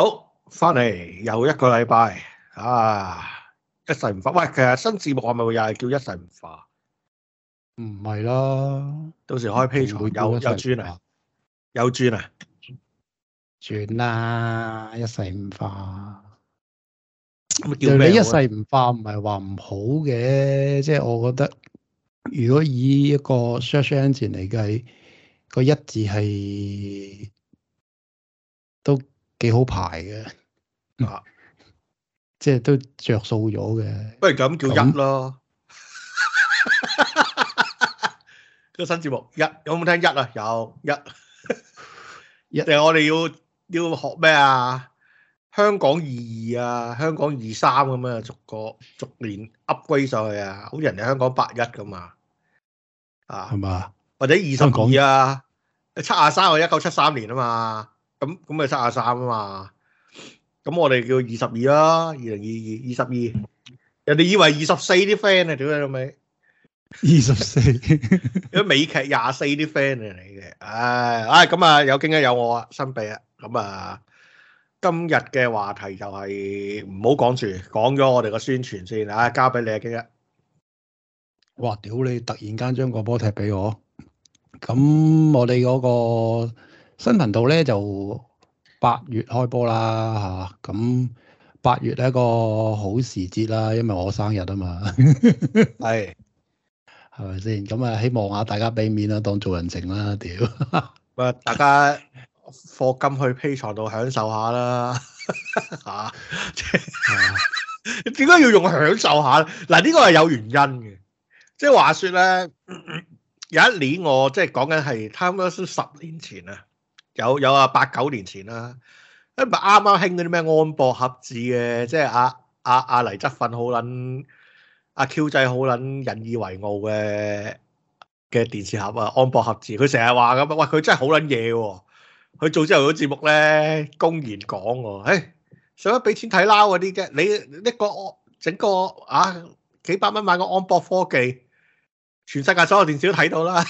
好，翻嚟又一個禮拜啊！一世唔化，喂，其實新節目係咪又係叫一世唔化？唔係咯，到時開 P2 有又轉啊，又轉啊，轉啦！一世唔化，對你一世唔化唔係話唔好嘅，即係我覺得如果以一個 short term 嚟計，個一字係都。幾好排嘅，啊、嗯，即係都着數咗嘅。不如咁叫一咯、嗯，個 新節目一有冇聽一啊？有一，定 係我哋要要學咩啊？香港二二啊，香港二三咁啊，逐個逐年 upgrade 上去啊，好似人哋香港八一咁嘛、啊，啊係嘛？或者二十二啊，七廿三係一九七三年啊嘛。咁咁咪七廿三啊嘛，咁我哋叫二十二啦，二零二二二十二，人哋以為二十四啲 friend 啊，屌你老味，二十四，美劇廿四啲 friend 嚟嘅。唉唉，咁啊有驚啊有我啊，新幣啊，咁、嗯、啊，今日嘅話題就係唔好講住，講咗我哋個宣傳先啊，交俾你阿驚一，哇，屌你突然間將個波踢俾我，咁我哋嗰、嗰個。新頻道咧就八月開播啦，嚇咁八月咧個好時節啦，因為我生日啊嘛，係係咪先？咁啊，希望啊大家俾面啊，當做人情啦，屌、啊！咁、啊、 大家課金去 Patreon 度享受下啦、 啊，嚇！點解要用享受下嗱，呢個係有原因嘅，即、就、係、是、話説咧、嗯，有一年我即係、就是、講緊係差唔多十年前啊。有有啊，八九年前啦，因為啱啱興嗰啲咩安博盒子嘅，即係阿阿阿黎則奮好撚，阿 Q 仔好撚引以為傲嘅嘅電視盒啊，安博盒子，佢成日話咁，喂佢真係好撚嘢喎，佢做之後嗰個節目咧公然講喎，誒，想乜俾錢睇 Now 嗰啲嘅，你呢個整個啊幾百蚊買個安博科技，全世界所有電視都睇到啦。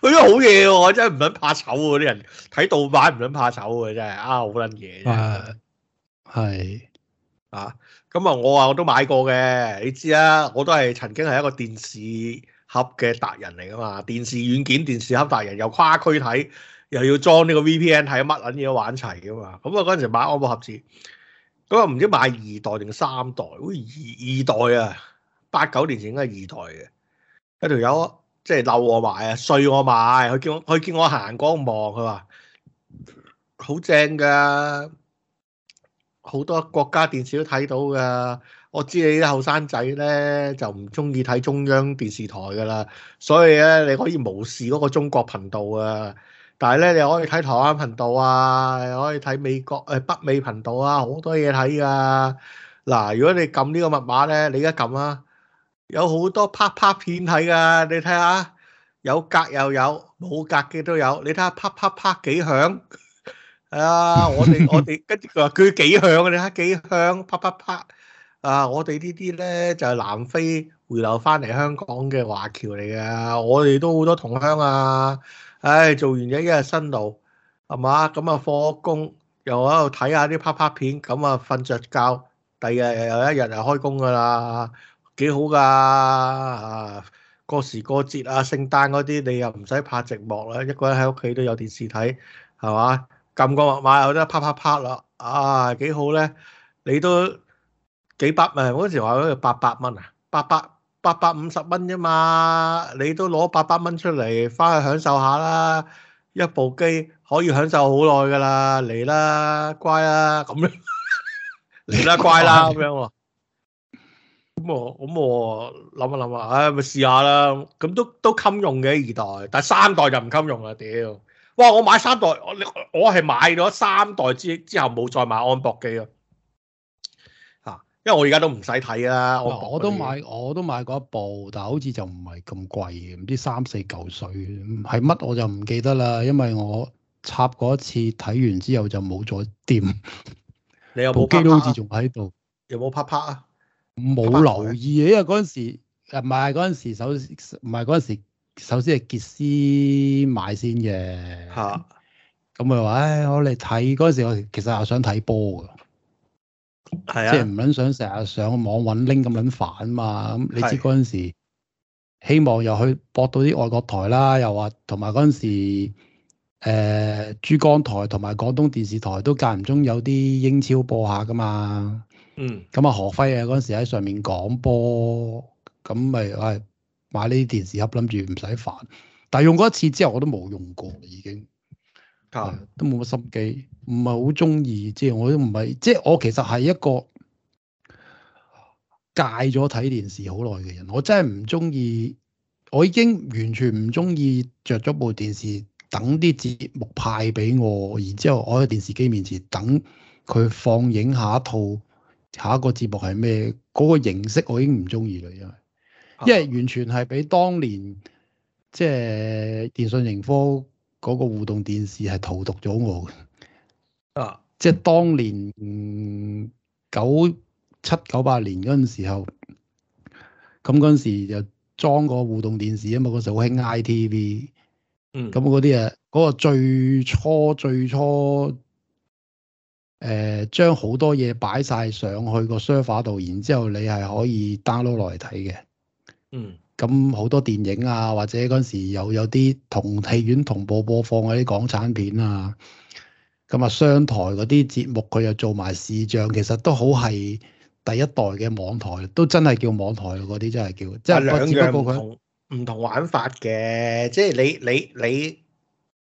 佢都好嘢喎！ 真係唔撚怕醜，嗰啲人睇盜版唔撚怕醜嘅，真係啊，好撚嘢！係啊，咁啊，我啊我都買過嘅，你知啊，我都係曾經係一個電視盒嘅達人嚟噶嘛，電視軟件、電視盒達人又跨區睇，又要裝呢個 VPN 睇乜撚嘢玩齊噶嘛，咁啊嗰陣時買安博盒子，咁啊唔知買二代定三代，好二二代啊，八九年前應該係二代嘅，一條友。即係鬧我埋啊，衰我埋。佢叫佢叫我行光望，佢話好正噶，好多國家電視都睇到噶。我知你啲後生仔咧就唔中意睇中央電視台噶啦，所以咧你可以無視嗰個中國頻道啊。但係咧你可以睇台灣頻道啊，可以睇美國誒北美頻道啊，好多嘢睇噶。嗱，如果你撳呢個密碼咧，你而家撳啦。有好多啪啪片睇噶，你睇下、啊、有格又有冇格嘅都有。你睇下、啊、啪啪啪幾響啊！我哋我哋跟住佢話佢幾響你睇幾響啪啪啪,啪啊！我哋呢啲咧就係、是、南非回流翻嚟香港嘅華僑嚟噶，我哋都好多同鄉啊！唉，做完咗一日辛勞，係嘛，咁啊放工又喺度睇下啲啪啪片，咁啊瞓着覺，第二日又有一日就開工噶啦。幾好㗎啊，啊！過時過節啊，聖誕嗰啲你又唔使怕寂寞啦，一個人喺屋企都有電視睇，係嘛？撳個密碼又得，啪啪啪啦，啊幾好咧，啊！你都幾百蚊，嗰時話嗰度八百蚊啊，八百八百五十蚊啫嘛，你都攞八百蚊出嚟翻去享受下啦！一部機可以享受好耐㗎啦，嚟啦，乖啦，咁樣嚟 啦，乖啦，咁樣喎。咁我咁我諗下諗下，唉，咪試下啦。咁都都襟用嘅二代，但三代就唔襟用啦。屌，哇！我買三代，我我係買咗三代之之後冇再買安博機咯。吓，因為我而家都唔使睇啦。我都買，我都買過一部，但係好似就唔係咁貴，唔知三四嚿水，係乜我就唔記得啦。因為我插過一次，睇完之後就冇再掂。 你有冇機都好似仲喺度？有冇啪啪啊？冇留意，因為嗰陣時，唔係嗰陣時首，時首先唔係陣時，首先係杰斯買先嘅。吓、啊，咁咪話，我哋睇嗰陣時，我其實又想睇波噶，係啊，即係唔捻想成日上網搵拎咁捻煩嘛。咁你知嗰陣時，希望又去播到啲外國台啦，又話同埋嗰陣時，誒、呃、珠江台同埋廣東電視台都間唔中有啲英超播下噶嘛。嗯，咁啊，何輝啊，嗰陣時喺上面講波，咁咪係買呢啲電視盒，諗住唔使煩。但係用過一次之後，我都冇用過，已經、啊、都冇乜心機，唔係好中意。即係我都唔係，即係我其實係一個戒咗睇電視好耐嘅人。我真係唔中意，我已經完全唔中意着咗部電視，等啲節目派俾我，然之後我喺電視機面前等佢放映下一套。下一個節目係咩？嗰、那個形式我已經唔中意啦，因為因為完全係俾當年即係、就是、電訊盈科嗰個互動電視係荼毒咗我嘅。啊！即係當年、嗯、九七九八年嗰陣時候，咁嗰時就裝個互動電視啊嘛，嗰時好興 I T V。嗯。咁嗰啲誒，嗰、那個最初最初。誒將好多嘢擺晒上去個 server 度，然之後你係可以 download 落嚟睇嘅。嗯，咁好多電影啊，或者嗰陣時有有啲同戲院同步播放嗰啲港產片啊，咁、嗯、啊商台嗰啲節目佢又做埋視像，其實都好係第一代嘅網台，都真係叫網台嗰啲真係叫。即係兩樣唔同，同玩法嘅，即係你你你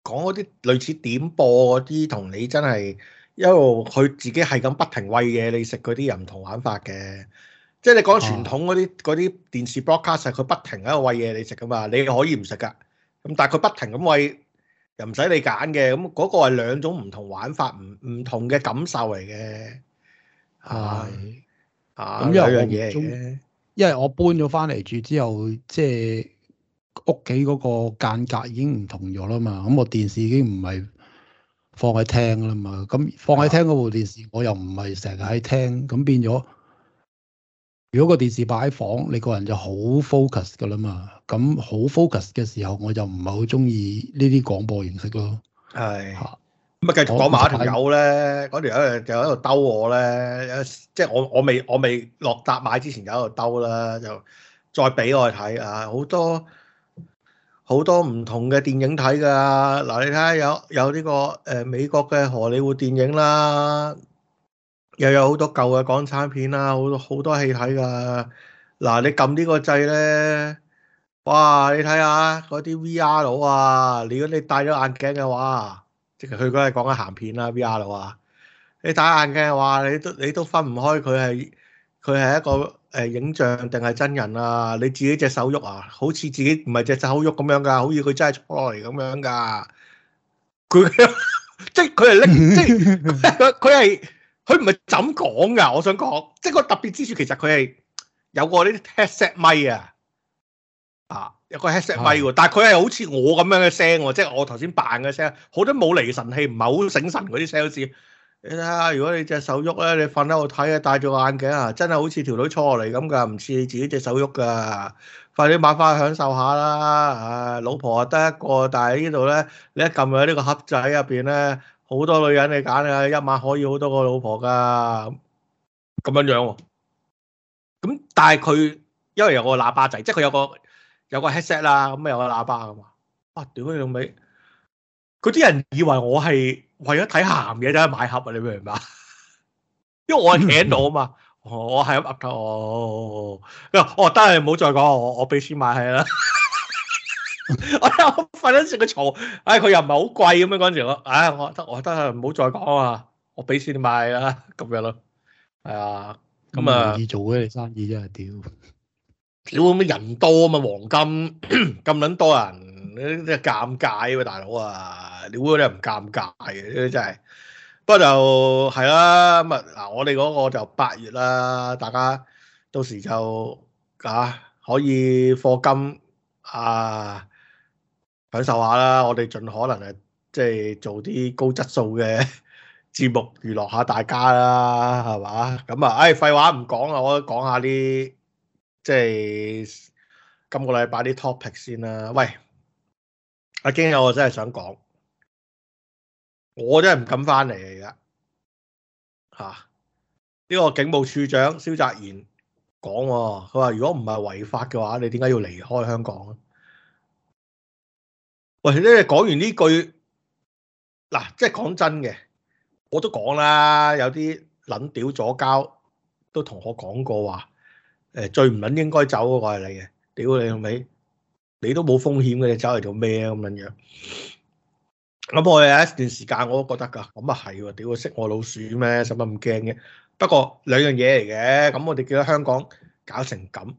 講嗰啲類似點播嗰啲，同你真係。一路佢自己係咁不停餵嘢你食嗰啲又唔同玩法嘅，即係你講傳統嗰啲啲電視 broadcast，佢不停喺度餵嘢你食噶嘛，你可以唔食噶，咁但係佢不停咁餵，又唔使你揀嘅，咁、那、嗰個係兩種唔同玩法，唔唔同嘅感受嚟嘅，係啊，咁有樣嘢嘅，因為我搬咗翻嚟住之後，即係屋企嗰個間隔已經唔同咗啦嘛，咁我電視已經唔係。放喺廳啦嘛，咁放喺廳嗰部電視，我又唔係成日喺廳，咁變咗。如果個電視擺喺房，你個人就好 focus 噶啦嘛。咁好 focus 嘅時候，我就唔係好中意呢啲廣播形式咯。係。咁啊，繼續講埋我。一條友咧，嗰條友又喺度兜我咧，即係我 我，我未我未落搭買之前，就喺度兜啦，就再俾我睇啊好多。好多唔同嘅電影睇㗎，嗱、啊、你睇下有有呢、呢個誒、呃、美國嘅荷里活電影啦，又有好多舊嘅港產片啦，好多好多戲睇㗎。嗱、啊、你撳呢個掣咧，哇你睇下嗰啲 VR 佬啊，如果你戴咗眼鏡嘅話，即係佢嗰日講緊鹹片啦、啊、VR 佬啊，你戴眼鏡嘅話，你都你都分唔開佢係佢係一個。誒，影像定係真人啊？你自己隻手喐啊？好似自己唔係隻手喐咁樣噶，好似佢真係出落嚟咁樣噶。佢即係佢係拎，即係佢佢係佢唔係咁講噶？我想講，即係個特別之處，其實佢係有個呢啲 headset 咪啊，啊，有個 headset 咪喎。但係佢係好似我咁樣嘅聲，即係我頭先扮嘅聲。好多冇厘神器唔係好醒神嗰啲 sales。你睇下，如果你隻手喐咧，你瞓喺度睇啊，戴住個眼鏡啊，真係好似條女搓落嚟咁噶，唔似你自己隻手喐噶。快啲買翻去享受下啦！啊，老婆啊得一個，但係呢度咧，你一撳喺呢個盒仔入邊咧，好多女人你揀啊，一晚可以好多個老婆噶。咁樣樣、啊、喎，咁但係佢因為有個喇叭仔，即係佢有個有個 headset 啦、啊，咁啊有個喇叭噶、啊、嘛。啊，屌你老尾！佢啲人以為我係。為咗睇鹹嘢，真係買盒啊！你明唔明白？因為我係攞啊嘛，我係咁 update 我。佢話：我得，你唔好再講，我我俾錢買係啦。我又瞓喺成個嘈。唉，佢又唔係好貴咁樣嗰陣時，我唉，我得我得，唔好再講啊！我俾錢買啦，咁樣咯。係啊，咁啊易做嘅你生意真係，屌！屌咁人多啊嘛，黃金咁捻多人。你啲尷尬、啊、大佬啊！你會唔會唔尷尬嘅？呢真係，不過就係啦。咁啊，嗱，我哋嗰個就八月啦，大家到時就啊可以課金啊，享受下啦。我哋盡可能係，即係做啲高質素嘅節目，娛樂下大家啦，係嘛？咁啊，唉、哎，廢話唔講喇，我講下啲即係今個禮拜啲 topic 先啦。喂！阿京友，我真係想講，我真係唔敢翻嚟而家吓。呢、這個警務處長蕭澤頤講，佢話如果唔係違法嘅話，你點解要離開香港？喂，你講完呢句，嗱、啊，即係講真嘅，我都講啦，有啲撚屌咗交都同我講過話，誒，最唔撚應該走嘅係你嘅，屌你老味。是你都冇風險嘅，你走嚟做咩啊？咁樣樣，咁我有一段時間我都覺得噶，咁啊係，屌，識我老鼠咩？使乜咁驚嘅？不過兩樣嘢嚟嘅，咁我哋叫香港搞成咁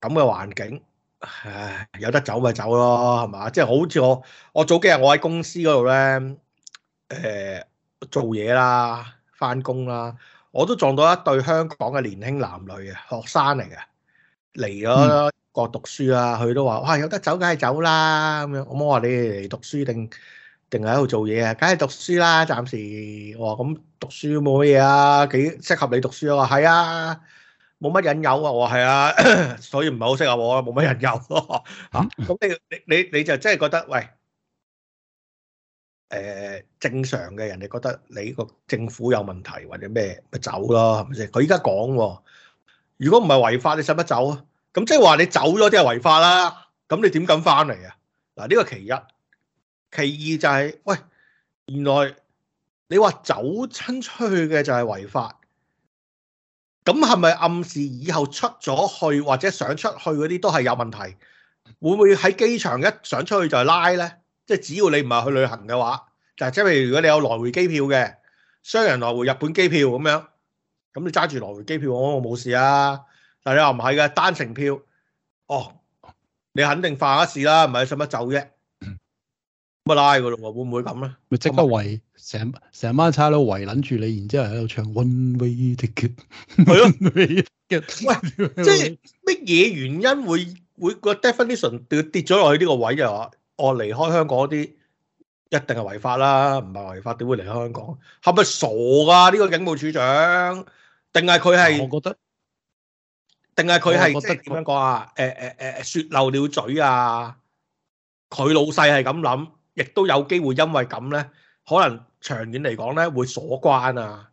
咁嘅環境，唉，有得走咪走咯，係嘛？即係好似我我早幾日我喺公司嗰度咧，誒，做嘢啦，翻工啦，我都撞到一對香港嘅年輕男女嘅學生嚟嘅嚟咗。國讀書啊，佢都話：哇，有得走梗係走啦咁樣。我冇話你嚟讀書定定係喺度做嘢啊，梗係讀書啦。暫時我話咁讀書冇乜嘢啊，幾適合你讀書啊。我話係啊，冇乜引誘啊。我話係啊，所以唔係好適合我，冇乜引誘咯。嚇，咁你你你你就真係覺得喂誒正常嘅人哋覺得你個政府有問題或者咩咪走咯，係咪先？佢依家講，如果唔係違法，你使乜走啊？咁即係話你走咗啲係違法啦，咁你點敢翻嚟啊？嗱，呢個其一，其二就係，喂，原來你話走親出去嘅就係違法，咁係咪暗示以後出咗去或者想出去嗰啲都係有問題？會唔會喺機場一想出去就拉咧？即係只要你唔係去旅行嘅話，就係即係譬如如果你有來回機票嘅商人來回日本機票咁樣，咁你揸住來回機票我我冇事啊？但你話唔係嘅單程票，哦，你肯定犯咗事啦，唔係使乜走啫，乜拉佢咯？會唔會咁咧？咪即刻圍成成班差佬圍撚住你，然之後喺度唱《One Way Ticket》。係咯， 即係乜嘢原因會會個 definition 跌咗落去呢個位啊？我離開香港啲一定係違法啦，唔係違法點會離開香港？係咪傻噶？呢、呢個警務處長定係佢係？係係我覺得。定係佢係即係點樣講啊？誒誒誒，説漏了嘴啊！佢老細係咁諗，亦都有機會因為咁咧，可能長遠嚟講咧會鎖關啊！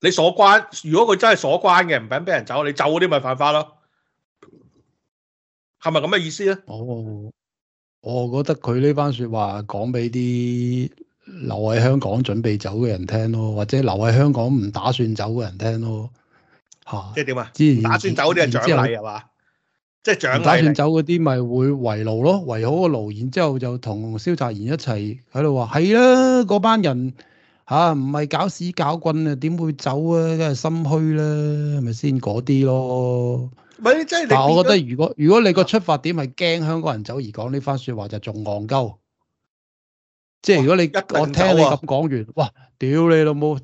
你鎖關，如果佢真係鎖關嘅，唔俾人俾人走，你走嗰啲咪犯法咯？係咪咁嘅意思咧？哦，我覺得佢呢番説話講俾啲留喺香港準備走嘅人聽咯，或者留喺香港唔打算走嘅人聽咯。吓，即係點啊？打算走嗰啲人獎勵係嘛？就是、即係獎打算走嗰啲咪會圍爐咯，圍好個爐，然之後就同蕭澤頤一齊喺度話：係啦，嗰班人吓唔係搞屎搞棍啊？點會走啊？梗係心虛啦、啊，咪先嗰啲咯。唔係，即係。嗱，我覺得如果如果你個出發點係驚香港人走而講呢番說話，就仲戇鳩。哇即係如果你一邊我聽你咁講完，哇！屌你老母！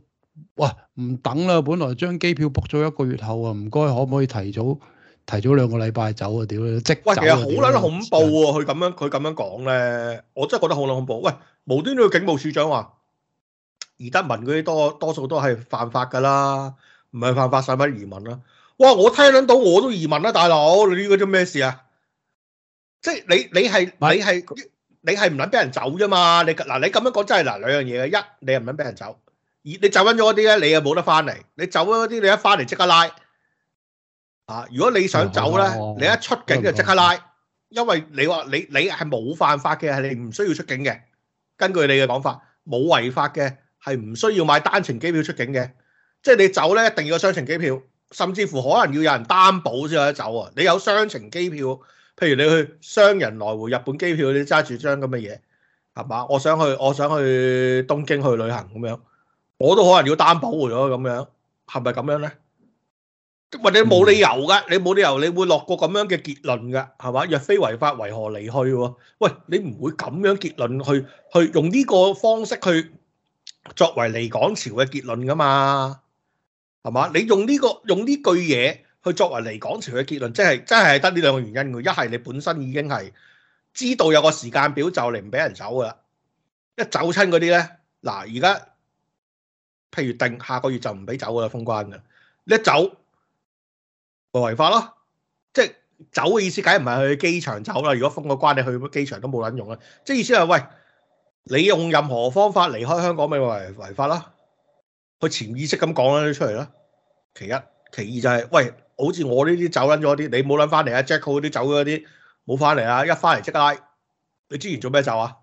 哇！唔等啦，本來將機票 book 咗一個月後啊，唔該，可唔可以提早提早兩個禮拜走啊？屌，即走喂，其實好捻恐怖啊！佢咁、嗯、樣佢咁樣講咧，我真係覺得好捻恐怖。喂，無端端個警務處長話，而德文嗰啲多多數都係犯法噶啦，唔係犯法使乜移民啦、啊？哇！我聽捻到我都移民啦、啊，大佬，你呢個做咩事啊？即係你你係你係是你係唔捻俾人走啫嘛？你嗱你咁樣講真係嗱兩樣嘢嘅，一你係唔捻俾人走。而你走緊咗嗰啲咧，你又冇得翻嚟。你走咗嗰啲，你一翻嚟即刻拉。啊，如果你想走咧，嗯嗯嗯、你一出境就即刻拉，嗯嗯嗯、因為你話你你係冇犯法嘅，係你唔需要出境嘅。根據你嘅講法，冇違法嘅，係唔需要買單程機票出境嘅。即係你走咧，一定要雙程機票，甚至乎可能要有人擔保先有得走啊。你有雙程機票，譬如你去商人來回日本機票，你揸住張咁嘅嘢，係嘛？我想去，我想去東京去旅行咁樣。我都可能要擔保咗咁樣，係咪咁樣咧？或者冇理由噶你冇理由你會落過咁樣嘅結論噶係嘛？若非違法，為何離去？喂，你唔會咁樣結論去去用呢個方式去作為離港潮嘅結論噶嘛？係嘛？你用呢個用呢句嘢去作為離港潮嘅結論，即係真係得呢兩個原因嘅。一係你本身已經係知道有個時間表就嚟唔俾人走噶啦，一走親嗰啲咧，嗱而家。譬如定下個月就唔俾走噶啦，封關噶。一走，違法咯。即係走嘅意思，梗係唔係去機場走啦？如果封個關，你去機場都冇撚用啦。即係意思係喂，你用任何方法離開香港，咪違違法啦。佢潛意識咁講咗都出嚟啦。其一，其二就係、是、喂，好似我呢啲走撚咗啲，你冇撚翻嚟啊？Jacko 嗰啲走嗰啲冇翻嚟啊，一翻嚟即刻拉。你之前做咩走啊？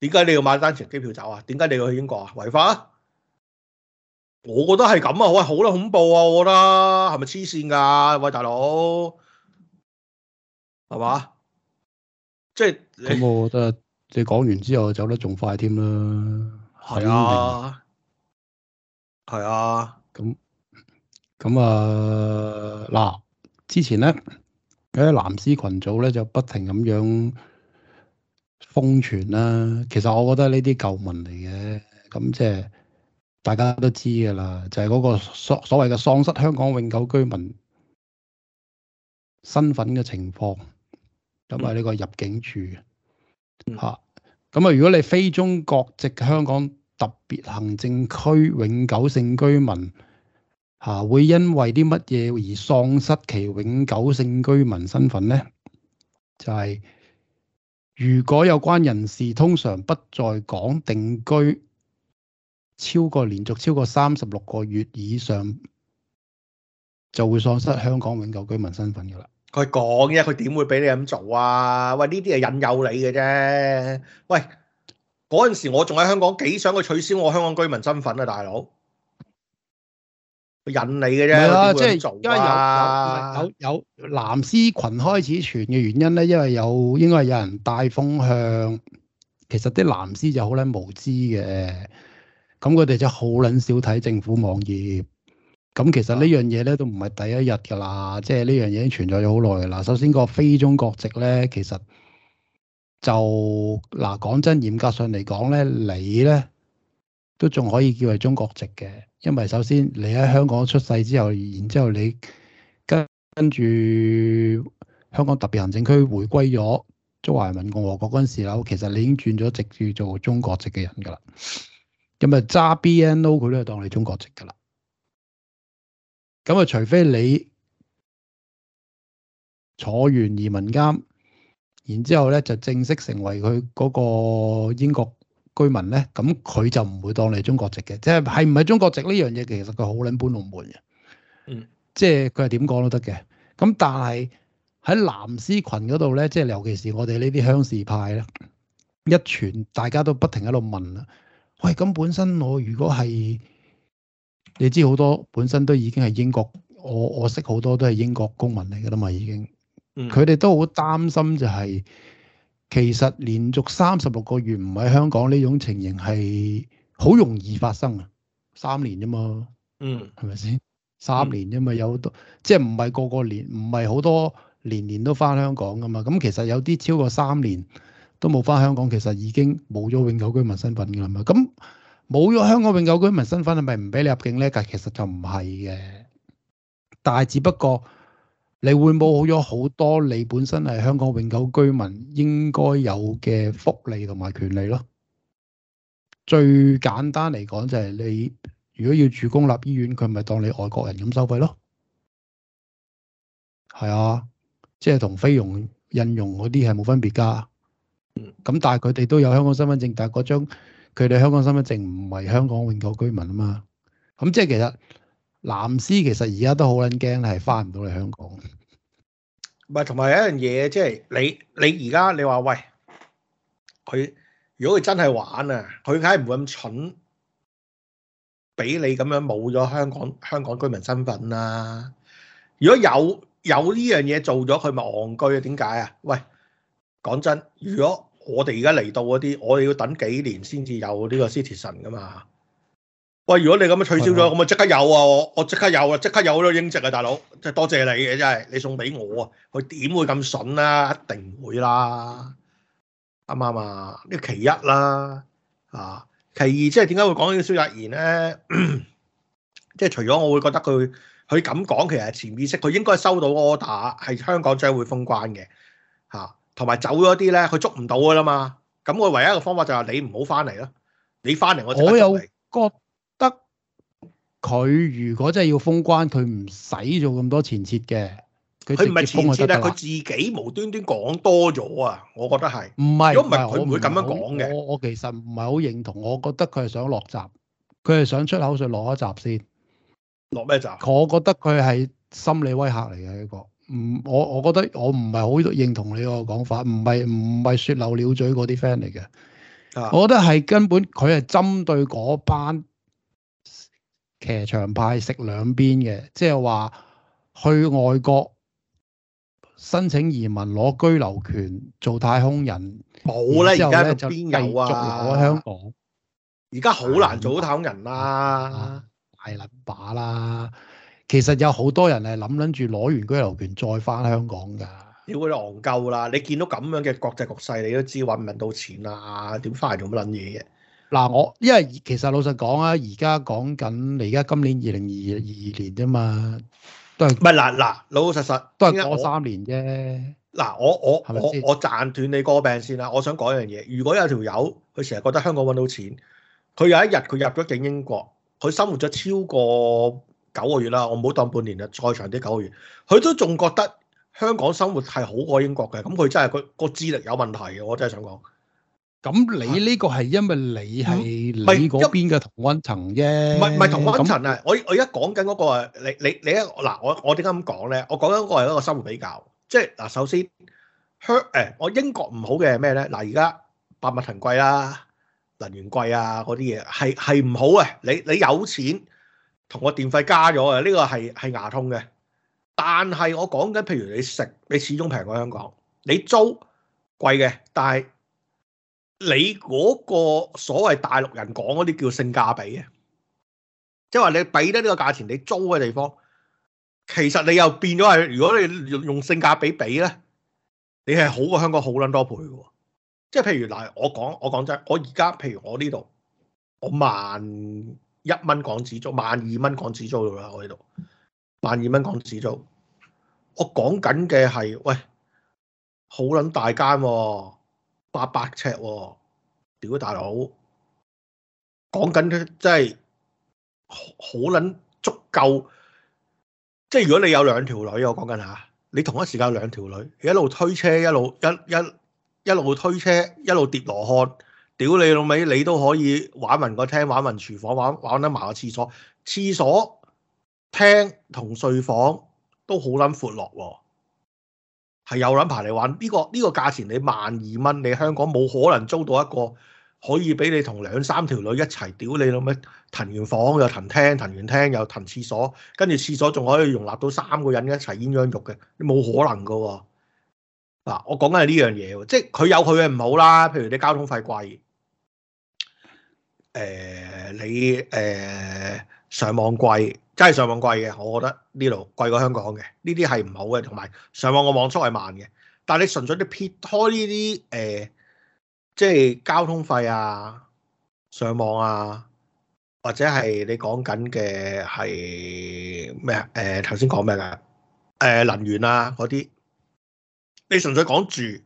點解你要買單程機票走啊？點解你要去英國啊？違法啊。我覺得係咁啊，喂，好啦，恐怖啊，我覺得係咪黐線噶？喂，大佬，係嘛？即係咁，你我覺得你講完之後走得仲快添啦。係啊，係啊。咁咁明啊，嗱、啊，之前咧有啲藍絲群組咧就不停咁樣瘋傳啦。其實我覺得呢啲舊聞嚟嘅，咁即係。大家都知噶啦，就係、是、嗰個所所謂嘅喪失香港永久居民身份嘅情況，咁啊呢個入境處吓，咁、嗯、啊如果你非中國籍香港特別行政區永久性居民吓、啊，會因為啲乜嘢而喪失其永久性居民身份咧？就係、是、如果有關人士通常不在港定居。超過連續超過三十六個月以上，就會喪失香港永久居民身份噶啦。佢講嘅，佢點會俾你咁做啊？喂，呢啲係引誘你嘅啫。喂，嗰陣時我仲喺香港，幾想佢取消我香港居民身份啊，大佬。引你嘅啫，啊啊、即係做。因為有有有藍絲群開始傳嘅原因咧，因為有應該係有人帶風向。其實啲藍絲就好捻無知嘅。咁佢哋就好撚少睇政府網頁，咁其實呢樣嘢咧都唔係第一日㗎啦，即係呢樣嘢已經存在咗好耐㗎啦。首先個非中國籍咧，其實就嗱講真，嚴格上嚟講咧，你咧都仲可以叫係中國籍嘅，因為首先你喺香港出世之後，然之後你跟跟住香港特別行政區回歸咗中華人民共和國嗰陣時，其實你已經轉咗籍住做中國籍嘅人㗎啦。咁咪揸 BNO 佢都係當你中國籍噶啦，咁啊除非你坐完移民監，然之後咧就正式成為佢嗰個英國居民咧，咁佢就唔會當你中國籍嘅，即係係唔係中國籍呢樣嘢，其實佢好捻搬龍門嘅，嗯，即係佢係點講都得嘅，咁但係喺藍絲群嗰度咧，即係尤其是我哋呢啲鄉事派咧，一傳大家都不停喺度問啦。喂，咁本身我如果係，你知好多本身都已經係英國，我我識好多都係英國公民嚟嘅啦嘛，已經，佢哋、嗯、都好擔心就係、是、其實連續三十六個月唔喺香港呢種情形係好容易發生啊，三年啫嘛，嗯，係咪先？三年啫嘛，有好多、嗯、即係唔係個個年，唔係好多年年都翻香港噶嘛，咁其實有啲超過三年。都冇返香港，其實已經冇咗永久居民身份嘅啦嘛。咁冇咗香港永久居民身份，係咪唔俾你入境呢？但其實就唔係嘅，但係只不過你會冇咗好多你本身係香港永久居民應該有嘅福利同埋權利咯。最簡單嚟講，就係你如果要住公立醫院，佢咪當你外國人咁收費咯。係啊，即係同菲傭印傭嗰啲係冇分別㗎。咁但係佢哋都有香港身份證，但係嗰張佢哋香港身份證唔係香港永久居民啊嘛。咁即係其實藍絲其實而家都好捻驚，係翻唔到嚟香港。唔係，同埋有一樣嘢，即係你你而家你話喂，佢如果佢真係玩啊，佢梗係唔會咁蠢，俾你咁樣冇咗香港香港居民身份啦。如果有有呢樣嘢做咗，佢咪戇居啊？點解啊？喂！講真，如果我哋而家嚟到嗰啲，我哋要等幾年先至有呢個 citizen 噶嘛？喂，如果你咁樣取消咗，咁啊即刻有啊！我即刻有啊！即刻有好多英籍啊，大佬！即係多謝你嘅，真係你送俾我啊！佢點會咁筍啊？一定唔會啦，啱啱啊？呢、啊、其一啦、啊，啊其二，即係點解會講呢個蕭澤頤咧？即係、 就是、除咗我會覺得佢佢咁講，其實係潛意識佢應該收到 order 係香港將會封關嘅，吓、啊。同埋走咗啲咧，佢捉唔到噶啦嘛，咁我唯一嘅方法就係你唔好翻嚟咯，你翻嚟我就捉你。我有覺得佢如果真係要封關，佢唔使做咁多前設嘅，佢唔係前設啊，佢自己無端端講多咗啊，我覺得係。唔係，如果唔係佢唔會咁樣講嘅。我我其實唔係好認同，我覺得佢係想落閘，佢係想出口水落一閘先。落咩閘？我覺得佢係心理威嚇嚟嘅一個。唔，我我覺得我唔係好認同你個講法，唔係唔係說漏鳥嘴嗰啲 friend 嚟嘅。啊，我覺得係根本佢係針對嗰班騎場派食兩邊嘅，即係話去外國申請移民攞居留權做太空人，冇啦，而家邊有啊？香港而家好難做好太空人啦，啊，大撚把啦。其實有好多人係諗諗住攞完居留權再翻香港噶，你佢啲戇鳩啦！你見到咁樣嘅國際局勢，你都知揾唔揾到錢啦，點翻嚟做乜撚嘢嘅？嗱，我因為其實老實講啊，而家講緊你而家今年二零二二年啫嘛，都係唔係嗱嗱，老老實實都係多三年啫。嗱，我是是我我我斬斷你個病先啦。我想講一樣嘢，如果有條友佢成日覺得香港揾到錢，佢有一日佢入咗境英國，佢生活咗超過。九個月啦，我唔好當半年啊，再長啲九個月，佢都仲覺得香港生活係好過英國嘅，咁佢真係佢個智力有問題嘅，我真係想講。咁你呢個係因為你係你嗰邊嘅同溫層啫，唔係唔係同溫層啊！我我而家講緊嗰個誒，你你你啊嗱，我我點解咁講咧？我講緊嗰個係一個生活比較，即係嗱，首先香誒，我英國唔好嘅係咩咧？嗱，而家百物騰貴啦，能源貴啊，嗰啲嘢係係唔好啊！你你有錢。同我電費加咗啊！呢個係係牙痛嘅，但係我講緊，譬如你食，你始終平過香港。你租貴嘅，但係你嗰個所謂大陸人講嗰啲叫性價比啊，即係話你俾得呢個價錢，你租嘅地方，其實你又變咗係，如果你用性價比比咧，你係好過香港好撚多倍嘅喎。即係譬如嗱，我講我講真，我而家譬如我呢度，我萬一蚊港紙租，萬二蚊港紙租到啦！我呢度，萬二蚊港紙租。我講緊嘅係，喂，好撚大間、哦，八百尺、哦，屌大佬！講緊嘅即係好撚足夠，即係如果你有兩條女，我講緊吓，你同一時間有兩條女，一路推車，一路一一一路推車，一路跌羅漢。屌你老味，你都可以玩勻個廳，玩勻廚房，玩玩得埋個廁所。廁所廳同睡房都好撚闊落喎，係有撚排、這個這個、你玩呢個呢個價錢？你萬二蚊，你香港冇可能租到一個可以俾你同兩三條女一齊屌你老味，騰完房又騰廳，騰完廳又騰廁所，跟住廁所仲可以容納到三個人一齊鴛鴦浴嘅，你冇可能噶嗱。我講緊係呢樣嘢，即係佢有佢嘅唔好啦。譬如啲交通費貴。誒、呃、你誒、呃、上網貴，真係上網貴嘅，我覺得呢度貴過香港嘅，呢啲係唔好嘅。同埋上網個網速係慢嘅，但係你純粹你撇開呢啲誒，即係交通費啊、上網啊，或者係你講緊嘅係咩啊？誒頭先講咩㗎？誒、呃、能源啊嗰啲，你純粹講住，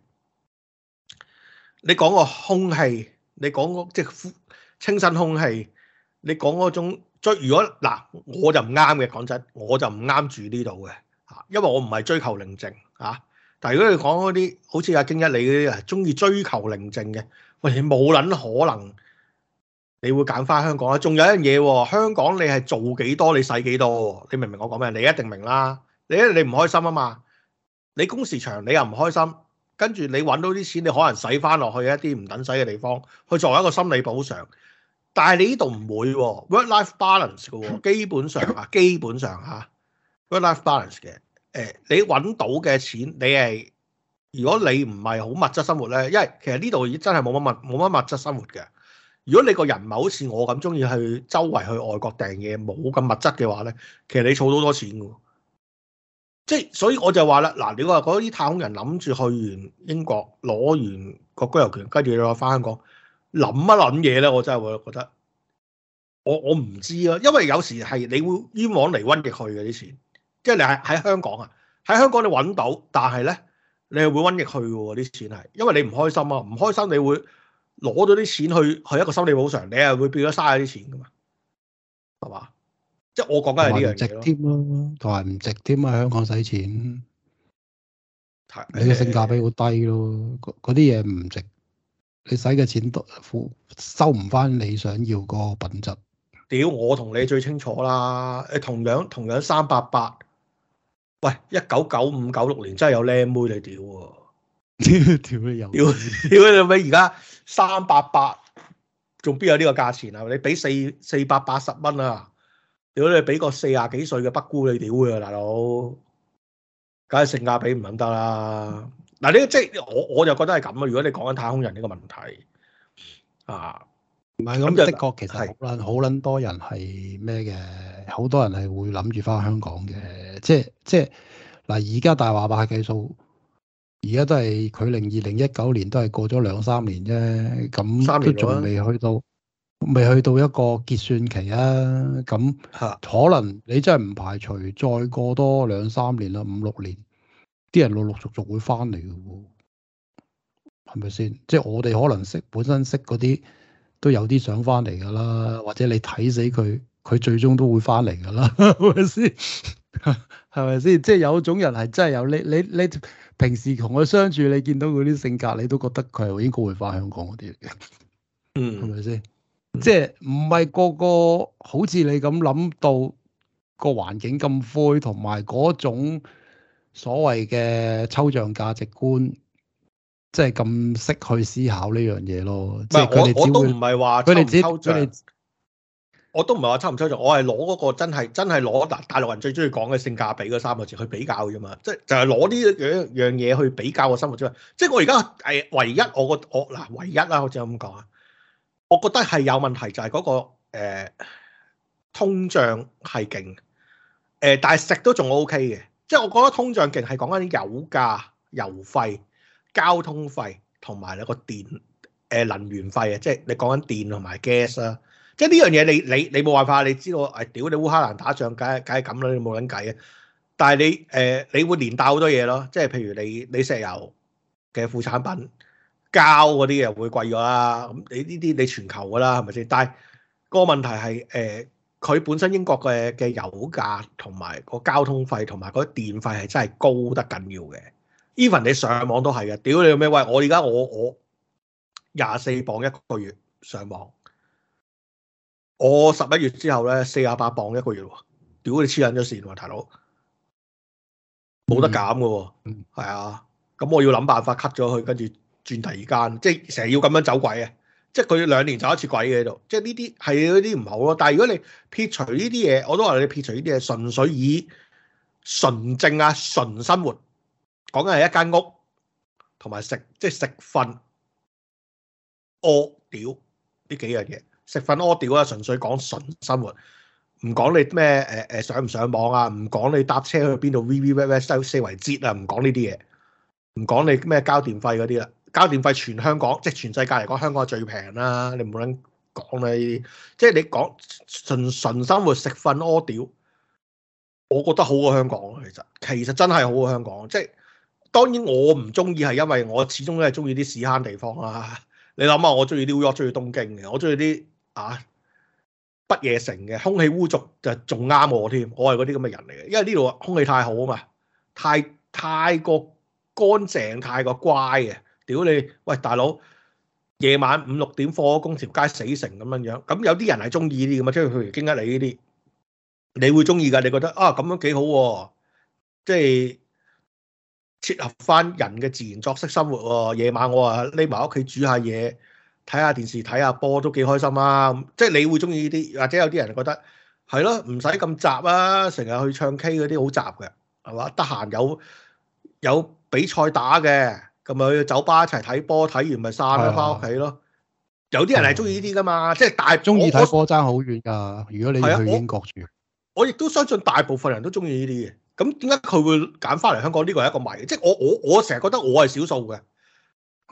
你講個空氣，你講即係。清新空氣，你講嗰種追，如果嗱我就唔啱嘅，講真我就唔啱住呢度嘅吓，因為我唔係追求寧靜吓。但係如果你講嗰啲好似阿經一你嗰啲啊，中意追求寧靜嘅，喂你冇撚可能你會揀翻香港啦。仲有一樣嘢喎，香港你係做幾多你使幾多，你明唔明我講咩？你一定明啦。你一你唔開心啊嘛，你工時長你又唔開心，跟住你揾到啲錢你可能使翻落去一啲唔等使嘅地方，去作為一個心理補償。但係你呢度唔會 work-life balance 嘅喎，基本上啊，基本上嚇 work-life balance 嘅，誒、啊呃、你揾到嘅錢，你係如果你唔係好物質生活咧，因為其實呢度真係冇乜物冇乜物質生活嘅。如果你個人唔係好似我咁中意去周圍去外國訂嘢，冇咁物質嘅話咧，其實你儲到多錢嘅喎。即係所以我就話啦，嗱，你話嗰啲太空人諗住去完英國攞完個居留權，跟住你話翻香港。諗一諗嘢咧？我真係會覺得，我我唔知咯、啊。因為有時係你會冤枉嚟瘟疫去嘅啲錢，即係你係喺香港啊，喺香港你揾到，但係咧你係會瘟疫去喎啲錢係，因為你唔開心啊，唔開心你會攞咗啲錢去去一個心理補償，你係會變咗嘥啲錢嘅嘛，係嘛？即係我覺得係呢啲咯，值添啊，同埋唔值添啊，香港使錢，嗯、你嘅性價比好低咯，嗰啲嘢唔值。你使嘅錢都收唔翻你想要嗰個品質。屌，我同你最清楚啦。你同樣同樣三八八，喂，一九九五九六年真係有靚妹你屌喎。屌屌你有？屌屌你做咩？而家三八八仲邊有呢個價錢啊？你俾四四百八十蚊啊？屌你俾個四廿幾歲嘅北姑你屌啊，大佬！梗係性價比唔肯得啦～嗱，呢個即係我我就覺得係咁啊！如果你講緊太空人呢個問題啊，唔係咁的確就，其實好撚好多人係咩嘅？好多人係會諗住翻香港嘅，即係即係嗱，而家大話怕計數，而家都係距離二零一九年都係過咗兩三年啫，咁三年仲未去到，未去到，未去到一個結算期啊！咁可能你真係唔排除再過多兩三年啦，五六年。啲人陸陸續續會翻嚟嘅喎，係咪先？即係我哋可能識本身識嗰啲，都有啲想翻嚟嘅啦。或者你睇死佢，佢最終都會翻嚟嘅啦，係咪先？係咪先？即係有種人係真係有你你你，你平時同佢相處，你見到佢啲性格，你都覺得佢係應該會翻香港嗰啲嚟嘅。嗯，係咪先？即係唔係個個好似你咁諗到個環境咁灰，同埋嗰種。所謂嘅抽象價值觀，即係咁識去思考呢樣嘢咯。即係我我都唔係話佢哋只，我都唔係話抽唔抽，抽，抽象。我係攞嗰個真係真係攞嗱大陸人最中意講嘅性價比嗰三個字去比較啫嘛。即係就係攞呢樣嘢去比較個生活質素。即係我而家誒唯一我覺我嗱唯一啦，好似咁講啊，我覺得係、啊、有問題就係嗰、嗰個、呃、通脹係勁誒，但係食都仲 OK 嘅。即係我覺得通脹勁係講緊油價、油費、交通費同埋你個電誒能源費啊！即係你講緊電同埋 gas 啊！即係呢樣嘢你你你冇辦法，你知道誒？屌你烏克蘭打仗，梗係梗係咁啦，你冇撚計啊！但係你誒、呃，你會連帶好多嘢咯。即係譬如你你石油嘅副產品膠嗰啲又會貴咗啦。咁你呢啲你全球㗎啦，係咪先？但係個問題係誒。呃佢本身英國嘅嘅油價同埋個交通費同埋嗰啲電費係真係高得緊要嘅。Even 你上網都係嘅，屌你咩喂！我而家我我廿四磅一個月上網，我十一月之後咧四十八磅一個月喎。屌你黐撚咗線喎大佬，冇得減嘅喎。係啊、嗯，咁我要諗辦法 cut 咗佢，跟住轉第二間，即係成日要咁樣走鬼啊！即係佢兩年就走一次鬼嘅喺度，即係呢啲係嗰啲唔好咯。但係如果你撇除呢啲嘢，我都話你撇除呢啲嘢，純粹以純正啊、純生活講緊係一間屋同埋食，即係食瞓屙屌呢幾樣嘢。食瞓屙屌啊，純粹講純生活，唔講你咩誒誒上唔上網啊，唔講你搭車去邊度，v v v v 周四圍折啊，唔講呢啲嘢，唔講你咩交電費嗰啲啦。交電費，全香港即係全世界嚟講，香港係最平啦。你唔好撚講啦，呢啲即係你講純純生活食瞓屙屌，audio，我覺得好過香港其實其實真係好過香港，即係當然我唔中意係因為我始終都係中意啲屎坑地方啦、啊。你諗下，我中意 New York，中意東京嘅，我中意啲啊不夜城嘅，空氣污濁就仲啱我添。我係嗰啲咁嘅人嚟嘅，因為呢度空氣太好啊嘛，太太過乾淨，太過乖嘅。屌你！喂，大佬，夜晚五六點放咗工，條街死城咁樣樣，咁有啲人係中意啲咁嘛，即係譬如經得你呢啲，你會中意㗎？你覺得啊，咁樣幾好喎、啊？即係切合翻人嘅自然作息生活喎、啊。夜晚我啊匿埋屋企煮下嘢，睇下電視，睇下波都幾開心啊！即係你會中意啲，或者有啲人覺得係咯，唔使咁雜啊，成日、啊、去唱 K 嗰啲好雜嘅，係嘛？得閒有有，有比賽打嘅，咁咪去酒吧一齊睇波，睇完咪散咯，翻屋企咯。有啲人係中意呢啲噶嘛，即係大中意睇波爭好遠噶。如果你去英國住，我亦都相信大部分人都中意呢啲嘅。咁點解佢會揀翻嚟香港？呢個係一個謎。即係我我我成日覺得我係少數嘅。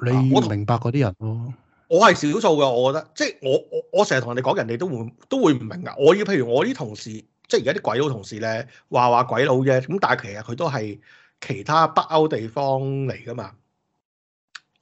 你明白嗰啲人咯。我係少數嘅，我覺得，即係我我我成日同人哋講，人哋都會都會唔明噶。我要譬如我啲同事，即係而家啲鬼佬同事咧，話話鬼佬啫。咁但係其實佢都係其他北歐地方嚟噶嘛。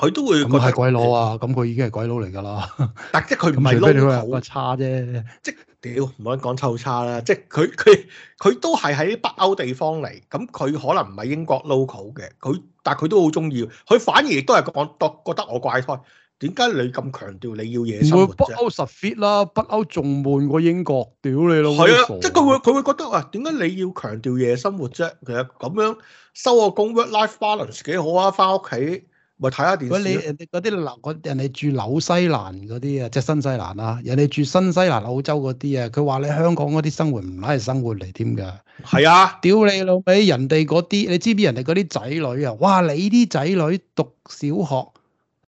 佢都會咁係鬼佬啊！咁佢已經係鬼佬嚟㗎啦。但即係佢唔係 local 差啫，即係屌唔好講臭差啦。即係佢佢佢都係喺北歐地方嚟，咁佢可能唔係英國 local 嘅，佢但係佢都好中意。佢反而亦都係講覺覺得我怪胎。點解你咁強調你要夜生活？北歐十 fit 啦，北歐仲悶過英國，屌你咯。係啊，即係佢會佢會覺得啊，點解你要強調夜生活啫？其實咁樣收個工 work-life balance 幾好啊，翻屋企。喂，睇下電視。喂，你人哋啲樓，人哋住紐西蘭嗰啲啊，即係新西蘭啊。人哋住新西蘭澳洲嗰啲啊，佢話你香港嗰啲生活唔係生活嚟添㗎。係啊，屌你老味！人哋嗰啲，你知唔知人哋嗰啲仔女啊？哇！你啲仔女讀小學、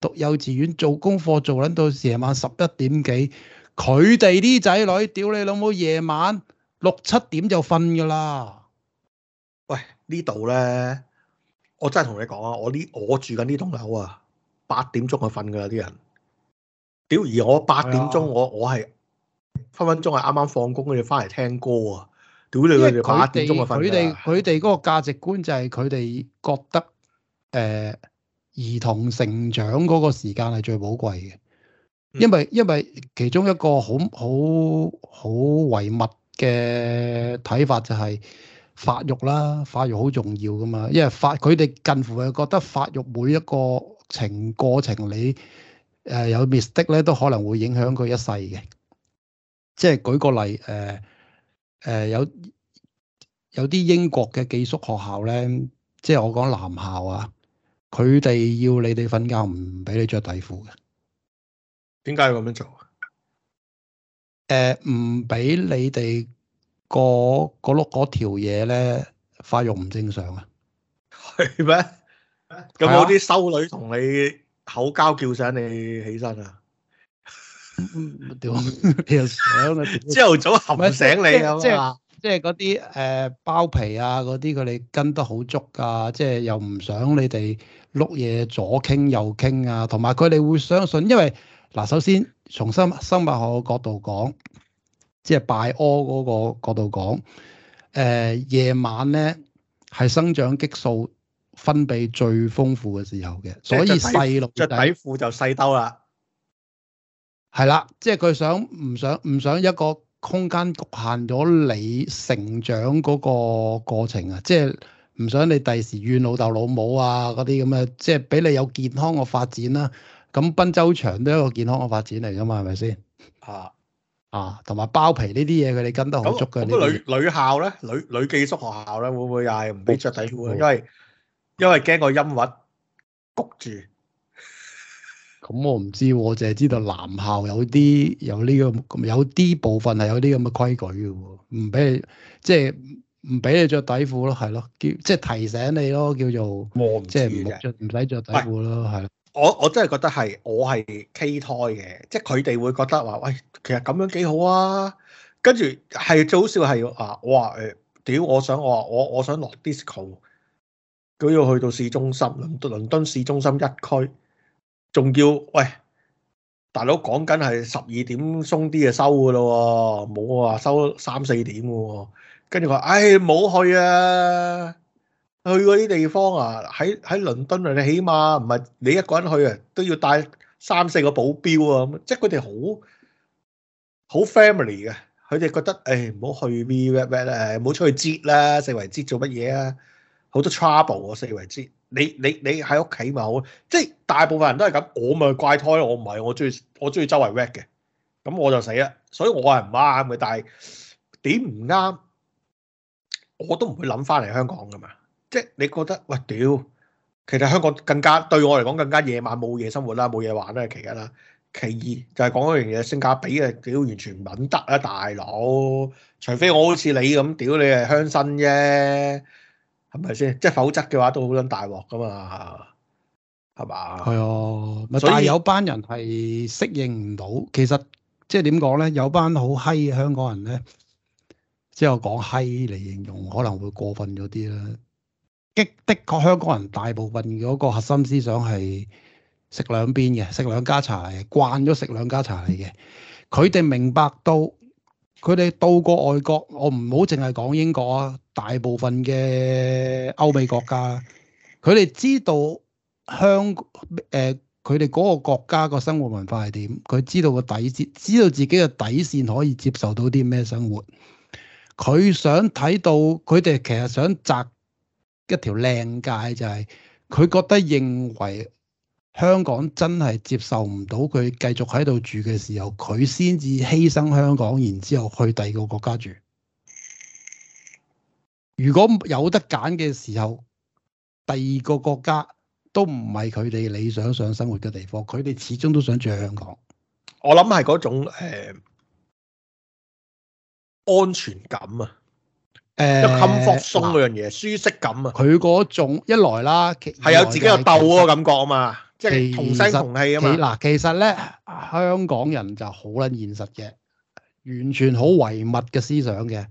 讀幼稚園做功課做緊到夜晚十一點幾，佢哋啲仔女，屌你老母！夜晚六七點就瞓㗎啦。喂，呢度咧？我真係同你講啊！我呢我住緊呢棟樓啊，八點鐘就瞓噶啦啲人。屌！而我八點鐘、哎、呀我我係分分鐘係啱啱放工，佢哋翻嚟聽歌啊！屌你八點鐘就瞓。佢哋佢哋嗰個價值觀就係佢哋覺得，誒、呃、兒童成長嗰個時間係最寶貴嘅。因為因為其中一個好好好唯物嘅睇法就係、是。發育啦，發育好重要噶嘛，因為發佢哋近乎係覺得發育每一個程過程，你、呃、誒有 miss 的咧，都可能會影響佢一世嘅。即係舉個例，誒、呃、誒、呃、有有啲英國嘅寄宿學校咧，即係我講男校啊，佢哋要你哋瞓覺唔俾你着底褲嘅，點解要咁樣做？誒唔俾你哋。個個碌嗰條嘢咧發育唔正常啊，係咩？有冇啲修女同你口交叫醒你起身啊？屌！朝頭早冚醒你啊嘛！即係即係嗰啲誒包皮啊嗰啲，佢哋跟得好足㗎，即係又唔想你哋碌嘢左傾右傾啊，同埋佢哋會相信，因為嗱首先從生生物學嘅角度講。即係拜屙嗰個角度講，誒、呃，夜晚咧係生長激素分泌最豐富嘅時候嘅，所以細路着底褲就細兜啦。係啦，即係佢想唔想唔想一個空間局限咗你成長嗰個過程啊？即係唔想你第時怨老豆老母啊嗰啲咁嘅，即係俾你有健康嘅發展啦、啊。咁奔周長都係一個健康嘅發展嚟噶嘛？係咪先？啊。啊，同埋包皮呢啲嘢，佢哋跟得好足嘅、那個。女女校咧，女女寄宿學校咧，會唔會又係唔俾着底褲語言？因為因為驚個陰屈谷住。咁語言我唔知，我淨係知道男校有啲有呢、這個，有啲、這個、部分係有啲咁嘅規矩嘅，唔俾即係唔俾你着、就是、底褲咯，係咯，叫即係提醒你咯，叫做即係唔着唔使着底褲咯，係。我我真係覺得係我係 K 胎嘅，即係佢哋會覺得話喂，其實咁樣幾好啊。跟住係最好笑係啊，我話誒屌，我想我話我我想落 disco，佢要去到市中心倫倫敦市中心一區，仲要喂大佬講緊係十二點鬆啲就收噶咯，冇話、啊、收三四點喎、啊。跟住話，唉冇去啊。去嗰啲地方啊，喺喺倫敦啊，你起碼唔係你一個人去啊，都要帶三四個保鏢啊，咁即係佢哋好好 family 嘅，佢哋覺得誒唔好去 VWeb 咩咩咩咧，唔好出去接啦，四圍接做乜嘢啊？好多 trouble 啊，四圍接你你你喺屋企咪好，即係大部分人都係咁，我咪怪胎，我唔係，我中意我中意周圍 red 嘅，咁我就死啦，所以我係唔啱嘅，但係點唔啱，我都唔會諗翻嚟香港㗎嘛。即係你覺得喂，屌，其實香港更加對我嚟講更加夜晚冇嘢生活啦，冇嘢玩啦，其一啦。其二就係講嗰樣嘢性價比啊，屌完全唔揾得啦。大佬！除非我好似你咁屌，你係鄉紳啫，係咪先？即係否則嘅話都好撚大鑊㗎嘛，係嘛以？係啊，所以但係有班人係適應唔到，其實即係點講咧？有班好閪香港人咧，即係我講閪嚟形容可能會過分咗啲啦。的的確香港人大部分嗰個核心思想係食兩邊嘅，食兩家茶嘅，慣咗食兩家茶嚟嘅。佢哋明白到，佢哋到過外國，我唔好淨係講英國啊，大部分嘅歐美國家，佢哋知道香誒，佢哋嗰個國家個生活文化係點，佢知道個底線，知道自己嘅底線可以接受到啲咩生活。佢想睇到，佢哋其實想擇。一條靚界就係、是、佢覺得認為香港真係接受唔到佢繼續喺度住嘅時候，佢先至犧牲香港，然之後去第二個國家住。如果有得揀嘅時候，第二個國家都唔係佢哋理想上生活嘅地方，佢哋始終都想住香港。我諗係嗰種誒、呃、安全感啊。誒 comfort zone 嗰樣嘢，舒適感啊！佢嗰種一來啦，係有自己個斗嗰個感覺啊嘛，即係同聲同氣啊嘛。嗱，其實咧，香港人就好捻現實嘅，完全好唯物嘅思想嘅，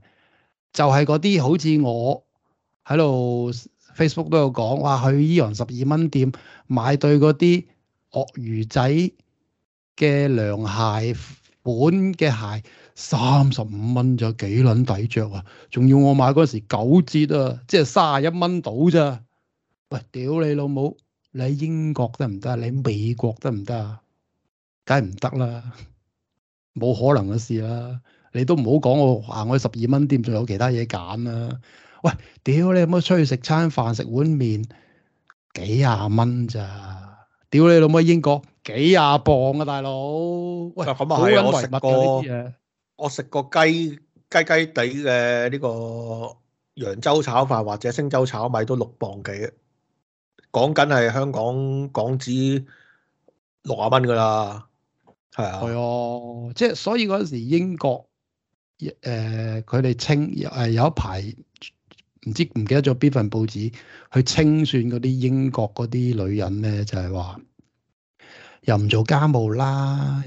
就係嗰啲好似我喺度 Facebook 都有講，哇，去 AEON 十二蚊店買對嗰啲鱷魚仔嘅涼鞋本嘅鞋。三十五蚊就幾撚抵着啊！仲要我買嗰時九折啊，即係卅一蚊到咋？喂，屌你老母！你喺英國得唔得？你喺美國得唔得啊？梗係唔得啦，冇可能嘅事啦、啊！你都唔好講我行我十二蚊店仲有其他嘢揀啊。喂，屌你老母！出去食餐飯食碗麵幾廿蚊咋？屌你老母！喺英國幾廿磅啊，大佬！喂，啊、好恩因為物嘅呢啲嘢。我食過雞，雞雞雞底嘅呢個揚州炒飯或者星洲炒米都六磅幾，講緊係香港港紙六啊蚊噶啦，係啊，係啊、哦，即係所以嗰陣時英國，誒佢哋清誒、呃、有一排唔知唔記得咗邊份報紙去清算嗰啲英國嗰啲女人咧，就係、是、話又唔做家務啦，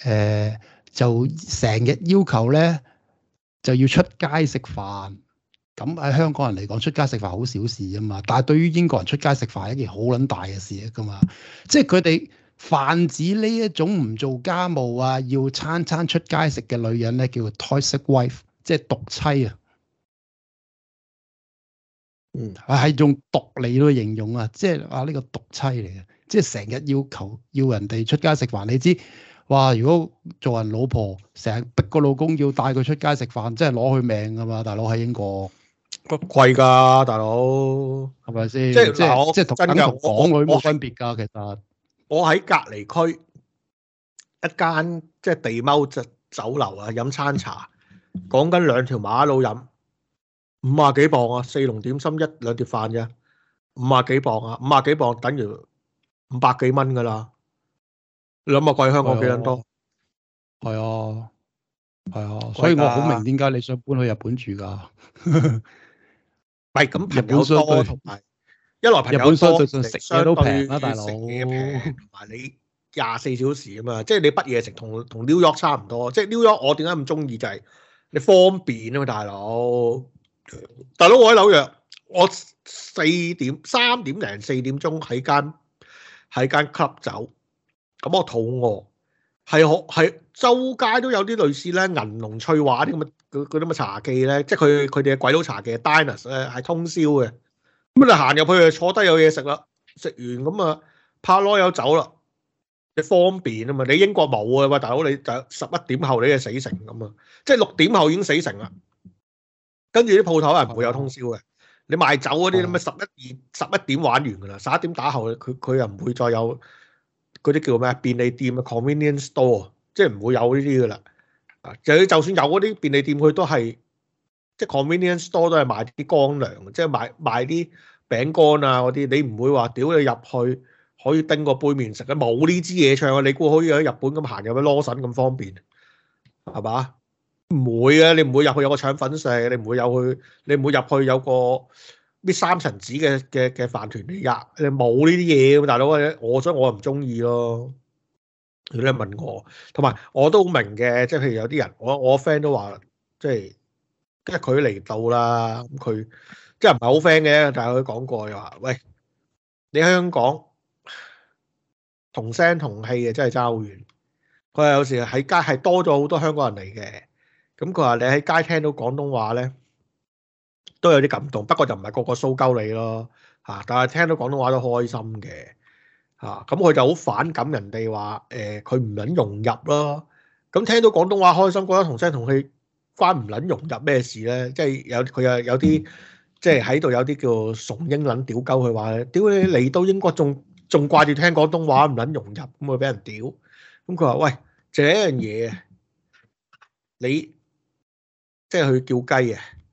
誒、呃。就成日要求咧，就要出街食飯。咁喺香港人嚟講，出街食飯好小事啊嘛。但係對於英國人出街食飯，係一件好撚大嘅事啊嘛。即係佢哋泛指呢一種唔做家務啊，要餐餐出街食嘅女人咧，叫做 toxic wife，即係毒妻啊。嗯，係用毒嚟咯形容啊，即係啊呢個毒妻嚟嘅，即係成日要求要人哋出街食飯，你知。哇！如果做人老婆，成日逼個老公要帶佢出街食飯，真係攞佢命噶嘛？大佬喺英國不貴㗎，大佬係咪先？是是即即即同香港佢冇分別㗎，其實我喺隔離區一間即地踎酒樓啊，飲餐茶，講緊兩條馬路飲五啊幾磅啊，四籠點心一兩碟飯啫，五啊幾磅啊，五啊幾磅等於五百幾蚊㗎啦～你諗下，貴香港幾捻多，哎？係、哎、啊，係、哎、啊，所以我好明點解你想搬去日本住噶的。唔係咁，朋友多同埋，日本一來朋友多食嘢都平啦，大佬。同埋 你廿四小時啊嘛，即係你不夜食，同同 New York 差唔多。即係 New York，我點解咁中意就係、是、你方便啊嘛，大佬。大佬，我喺紐約，我四點三點零四點鐘喺間喺間 club 走。咁我肚餓，係可係周街都有啲類似咧銀龍翠華啲咁嘅啲咁嘅茶記咧，即係佢佢哋嘅鬼佬茶記，diners 咧係通宵嘅。咁你行入去，坐低有嘢食啦，食完咁啊，拍攞有酒啦，你方便啊嘛。你英國冇啊，喂大佬，你十十一點後你就死成咁啊，即係六點後已經死成啦。跟住啲鋪頭係唔會有通宵嘅，你賣酒嗰啲咁嘅十一二十一點玩完噶啦，十一點打後佢佢又唔會再有。嗰啲叫咩便利店啊，convenience store，即係唔會有呢啲噶啦。啊，就算有嗰啲便利店，佢都係即係 convenience store 都係賣啲乾糧，即係賣賣啲餅乾啊嗰啲。你唔會話屌你入去可以叮個杯麪食啊？冇呢支嘢唱啊！你估可以喺日本咁行有咩攞筍咁方便？係嘛？唔會嘅，你唔會入去有個腸粉食，你唔會有去，你唔會入去有個。啲三層紙嘅嘅嘅飯團嚟呀！你冇呢啲嘢，大佬，我所以我唔中意咯。如果你問我，同埋我都好明嘅，即係譬如有啲人，我我 friend 都話，即係即係佢嚟到啦，咁、嗯、佢即係唔係好 friend 嘅，但係佢講過又話，喂，你喺香港同聲同氣嘅真係爭好遠。佢有時喺街係多咗好多香港人嚟嘅，咁佢話你喺街聽到廣東話咧，都有啲感動，不過就唔係個個蘇鳩你咯，吓、啊！但係聽到廣東話都開心嘅，吓、啊！咁佢就好反感人哋話，誒、呃，佢唔捻融入咯。咁、啊、聽到廣東話開心，覺得同聲同氣，關唔捻融入咩事呢？即係有佢有有啲，即係喺度有啲叫崇英捻屌鳩佢話，屌你嚟都應該仲仲掛住聽廣東話唔捻融入，咁佢俾人屌，咁佢話喂，就一樣嘢，你即係去叫雞啊！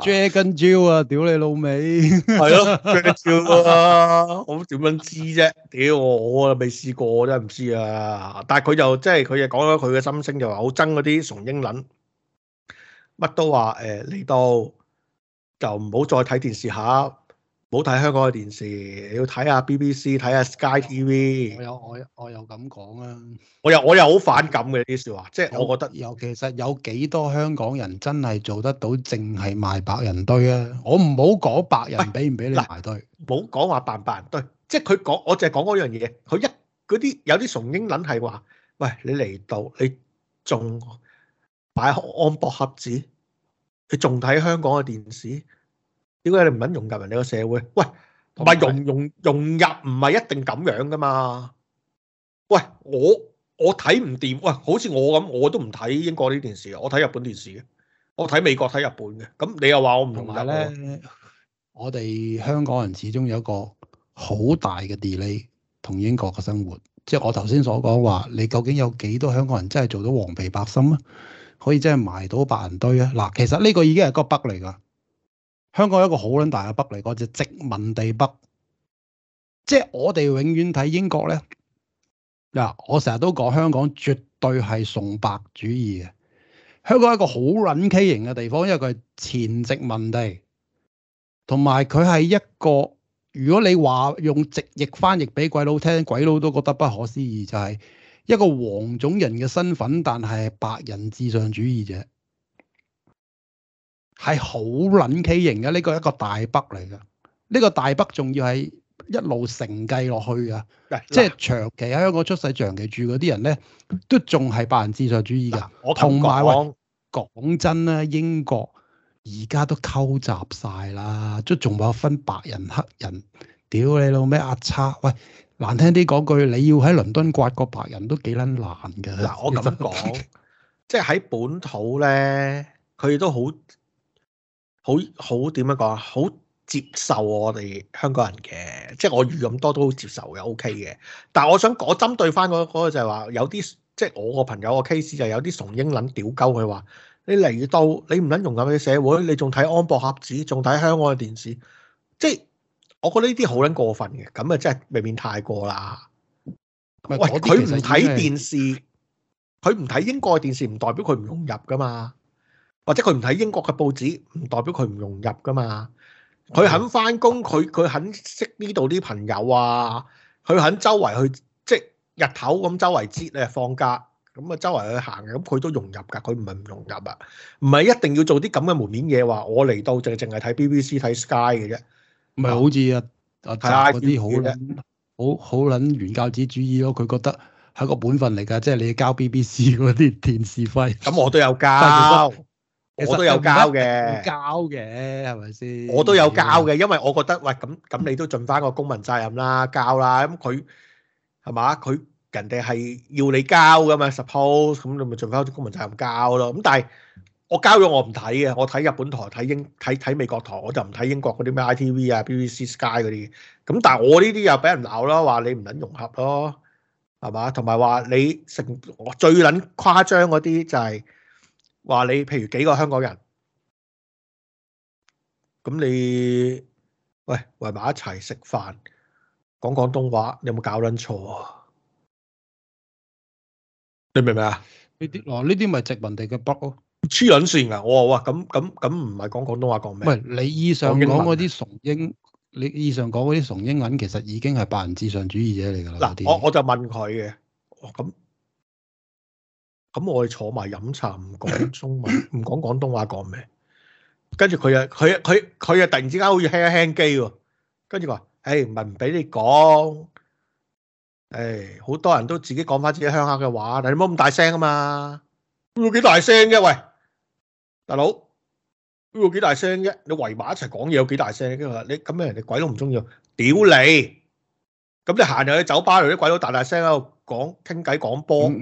Jack n j o e 啊，屌你老味！係咯，Jack n j i l 啊，我點樣知啫？屌我我未試過，我真係唔知、就是欸、啊！但係佢就即係佢又講咗佢嘅心聲，就話好憎嗰啲崇英撚，乜都話誒嚟到就唔好再睇電視下。唔好睇香港嘅電視，你要睇下 BBC，睇下 Sky TV 我。我有我我有咁講啊！我又我又好反感嘅啲說話，即係我覺得，其實有幾多香港人真係做得到，淨係賣白人堆啊！我唔好講白人俾唔俾你排堆唉，唔好講話扮白人堆，即係佢講，我淨係講嗰樣嘢。佢一嗰啲有啲崇英文係話，喂，你嚟到，你仲擺安博盒子，你仲睇香港嘅電視。點解你唔肯融入人哋個社會？喂，同埋融融融入唔係一定咁樣噶嘛？喂，我我睇唔掂，喂，好似我咁，我都唔睇英國呢電視嘅，我睇日本電視嘅，我睇美國睇日本嘅，咁你又話我唔同埋咧？我哋香港人始終有一個好大嘅 delay 同英國嘅生活，即係我頭先所講話，你究竟有幾多香港人真係做到黃皮白心啊？可以真係埋到白人堆啊？嗱，其實呢個已經係個北嚟噶。香港一個好卵大嘅北嚟，講就殖民地北，即係我哋永遠睇英國咧。嗱，我成日都講香港絕對係崇白主義嘅。香港係一個好卵畸形嘅地方，因為佢係前殖民地，同埋佢係一個，如果你話用直譯翻譯俾鬼佬聽，鬼佬都覺得不可思議，就係、是、一個黃種人嘅身份，但係白人至上主義者。係好撚畸形嘅，呢、這個一個大北嚟噶，呢、這個大北仲要係一路承繼落去啊！來即係長期喺來香港出世、長期住嗰啲人咧，都仲係白人至上主義噶。同埋喂，講真啦，英國而家都溝雜晒啦，都仲話分白人黑人，屌你老咩阿差？喂，難聽啲講句，你要喺倫敦刮個白人都幾撚難噶。嗱，我咁講， 即係喺本土咧，佢都好。好好點樣講啊？好接受我哋香港人嘅，即係我遇咁多都好接受嘅，OK 嘅。但係我想我針對翻嗰個就係話，有啲即係我個朋友個 case 就有啲崇英倫屌鳩佢話，你嚟到你唔捻融入咁嘅社會，你仲睇安博盒子，仲睇香港嘅電視，即係我覺得呢啲好捻過分嘅，咁啊真係未免太過啦。喂，佢唔睇電視，佢唔睇英國嘅電視，唔代表佢唔融入噶嘛。或者佢唔睇英國嘅報紙，唔代表佢唔融入噶嘛。佢肯翻工，佢佢肯識呢度啲朋友啊。佢肯周圍去即係日頭咁周圍接，你放假咁啊周圍去行咁佢都融入噶。佢唔係唔融入啊，唔係一定要做啲咁嘅門面嘢。話我嚟到就淨係睇 B B C 睇 Sky 嘅啫，唔係好似啊啊嗰啲好好好捻原教旨主義咯。佢覺得係個本分嚟噶，即係你交 B B C 嗰啲電視費咁，我都有交。我都有交嘅，交嘅係咪先？我都有交嘅，因為我覺得喂咁咁，你都盡翻個公民責任啦，交啦。咁佢係嘛？佢人哋係要你交噶嘛？Suppose 咁你咪盡翻個公民責任交咯。咁但係我交咗，我唔睇嘅。我睇日本台，睇英睇睇美國台，我就唔睇英國嗰啲咩 ITV 啊、BBC Sky、Sky 嗰啲。咁但係我呢啲又俾人鬧咯，話你唔捻融合咯，係嘛？同埋話你成我最捻誇張嗰啲就係、是。話你譬如幾個香港人，咁你喂圍埋一齊食飯講廣東話，你有冇搞撚錯？你明唔明啊？呢啲嗱，呢啲咪殖民地嘅北咯，黐撚線啊！我、哦、話哇，咁咁咁唔係講廣東話講咩？唔你以上講嗰啲崇英，你以上講嗰啲崇英文，其實已經係白人至上主義者嚟噶啦。嗱喏，些我我就問佢嘅，咁、哦。咁我哋坐埋飲茶，唔講中文，唔講廣東話，講咩？跟住佢啊，佢佢佢啊，突然之間好似輕一輕機喎，跟住話，誒，唔係唔俾你講。誒，好多人都自己講翻自己鄉下嘅話，但係你唔好咁大聲啊嘛。要幾大聲啫？喂，大佬，要幾大聲啫？你圍埋一齊講嘢有幾大聲？跟住話你咁樣，你鬼都唔中意，屌你！咁你行入去酒吧度，啲鬼佬大大聲喺度講傾偈、講波。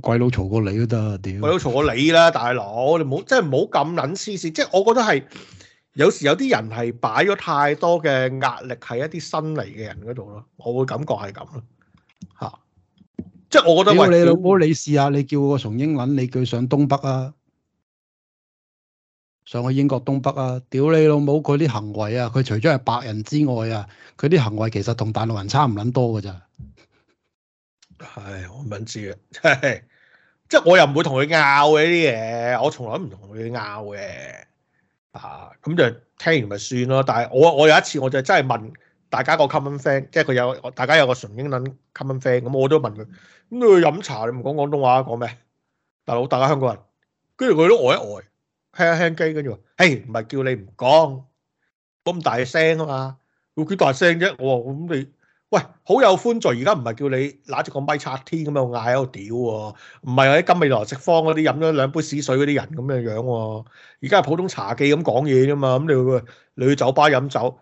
鬼佬嘈過你都得，屌！鬼佬嘈過你啦，大佬，你唔好即係唔好咁捻黐線，即係我覺得係有時有啲人係擺咗太多嘅壓力喺一啲新嚟嘅人嗰度咯，我會感覺係咁咯，吓、啊，即係我覺得屌你，你老母，喂你試下你叫個崇英文你叫上東北啊，上去英國東北啊，屌你老母佢啲行為啊，佢除咗係白人之外啊，佢啲行為其實同大陸人差唔捻多噶咋。係，我唔知嘅，即係，我又唔會同佢拗嘅呢啲嘢，我從來唔同佢拗嘅，啊，咁就聽完咪算咯。但係我我有一次我就真係問大家個 common friend，即係佢有大家有個純英文 common friend，咁我都問佢，咁你去飲茶你唔講廣東話講咩？大佬，大家香港人，跟住佢都呆、呃、一呆、呃，輕輕機，跟住話，嘿，唔係叫你唔講，咁大聲啊嘛，有幾大聲啫、啊？我話咁你。喂，好有歡聚，而家唔係叫你攞住個咪拆天咁樣嗌喺度屌喎、啊，唔係喺金美來食坊嗰啲飲咗兩杯屎水嗰啲人咁嘅樣喎、啊。而家係普通茶記咁講嘢啫嘛，咁你會你去酒吧飲酒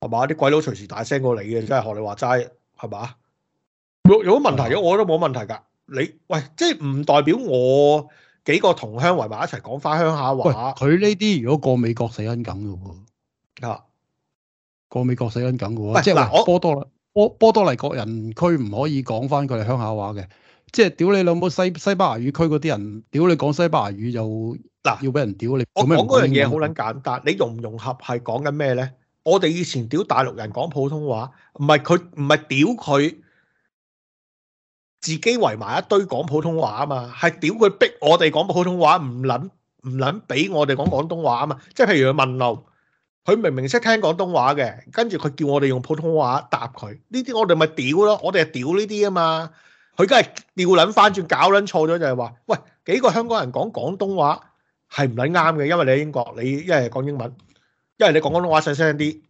係嘛？啲鬼佬隨時大聲過你嘅，真係學你話齋係嘛？有有冇問題？我都冇問題㗎。你喂，即係唔代表我幾個同鄉圍埋一齊講翻鄉下話。佢呢啲如果過美國死緊梗嘅喎，啊，過美國死緊梗嘅喎，即係波多啦。波波多黎各人區唔可以講翻佢哋鄉下話嘅，即係屌你老母西西班牙語區嗰啲人，屌你講西班牙語就嗱要俾人屌你。啊、我講嗰樣嘢好捻簡單，你融唔融合係講緊咩咧？我哋以前屌大陸人講普通話，唔係佢唔係屌佢自己圍埋一堆講普通話啊嘛，係屌佢逼我哋講普通話，唔捻唔捻俾我哋講廣東話啊嘛，即係譬如佢問路。佢明明識聽廣東話嘅，跟住佢叫我哋用普通話答佢，呢啲我哋咪屌咯，我哋係屌呢啲啊嘛，佢梗係屌捻翻轉搞捻錯咗就係話，喂，幾個香港人講廣東話係唔捻啱嘅，因為你喺英國，你一係講英文，一係你講廣東話細聲啲。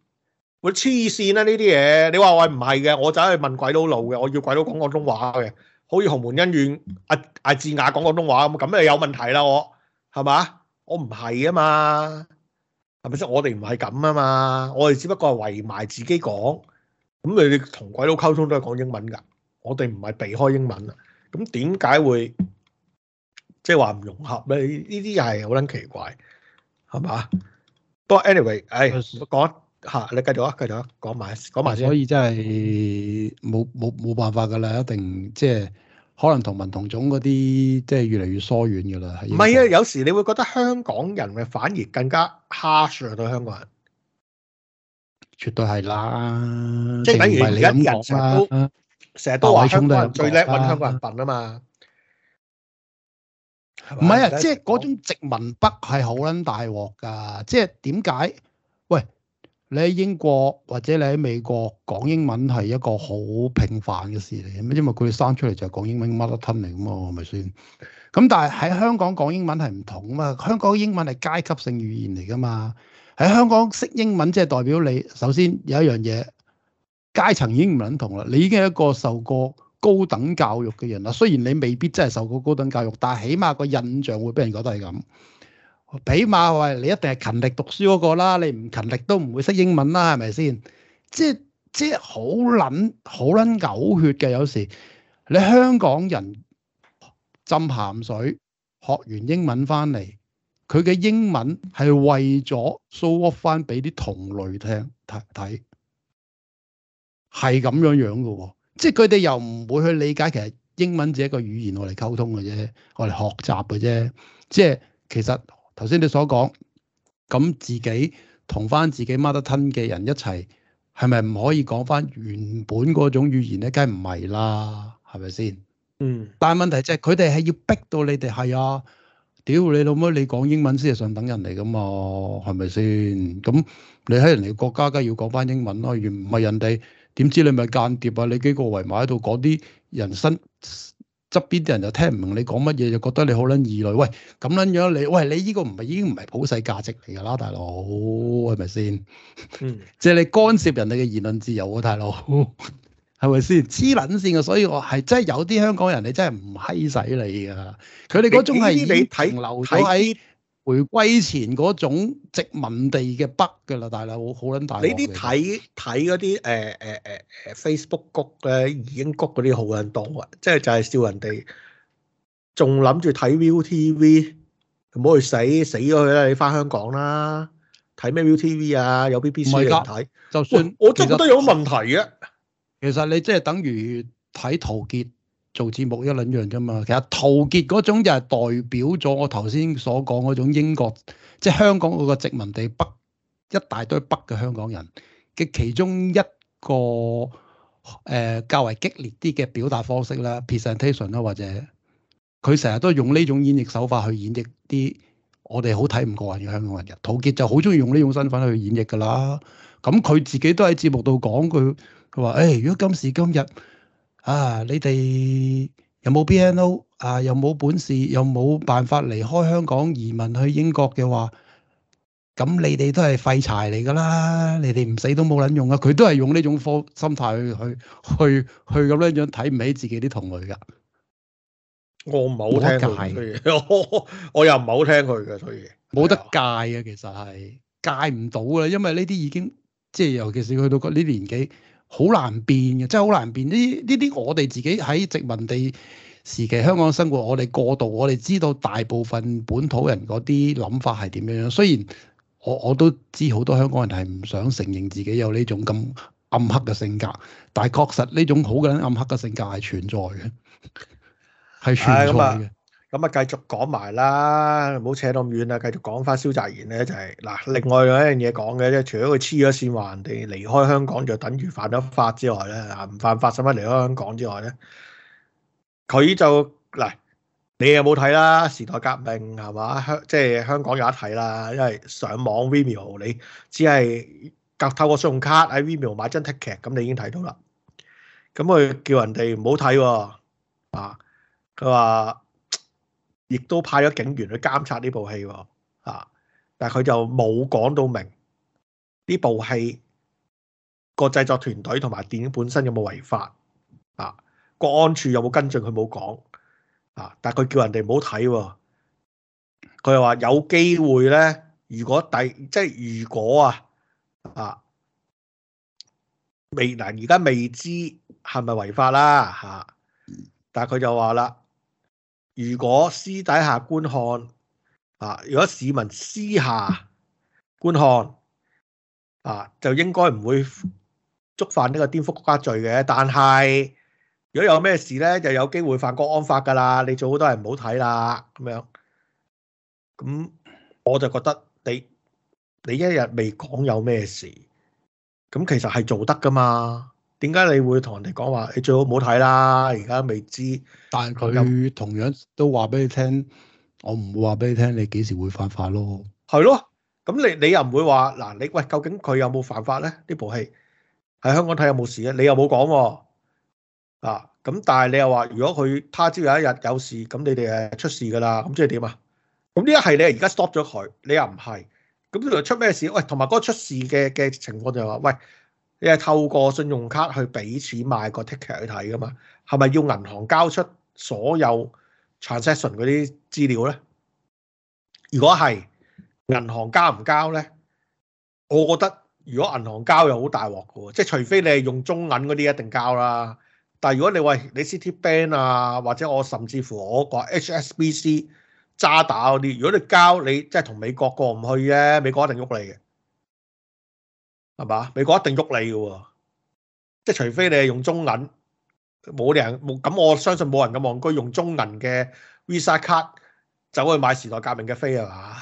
喂，黐線啦呢啲嘢，你話我唔係嘅，我走去問鬼佬路嘅，我要鬼佬講廣東話嘅，好似《豪門恩怨》阿阿志雅講廣東話咁，咁啊有問題啦我，係嘛？我唔係啊嘛。係咪先？我哋唔係咁啊嘛，我哋只不過係圍埋自己講，咁你哋同鬼佬溝通都係講英文噶，我哋唔係避開英文啊，咁點解會即係話唔融合咧？呢啲又係好捻奇怪，係嘛？不過 anyway，唉、哎，講吓，你繼續啊，繼續啊，講埋，講埋先。可以真係冇冇冇辦法噶啦，一定即係。就是可能同文同種嗰啲，即係越嚟越疏遠噶啦。唔係啊，有時你會覺得香港人嘅反而更加 hurt 到香港人。絕對係啦，即係等於你而家成日都成日、啊、都話香港人最叻揾香港人笨啊嘛。唔係啊，即係嗰種殖民北係好撚大鑊噶，即係點解？你喺英國或者你喺美國講英文係一個好平凡嘅事嚟，因為佢哋生出嚟就係講英文 mother tongue 嚟咁啊，咪算。咁 但係喺香港講英文係唔同啊嘛，香港英文係階級性語言嚟㗎嘛。喺香港識英文即係代表你首先有一樣嘢，階層已經唔撚同啦。你已經係一個受過高等教育嘅人啦，雖然你未必真係受過高等教育，但係起碼個印象會俾人覺得係咁。俾馬話你一定係勤力讀書嗰個啦。你唔勤力都唔會識英文啦，係咪先？即即好撚好撚嘔血嘅。有時你香港人浸鹹水學完英文翻嚟，佢嘅英文係為咗 show off 翻俾啲同類聽睇睇，係咁樣樣嘅喎。即佢哋又唔會去理解，其實英文只係一個語言，我嚟溝通嘅啫，我嚟學習嘅啫。即其實。頭先你所講，咁自己同翻自己孖得吞嘅人一齊，係咪唔可以講翻原本嗰種語言咧？梗係唔係啦，係咪先？嗯。但係問題就係佢哋係要逼到你哋係啊，屌你老母！你講英文先係上等人嚟噶嘛？係咪先？咁你喺人哋國家梗係要講翻英文咯，原唔係人哋點知你咪間諜啊？你幾個圍埋喺度講啲人生。側邊啲人就聽唔明你講乜嘢，就覺得你好撚異類。喂，咁撚樣你，喂你呢個唔係已經唔係普世價值嚟㗎啦，大佬係咪先？即係、嗯、 你干涉人哋嘅言論自由啊。大佬係咪先？黐撚線㗎，所以我係真係有啲香港人，你真係唔閪使你㗎。佢哋嗰種係以停留喺。回歸前嗰種殖民地嘅北嘅啦，大佬、呃呃、好捻大。你啲睇睇嗰啲誒誒誒誒 Facebook 谷呢，已經谷嗰啲好捻多啊！即係就係笑人哋仲諗住睇 Viu TV，唔好去死死咗佢啦！你返香港啦，睇咩 Viu TV 啊？有 B B C 睇，就算我真覺得有問題嘅，其實你即係等於睇陶傑。做節目一兩樣㗎嘛，其實陶傑嗰種就係代表咗我頭先所講嗰種英國，即係香港嗰個殖民地北一大堆北嘅香港人嘅其中一個誒、呃、較為激烈啲嘅表達方式啦，presentation 啦或者佢成日都用呢種演繹手法去演繹啲我哋好睇唔過眼嘅香港人嘅。陶傑就好中意用呢種身份去演繹㗎啦，咁佢自己都喺節目度講佢佢話，誒、哎，如果今時今日。啊！你哋又冇 BNO 啊，又冇本事，又冇辦法離開香港移民去英國嘅話，咁你哋都係廢柴嚟噶啦！你哋唔死都冇撚用啊！佢都係用呢種科心態去去去去咁咧樣睇唔起自己啲同類噶。我唔係好聽佢， 我又唔係好聽佢嘅所以冇得戒啊！其實係戒唔到啦，因為呢啲已經即係尤其是去到呢年紀。好難變嘅，真係好難變。呢呢啲我哋自己喺殖民地時期香港生活，我哋過度，我哋知道大部分本土人嗰啲諗法係點樣樣。雖然我我都知好多香港人係唔想承認自己有呢種咁暗黑嘅性格，但係確實呢種好緊暗黑嘅性格係存在嘅，係存在嘅。Right. 咁啊，繼續講埋啦，唔好扯咁遠啦。繼續講翻蕭澤頤咧，就係嗱，另外有一樣嘢講嘅，即係除咗佢黐咗線話人哋離開香港就等於犯咗法之外咧，啊唔犯法使乜離開香港之外咧，佢就嗱，你又冇睇啦，《時代革命》係嘛香，即係香港有得睇啦，因為上網 Vimeo，你只係隔透過信用卡喺 Vimeo 買張 Ticket，咁你已經睇到啦。咁佢叫人哋唔好睇喎，啊，佢話。亦都派咗警員去監察呢部戲喎，啊！但係佢就冇講到明呢部戲，個製作團隊同埋電影本身有冇違法啊？國安處有冇跟進？佢冇講啊！但係佢叫人哋唔好睇，佢又話有機會呢，如果第即係如果啊啊未嗱，而家未知係咪違法啦、啊、吓、啊？但係佢就話啦。如果私底下觀看啊，如果市民私下觀看啊，就應該唔會觸犯呢個顛覆國家罪嘅。但係如果有咩事呢，就有機會犯國安法噶啦。你做好多人唔好睇啦，咁樣。咁我就覺得你你一日未講有咩事，咁其實係做得噶嘛。點解你會同人哋講話？你最好唔好睇啦！而家未知，但係佢同樣都話俾你聽，我唔會話俾你聽你幾時會犯法咯。係咯，咁你你又唔會話嗱？你，喂，究竟佢有冇犯法咧？呢部戲喺香港睇有冇事嘅？你又冇講喎。啊，咁但係你又話，如果佢他朝有一日有事，咁你哋誒出事㗎啦。咁即係點啊？咁呢一係你而家 stop 咗佢，你又唔係。咁原來出咩事？喂，同埋嗰出事嘅嘅情況就係話，喂。你係透過信用卡去俾錢買個 ticket 去睇噶嘛？係咪要銀行交出所有 transaction 嗰啲資料咧？如果係銀行交唔交咧？我覺得如果銀行交又好大鑊嘅喎，即係除非你係用中銀嗰啲一定交啦。但係如果你餵你 Citibank 啊，或者我甚至乎我個 HSBC 渣打嗰啲，如果你交你即係同美國過唔去嘅，美國一定喐你嘅。係嘛？美國一定喐你嘅喎，即係除非你係用中銀，冇人冇，咁我相信冇人咁望，佢用中銀嘅 Visa 卡走去買時代革命嘅飛係嘛？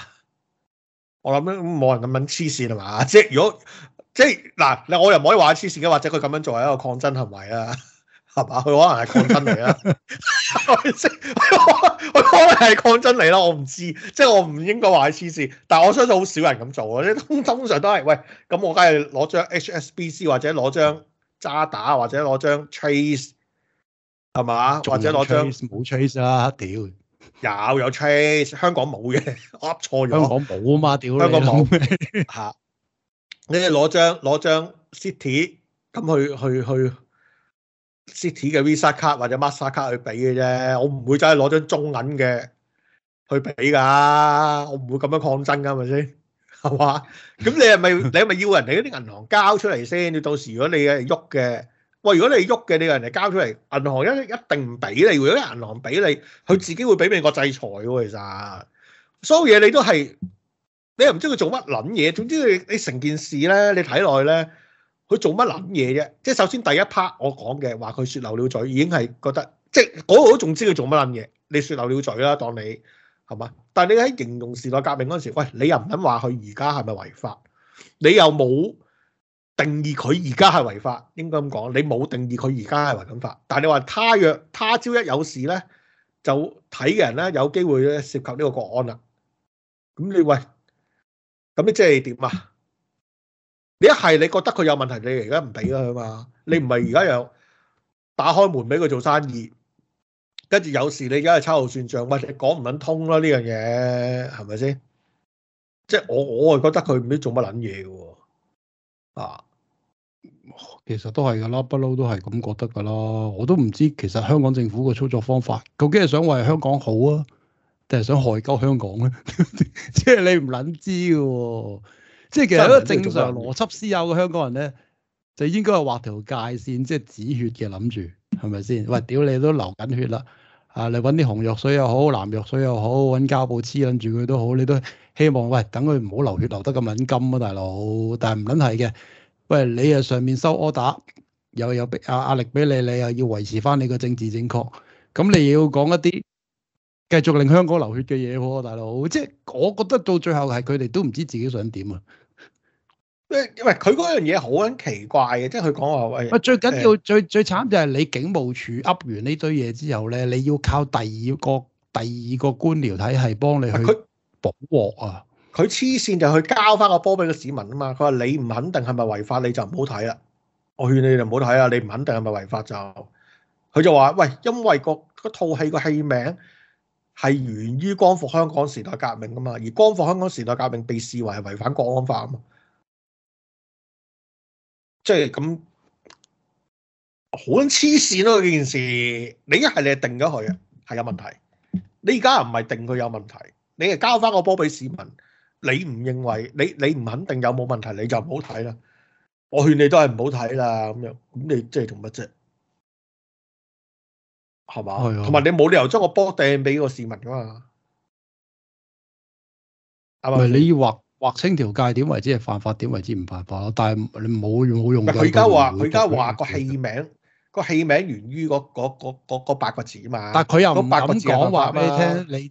我諗冇人咁樣黐線係嘛？即係如果即係嗱，你我又唔可以話黐線嘅，或者佢咁樣作為一個抗爭行為啊？係嘛？佢可能係抗真嚟啦，佢 可能係抗真嚟啦，我唔知，即係我唔應該話啲黐線。但係我相信好少人咁做啊，你通通常都係喂咁，我梗係攞張 HSBC 或者攞張渣打或者攞張 Chase，係嘛？或者攞張冇 Chase 啊？屌，有有 Chase，香港冇嘅，噏錯咗，香港冇啊嘛？屌，香港冇吓，你哋攞張攞張 City 咁去去去。去去 City 嘅 Visa 卡或者 Master 卡去俾嘅啫，我唔會真係攞張中銀嘅去俾噶，我唔會咁樣抗爭噶，係咪先？係嘛？咁你係咪你係咪要人哋嗰啲銀行交出嚟先？你到時如果你係喐嘅，喂，如果你喐嘅，你人哋交出嚟，銀行一一定唔俾你。如果銀行俾你，佢自己會俾美國制裁嘅。其實所有嘢你都係，你又唔知佢做乜撚嘢。總之你你成件事咧，你睇落去咧。佢做乜諗嘢啫？即係首先第一 part 我講嘅話，佢說漏了嘴已經係覺得，即係嗰個都仲知佢做乜諗嘢。你說漏了嘴啦，當你係嘛？但係你喺形容時代革命嗰陣時，喂，你又唔肯話佢而家係咪違法？你又冇定義佢而家係違法，應該咁講。你冇定義佢而家係違法，但係你話他若他朝一有事咧，就睇嘅人咧有機會咧涉及呢個國安啦。咁你喂，咁你即係點啊？你一係你覺得佢有問題，你而家唔俾佢啦嘛？你唔係而家又打開門俾佢做生意，跟住有時你而家係秋後算賬，咪講唔撚通咯、啊？呢樣嘢係咪先？即係我我係覺得佢唔知做乜撚嘢嘅，啊，其實都係噶啦，不嬲都係咁覺得噶啦。我都唔知其實香港政府嘅操作方法究竟係想為香港好啊，定係想害鳩香港咧、啊？ 即係你唔捻知嘅、啊。即係其實一個正常邏輯私有嘅香港人咧，就應該係畫條界線，即係止血嘅諗住，係咪先？喂，屌你都流緊血啦！啊，你揾啲紅藥水又好，藍藥水又好，揾膠布黐緊住佢都好，你都希望喂，等佢唔好流血流得咁敏感啊，大佬！但係唔撚係嘅，喂，你又上面收 order，又有，有壓壓力俾你，你又要維持翻你個政治正確，咁你要講一啲。繼續令香港流血嘅嘢，啊，喎大佬，即係我覺得到最後係佢哋都唔知自己想點啊。因為佢嗰樣嘢好撚奇怪嘅，即係佢講話喂，最緊要、呃、最最慘就係你警務處噏完呢堆嘢之後咧，你要靠第二個第二個官僚體係幫你去佢補鑊啊。佢黐線就去交翻個波俾個市民啊嘛。佢話你唔肯定係咪違法，你就唔好睇啦。我勸你哋唔好睇啦，你唔肯定係咪違法就佢就話喂，因為個套戲個戲名。係源於光復香港時代革命噶嘛，而光復香港時代革命被視為係違反國安法啊嘛，即係咁好黐線咯！呢件事你一係你係定咗佢啊，係有問題。你而家唔係定佢有問題，你係交翻個波俾市民。你唔認為你你唔肯定有冇問題，你就唔好睇啦。我勸你都係唔好睇啦咁樣。咁你即係做乜啫？係嘛？係啊，同埋你冇理由將個波掟俾個市民噶嘛？唔係你要劃劃清條界，點為止係犯法，點為止唔犯法咯？但係你冇冇用？佢而家話佢而家話個戲名個戲名源於嗰、嗰嗰嗰嗰、八個字嘛？但係佢又唔敢講話俾你聽，你但你，你，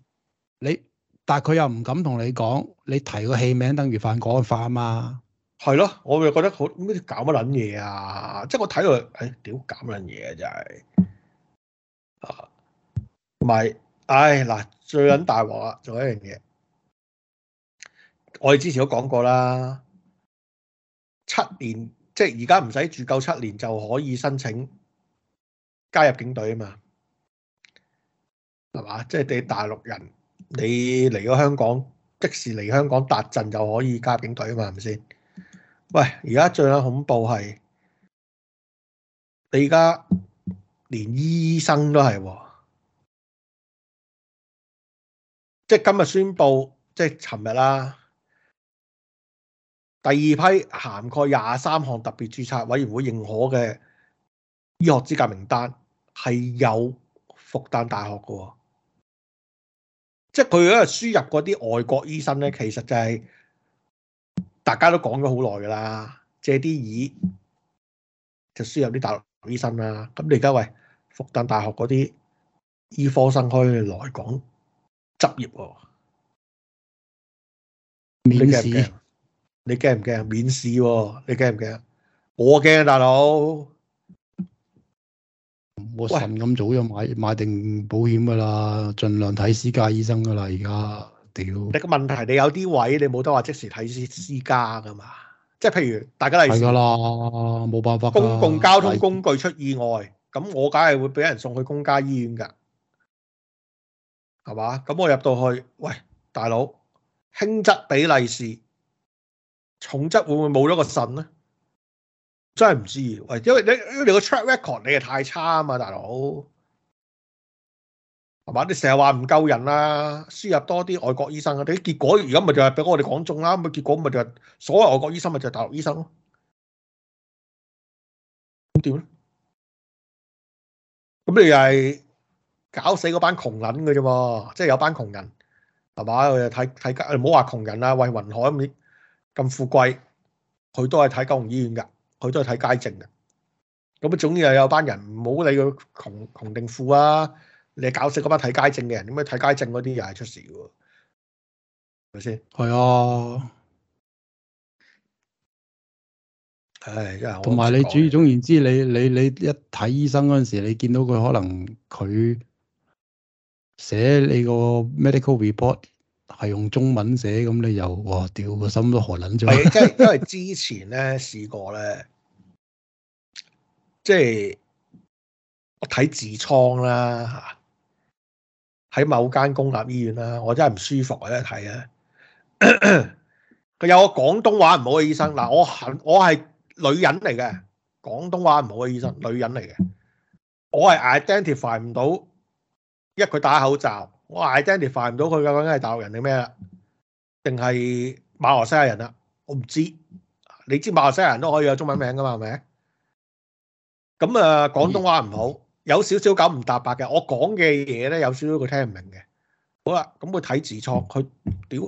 你，你但係佢又唔敢同你講，你提個戲名等於犯國安法啊嘛？係咯，我咪覺得好咩搞乜撚嘢啊！即係我睇到誒，屌搞乜撚嘢啊！真係、啊。啊，同埋，唉嗱，最撚大鑊啊！仲有一樣嘢，我哋之前都講過啦，七年即係而家唔使住夠七年就可以申請加入警隊啊嘛，係嘛？即係你大陸人，你嚟咗香港，即時嚟香港達陣就可以加入警隊啊嘛，係咪先？喂，而家最撚恐怖係你而家。連醫生都係，哦，即係今日宣布，即係尋日啦。第二批涵蓋廿三項特別註冊委員會認可嘅醫學資格名單，係有復旦大學嘅，哦，即係佢嗰個輸入嗰啲外國醫生咧，其實就係大家都講咗好耐噶啦，借啲意，就輸入啲大陸。醫生啊，咁你而家喂復旦大學嗰啲醫科生去來港執業喎？免試，你驚唔驚？免試喎，你驚唔驚？我驚啊，大佬。我神咁早就買買定保險噶啦，盡喂量睇私家醫生噶啦。而家屌你個問題，你有啲位你冇得話即時睇私私家噶嘛？即係譬如大家利是噶啦，冇辦法。公共交通工具出意外，咁的我梗係會俾人送去公家醫院㗎，係嘛？咁我入到去，喂，大佬，輕則俾利是，重則會唔會冇咗個腎咧？真係唔知，喂，因為你你個 track record 你係太差啊嘛，大佬。係嘛？你成日話唔夠人啊，輸入多啲外國醫生啊，啲結果而家咪就係俾我哋講中啦、啊。咁結果咪就係、是、所謂外國醫生咪就係大陸醫生咯、啊。咁點咧？咁你又係搞死嗰班窮人嘅啫、啊？即係有班窮人係嘛？佢又睇睇唔好話窮人啦、啊，喂云海咁咁富貴，佢都係睇九龍醫院嘅，佢都係睇街症嘅。咁啊，總之又有班人唔好理佢窮窮定富啊！你搞死嗰班睇街症嘅人，咁啊，睇街症嗰啲又係出事喎，咪先？係啊，誒，同埋你主、嗯、總言之，你你你一睇醫生嗰陣時，你見到佢可能佢寫你個 medical report 係用中文寫，咁你又哇屌個心都寒撚咗。係， 即係因為之前咧試過咧，即係我睇痔瘡啦嚇。喺某間公立醫院啦、啊，我真係唔舒服、啊，我一睇咧，佢 有個廣東話唔好嘅醫生。嗱，我行，我係女人嚟嘅，廣東話唔好嘅醫生，女人嚟嘅，我係 identify 唔到，因為佢戴口罩，我 identify 唔到佢究竟係大陸人定咩啦？定係馬來西亞人啦？我唔知，你知馬來西亞人都可以有中文名噶嘛？係咪？咁啊，廣東話唔好。有少少九唔搭八嘅，我講嘅嘢咧有少少佢聽唔明嘅。好啦，咁佢睇字錯，佢屌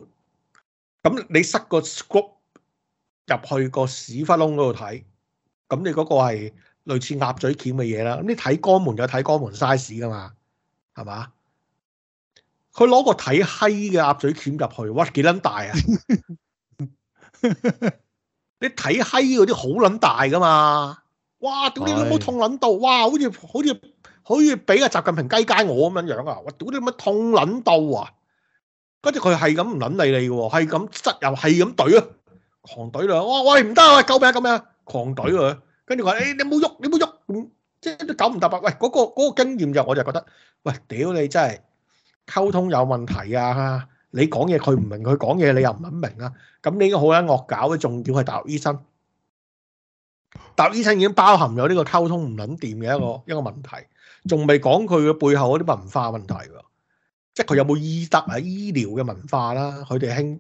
咁你塞個 scope 入去個屎窟窿嗰度睇，咁你嗰個係類似鴨嘴鉗嘅嘢啦。咁你睇肛門就睇肛門 size 噶嘛，係嘛？佢攞個睇閪嘅鴨嘴鉗入去，哇幾撚大啊！ 你睇閪嗰啲好撚大噶嘛？哇！屌你都冇痛撚到，哇！好似好似好似俾個習近平雞姦我咁樣樣啊！我屌你咁樣痛撚到啊！跟住佢係咁唔撚理你嘅喎，係咁質又係咁懟啊，狂懟啦！哇喂唔得啊！救命啊！救命啊！狂懟佢，跟住話：你你冇喐，你冇喐，即係都九唔搭八。喂，嗰個嗰個經驗就我就覺得，喂屌你真係溝通有問題啊！你講嘢佢唔明，佢講嘢你又唔肯明啊！咁呢個好撚惡搞嘅，仲叫佢大陸醫生。答醫生已經包含咗呢個溝通唔撚掂嘅一個一個問題，仲未講佢嘅背後嗰啲文化問題喎，即係佢有冇醫德啊？醫療嘅文化啦，佢哋興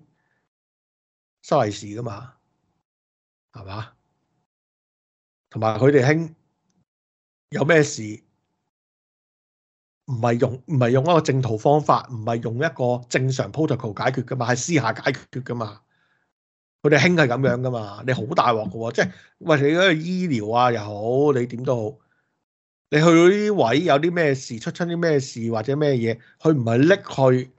收利是㗎嘛，係嘛？同埋佢哋興有咩事唔係用唔係用一個正途方法，唔係用一個正常 protocol 解決㗎嘛，係私下解決㗎嘛？佢哋興係咁樣噶嘛？你好大鑊噶，即係喂你嗰個醫療啊又好，你點都好，你去到呢啲位有啲咩事，出出啲咩事或者咩嘢，佢唔係拎去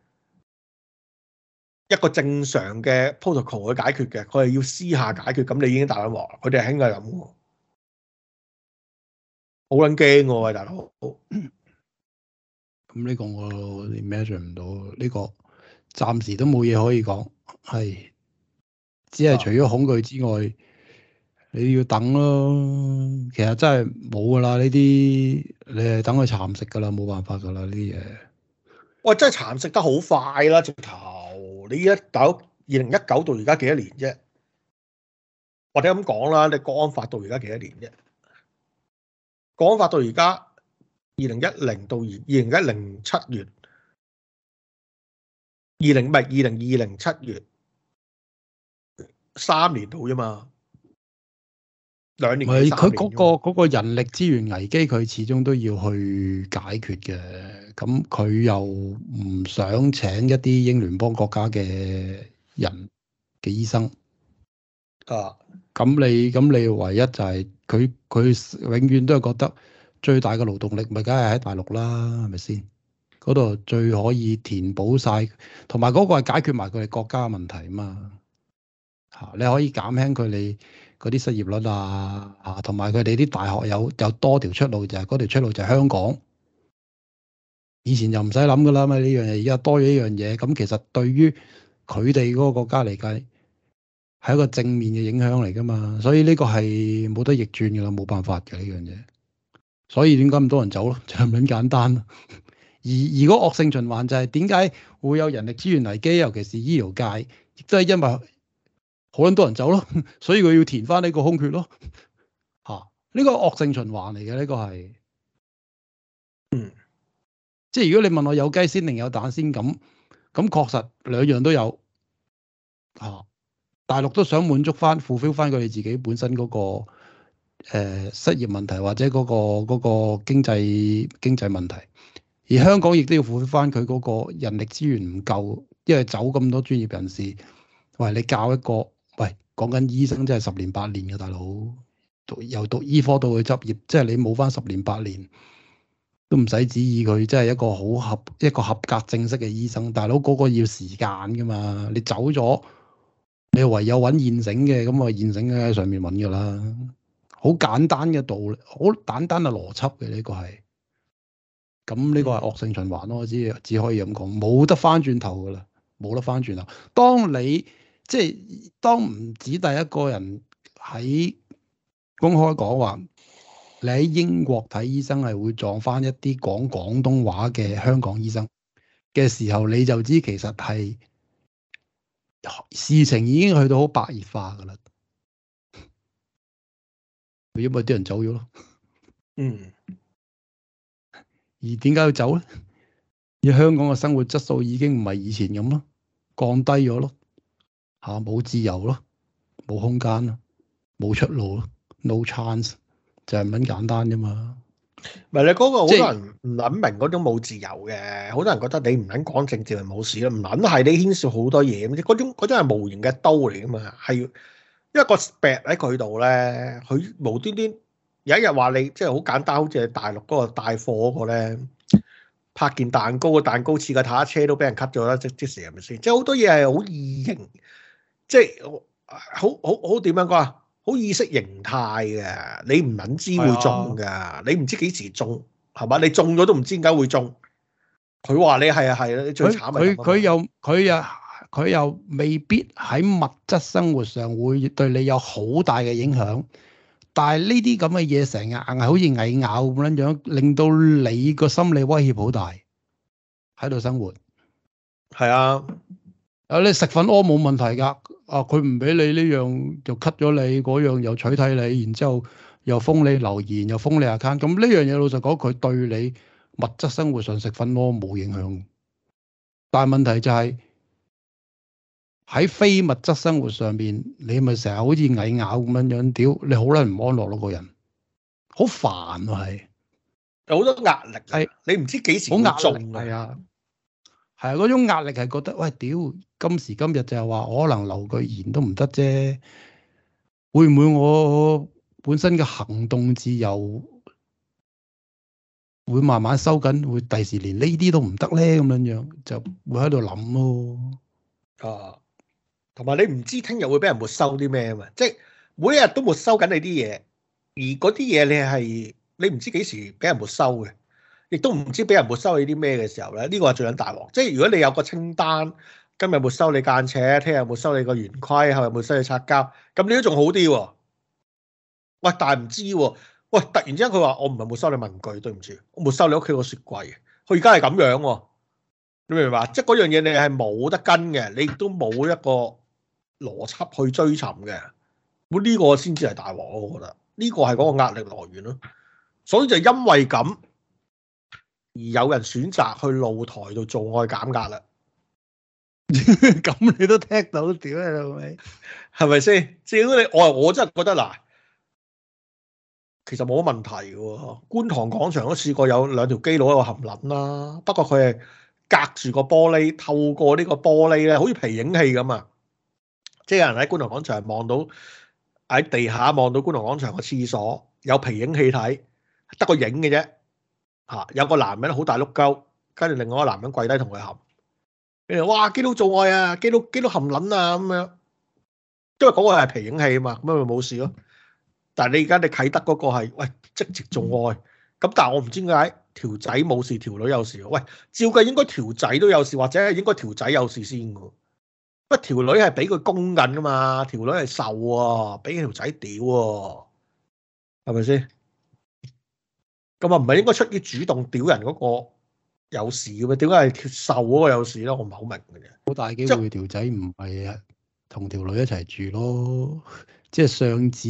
一個正常嘅 protocol 去解決嘅，佢係要私下解決。咁你已經大鑊啦。佢哋興係咁，好撚驚喎，喂大佬。咁呢個我 measure 唔到，呢個暫時都冇嘢可以講，係。只係除咗恐懼之外，你要等咯。其實真係冇噶啦，呢啲你係等佢蠶食噶啦，冇辦法噶啦呢啲嘢。喂，我真係蠶食得好快啦！直頭你一九二零一九到而家幾多年啫？或者咁講啦，你國安法到而家幾多年啫？國安法到而家二零一零到二零一零七月，二零咪二零二零七月。三年到啫嘛，兩年。唔係佢嗰個嗰個人力資源危機，佢始終都要去解決嘅。咁佢又唔想請一啲英聯邦國家嘅人嘅醫生啊。咁你咁你唯一就係佢佢永遠都係覺得最大嘅勞動力咪梗係喺大陸啦，係咪先？嗰度最可以填補晒，同埋嗰個係解決埋佢哋國家問題啊嘛。吓，你可以減輕佢哋嗰啲失業率啊，吓，同埋佢哋啲大學有有多條出路，就係嗰條出路就係、是、香港。以前就唔使諗噶啦嘛呢樣嘢，而家多咗一樣嘢，咁其實對於佢哋嗰個國家嚟計係一個正面嘅影響嚟噶嘛，所以呢個係冇得逆轉噶啦，冇辦法嘅呢樣嘢。所以點解咁多人走咯？就係咁簡單 而。而如果惡性循環就係點解會有人力資源危機，尤其是醫療界，亦都係因為。好撚多人走咯，所以佢要填翻呢個空缺咯，嚇、啊！呢、這個惡性循環嚟嘅，呢、這個係，嗯，即係如果你問我有雞先定有蛋先咁，咁確實兩樣都有，嚇、啊！大陸都想滿足翻、fulfill 翻佢哋自己本身嗰、那個、呃、失業問題或者嗰、那個嗰、那個經濟經濟問題，而香港亦都要 fulfill 翻佢嗰個人力資源唔夠，因為走咁多專業人士，喂，你教一個。喂，講緊醫生真係十年八年嘅，大佬，讀由讀醫科到去執業，即係你冇翻十年八年都唔使指意佢，真係一個好合一個合格，正式嘅醫生。大佬嗰個要時間噶嘛。你走咗，你唯有揾現成嘅，咁啊現成嘅喺上面揾噶啦。好簡單嘅道理，好簡單嘅邏輯嘅呢個係。咁呢個係惡性循環咯，只只可以咁講，冇得翻轉頭噶啦，冇得翻轉頭。當你即係當唔止第一個人喺公開講話，你喺英國睇醫生係會撞返一啲講廣東話嘅香港醫生嘅時候，你就知其實係事情已經去到好白熱化㗎喇。因為啲人走咗咯。嗯。而點解要走咧？而香港嘅生活質素已經唔係以前咁咯，降低咗咯。吓，冇自由咯，冇空間咯，冇出路咯，No chance 就咁簡單啫嘛。唔係你嗰個，好多人唔諗明嗰種冇自由嘅，好多人覺得你唔肯講政治就冇事咯，唔肯係你牽涉好多嘢咁，嗰種嗰種係無形嘅刀嚟噶嘛，係一個劈喺佢度咧，佢無端端有一日話你，即係好簡單，好似係大陸嗰個帶貨嗰個咧，拍件蛋糕，個蛋糕似架卡車都俾人吸咗啦，即即時係咪先？即係好多嘢係好隱形。即係好好好點樣講啊？好意識形態嘅，你唔諗知會中㗎，的你唔知幾時中係嘛？你中咗都唔知點解會中。佢話你係啊係啊，你最慘咪？佢佢又佢又佢又，又未必喺物質生活上會對你有好大嘅影響，但係呢啲咁嘅嘢成日硬係好似蟻咬咁樣樣，令到你個心理威脅好大喺度生活。係的啊，啊你食粉屙冇問題㗎。啊！佢唔俾你呢樣就 cut 咗你，嗰樣又取替你，然之後又封你留言，又封你 account。咁呢樣嘢老實講，佢對你物質生活上食飯咯，冇影響。但係問題就係、是、喺非物質生活上面，你咪成日好似蟻咬咁樣樣，屌你好撚唔安樂咯個人，好煩啊！係有好多壓力係，是你唔知幾時好壓力係啊！是係嗰種壓力，係覺得喂，屌，今時今日就係話，可能留句言都唔得啫。會唔會我本身嘅行動自由會慢慢收緊，會第時連呢啲都唔得咧咁樣樣，就會喺度諗咯。啊，同埋你唔知聽日會俾人沒收啲咩啊嘛，即係每一日都沒收緊你啲嘢，而嗰啲嘢你係你唔知幾時俾人沒收嘅。亦都唔知俾人沒收你啲咩嘅時候咧？呢、這個係最緊大鑊。即係如果你有個清單，今日沒收你間尺，聽日沒收你個圓規，後日沒收你擦膠，咁你都仲好啲喎。喂，但係唔知喎、啊。喂，突然之間佢話：我唔係沒收你文具，對唔住，我沒收你屋企個雪櫃。佢而家係咁樣喎、啊。你明唔明啊？即係嗰樣嘢你係冇得跟嘅，你亦都冇一個邏輯去追尋嘅。咁呢個先至係大鑊，我覺得呢、這個係嗰個壓力來源咯。所以就因為咁。而有人選擇去露台度做愛減壓啦，咁你都聽到屌你老味，係咪先？至於你我我真係覺得嗱，其實冇乜問題嘅。觀塘廣場都試過有兩條基佬喺度含卵啦，不過佢係隔住個玻璃，透過呢個玻璃咧，好似皮影戲咁啊！即係有人喺觀塘廣場望到喺地下望到觀塘廣場嘅廁所有皮影戲睇，得個影嘅啫。嚇！有個男人好大碌鳩，跟住另外一個男人跪低同佢合。跟住哇！基佬做愛啊！基佬基佬含撚啊！咁樣，因為嗰個係皮影戲啊嘛，咁咪冇事咯。但係你而家你啟德嗰個係喂積極做愛，咁但係我唔知點解條仔冇事，條女有事。喂，照計應該條仔都有事，或者係應該條仔有事先噶。乜條女係俾佢供緊啊嘛？條女係瘦啊，俾條仔屌喎，啊，係咪先？咁啊，唔係應該出於主動屌人嗰個有事嘅咩？點解係條受嗰個有事咧？我唔係好明嘅啫。好大機會條仔唔係啊，同條女一齊住咯。即係上址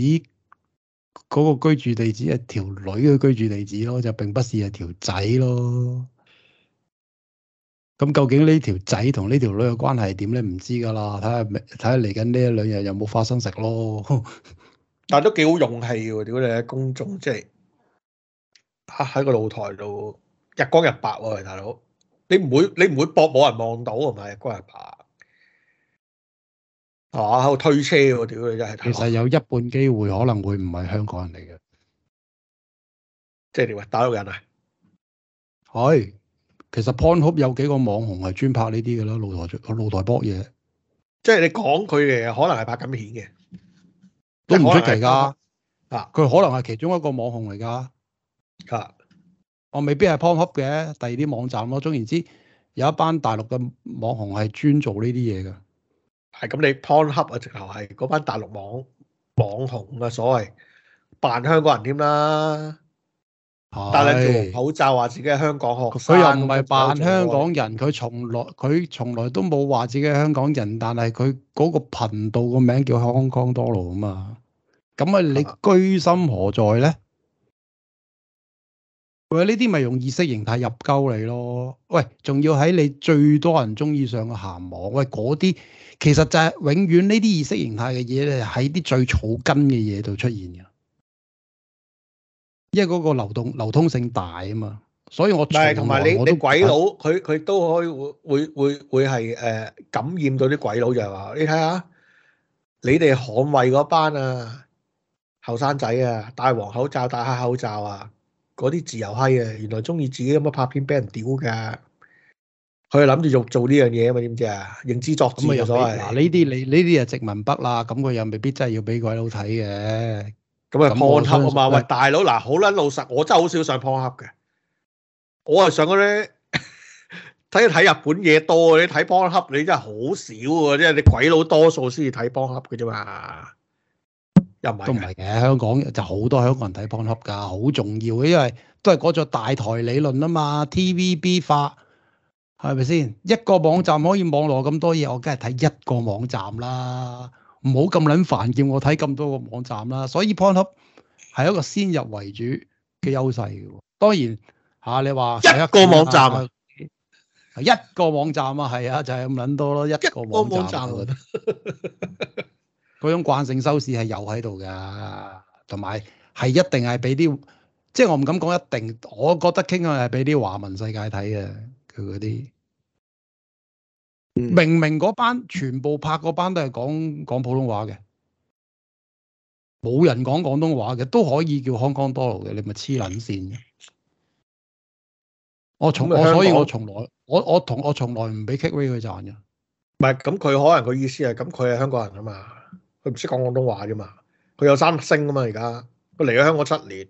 嗰個居住地址係條女嘅居住地址咯，就並不是係條仔咯。咁究竟呢條仔同呢條女嘅關係點咧？唔知噶啦。睇下睇下嚟緊呢一兩日有冇花生食咯。 但係都幾好勇氣喎！屌你喺公眾即係。就是喺、啊、個露台度日光日白喎、啊，大佬，你唔會你唔會搏冇人望到係咪日光日白？啊，喺度推車喎、啊，屌你真係！其實有一半機會可能會唔係香港人嚟嘅，即係你話啊？大陸人啊？係，其實 PornHub 有幾個網紅係專拍呢啲嘅啦，露台做，露台博嘢，即係你講佢哋可能係拍緊片嘅，都唔出奇㗎。啊，佢可能係其中一個網紅嚟㗎。啊！我未必係 Pornhub 嘅，第二啲網站咯。總言之，有一班大陸嘅網紅係專做呢啲嘢噶。係咁，你 Pornhub 啊，直頭係嗰班大陸網網紅嘅所謂扮香港人添啦。但係做口罩，話自己係香港學生，佢又唔係扮香港人，佢從來佢從來都冇話自己係香港人，但係佢嗰個頻道個名叫 Hong Kong 多路啊嘛。咁啊，你居心何在咧？喂，呢啲咪用意識形態入鳩你咯？喂，仲要喺你最多人中意上嘅鹹網，喂嗰啲其實就係永遠呢啲意識形態嘅嘢咧，喺啲最草根嘅嘢度出現嘅，因為嗰個流動流通性大啊嘛，所以我唔同埋你你鬼佬，佢佢、啊、都可以會會會會係誒感染到啲鬼佬就係話，你睇下你哋捍衛嗰班啊後生仔啊，戴黃口罩戴黑口罩啊。.嗰啲自由閪啊，原來中意自己咁啊拍片俾人屌噶，佢諗住欲做呢樣嘢啊嘛，點知啊認知作知，冇所謂。嗱呢啲你呢啲啊殖民北啦，咁佢又未必真係要俾鬼佬睇嘅，咁啊 Pornhub 啊嘛。喂大佬嗱，好撚老實，喂老實，我真係好少上 Pornhub 嘅，我係上嗰啲睇睇日本嘢多。你睇 Pornhub 你真係好少喎，因為你鬼佬多數先至睇 Pornhub 嘅啫嘛。都唔係嘅， 香港就好、是、多香港人睇 Pornhub 噶，好重要嘅，因為都係嗰座大台理論啊嘛，TVB 化係咪先？ 一個網站可以網羅咁多嘢，我梗係睇一個網站啦，唔好咁撚煩，叫我睇咁多個網站啦。所以 Pornhub 係一個先入為主嘅優勢嘅喎。當然嚇、啊，你話一,一個網站啊，一個網站啊，係啊，就係咁撚多咯，一個網站、啊。 嗰種慣性收視係有喺度㗎，同埋係一定係俾啲，即係我唔敢講一定。我覺得傾向係俾啲華文世界睇嘅佢嗰啲，明明嗰班全部拍嗰班都係講講普通話嘅，冇人講廣東話嘅，都可以叫 Hong Kong Dora 嘅，你咪黐撚線。我從，我所以我從來我我同我從來唔俾 Kerry 佢賺㗎。唔係咁，佢可能個意思係咁，佢係香港人啊嘛。佢唔識講廣東話㗎嘛，佢有三星啊嘛，而家佢嚟咗香港七年，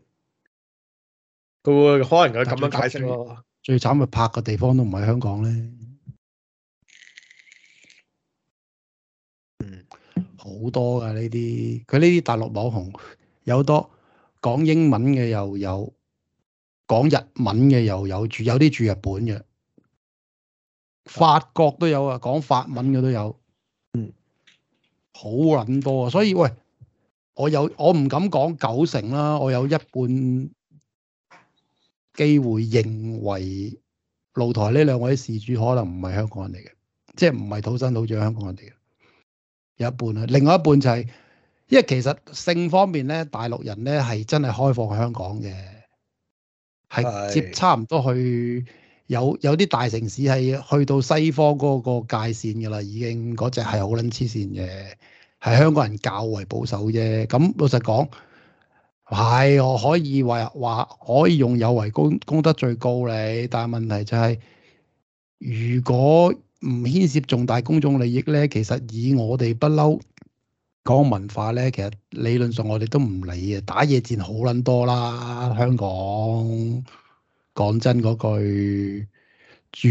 佢會可能佢咁樣解釋咯。啊、最慘咪拍嘅地方都唔係香港咧，嗯，好多噶呢啲，佢呢啲大陸網紅有好多講英文嘅，又有，講日文嘅又有住，有啲住日本嘅，法國都有啊，講法文嘅都有。好撚多啊！所以喂，我有我唔敢講九成啦，我有一半機會認為露台呢兩位事主可能唔係香港人嚟嘅，即係唔係土生土長香港人嚟嘅，有一半啊，另外一半就係、是，因為其實性方面咧，大陸人咧係真係開放香港嘅，係是接差唔多去有有啲大城市係去到西方嗰、那個那個界線噶啦，已經嗰隻係好撚黐線嘅。那個係香港人較為保守啫。咁老實講，係我可以話話可以用有違公公德罪告你，但係問題就係、是、如果唔牽涉重大公眾利益咧，其實以我哋不嬲講文化咧，其實理論上我哋都唔理嘅。打野戰好撚多啦，香港講真嗰句，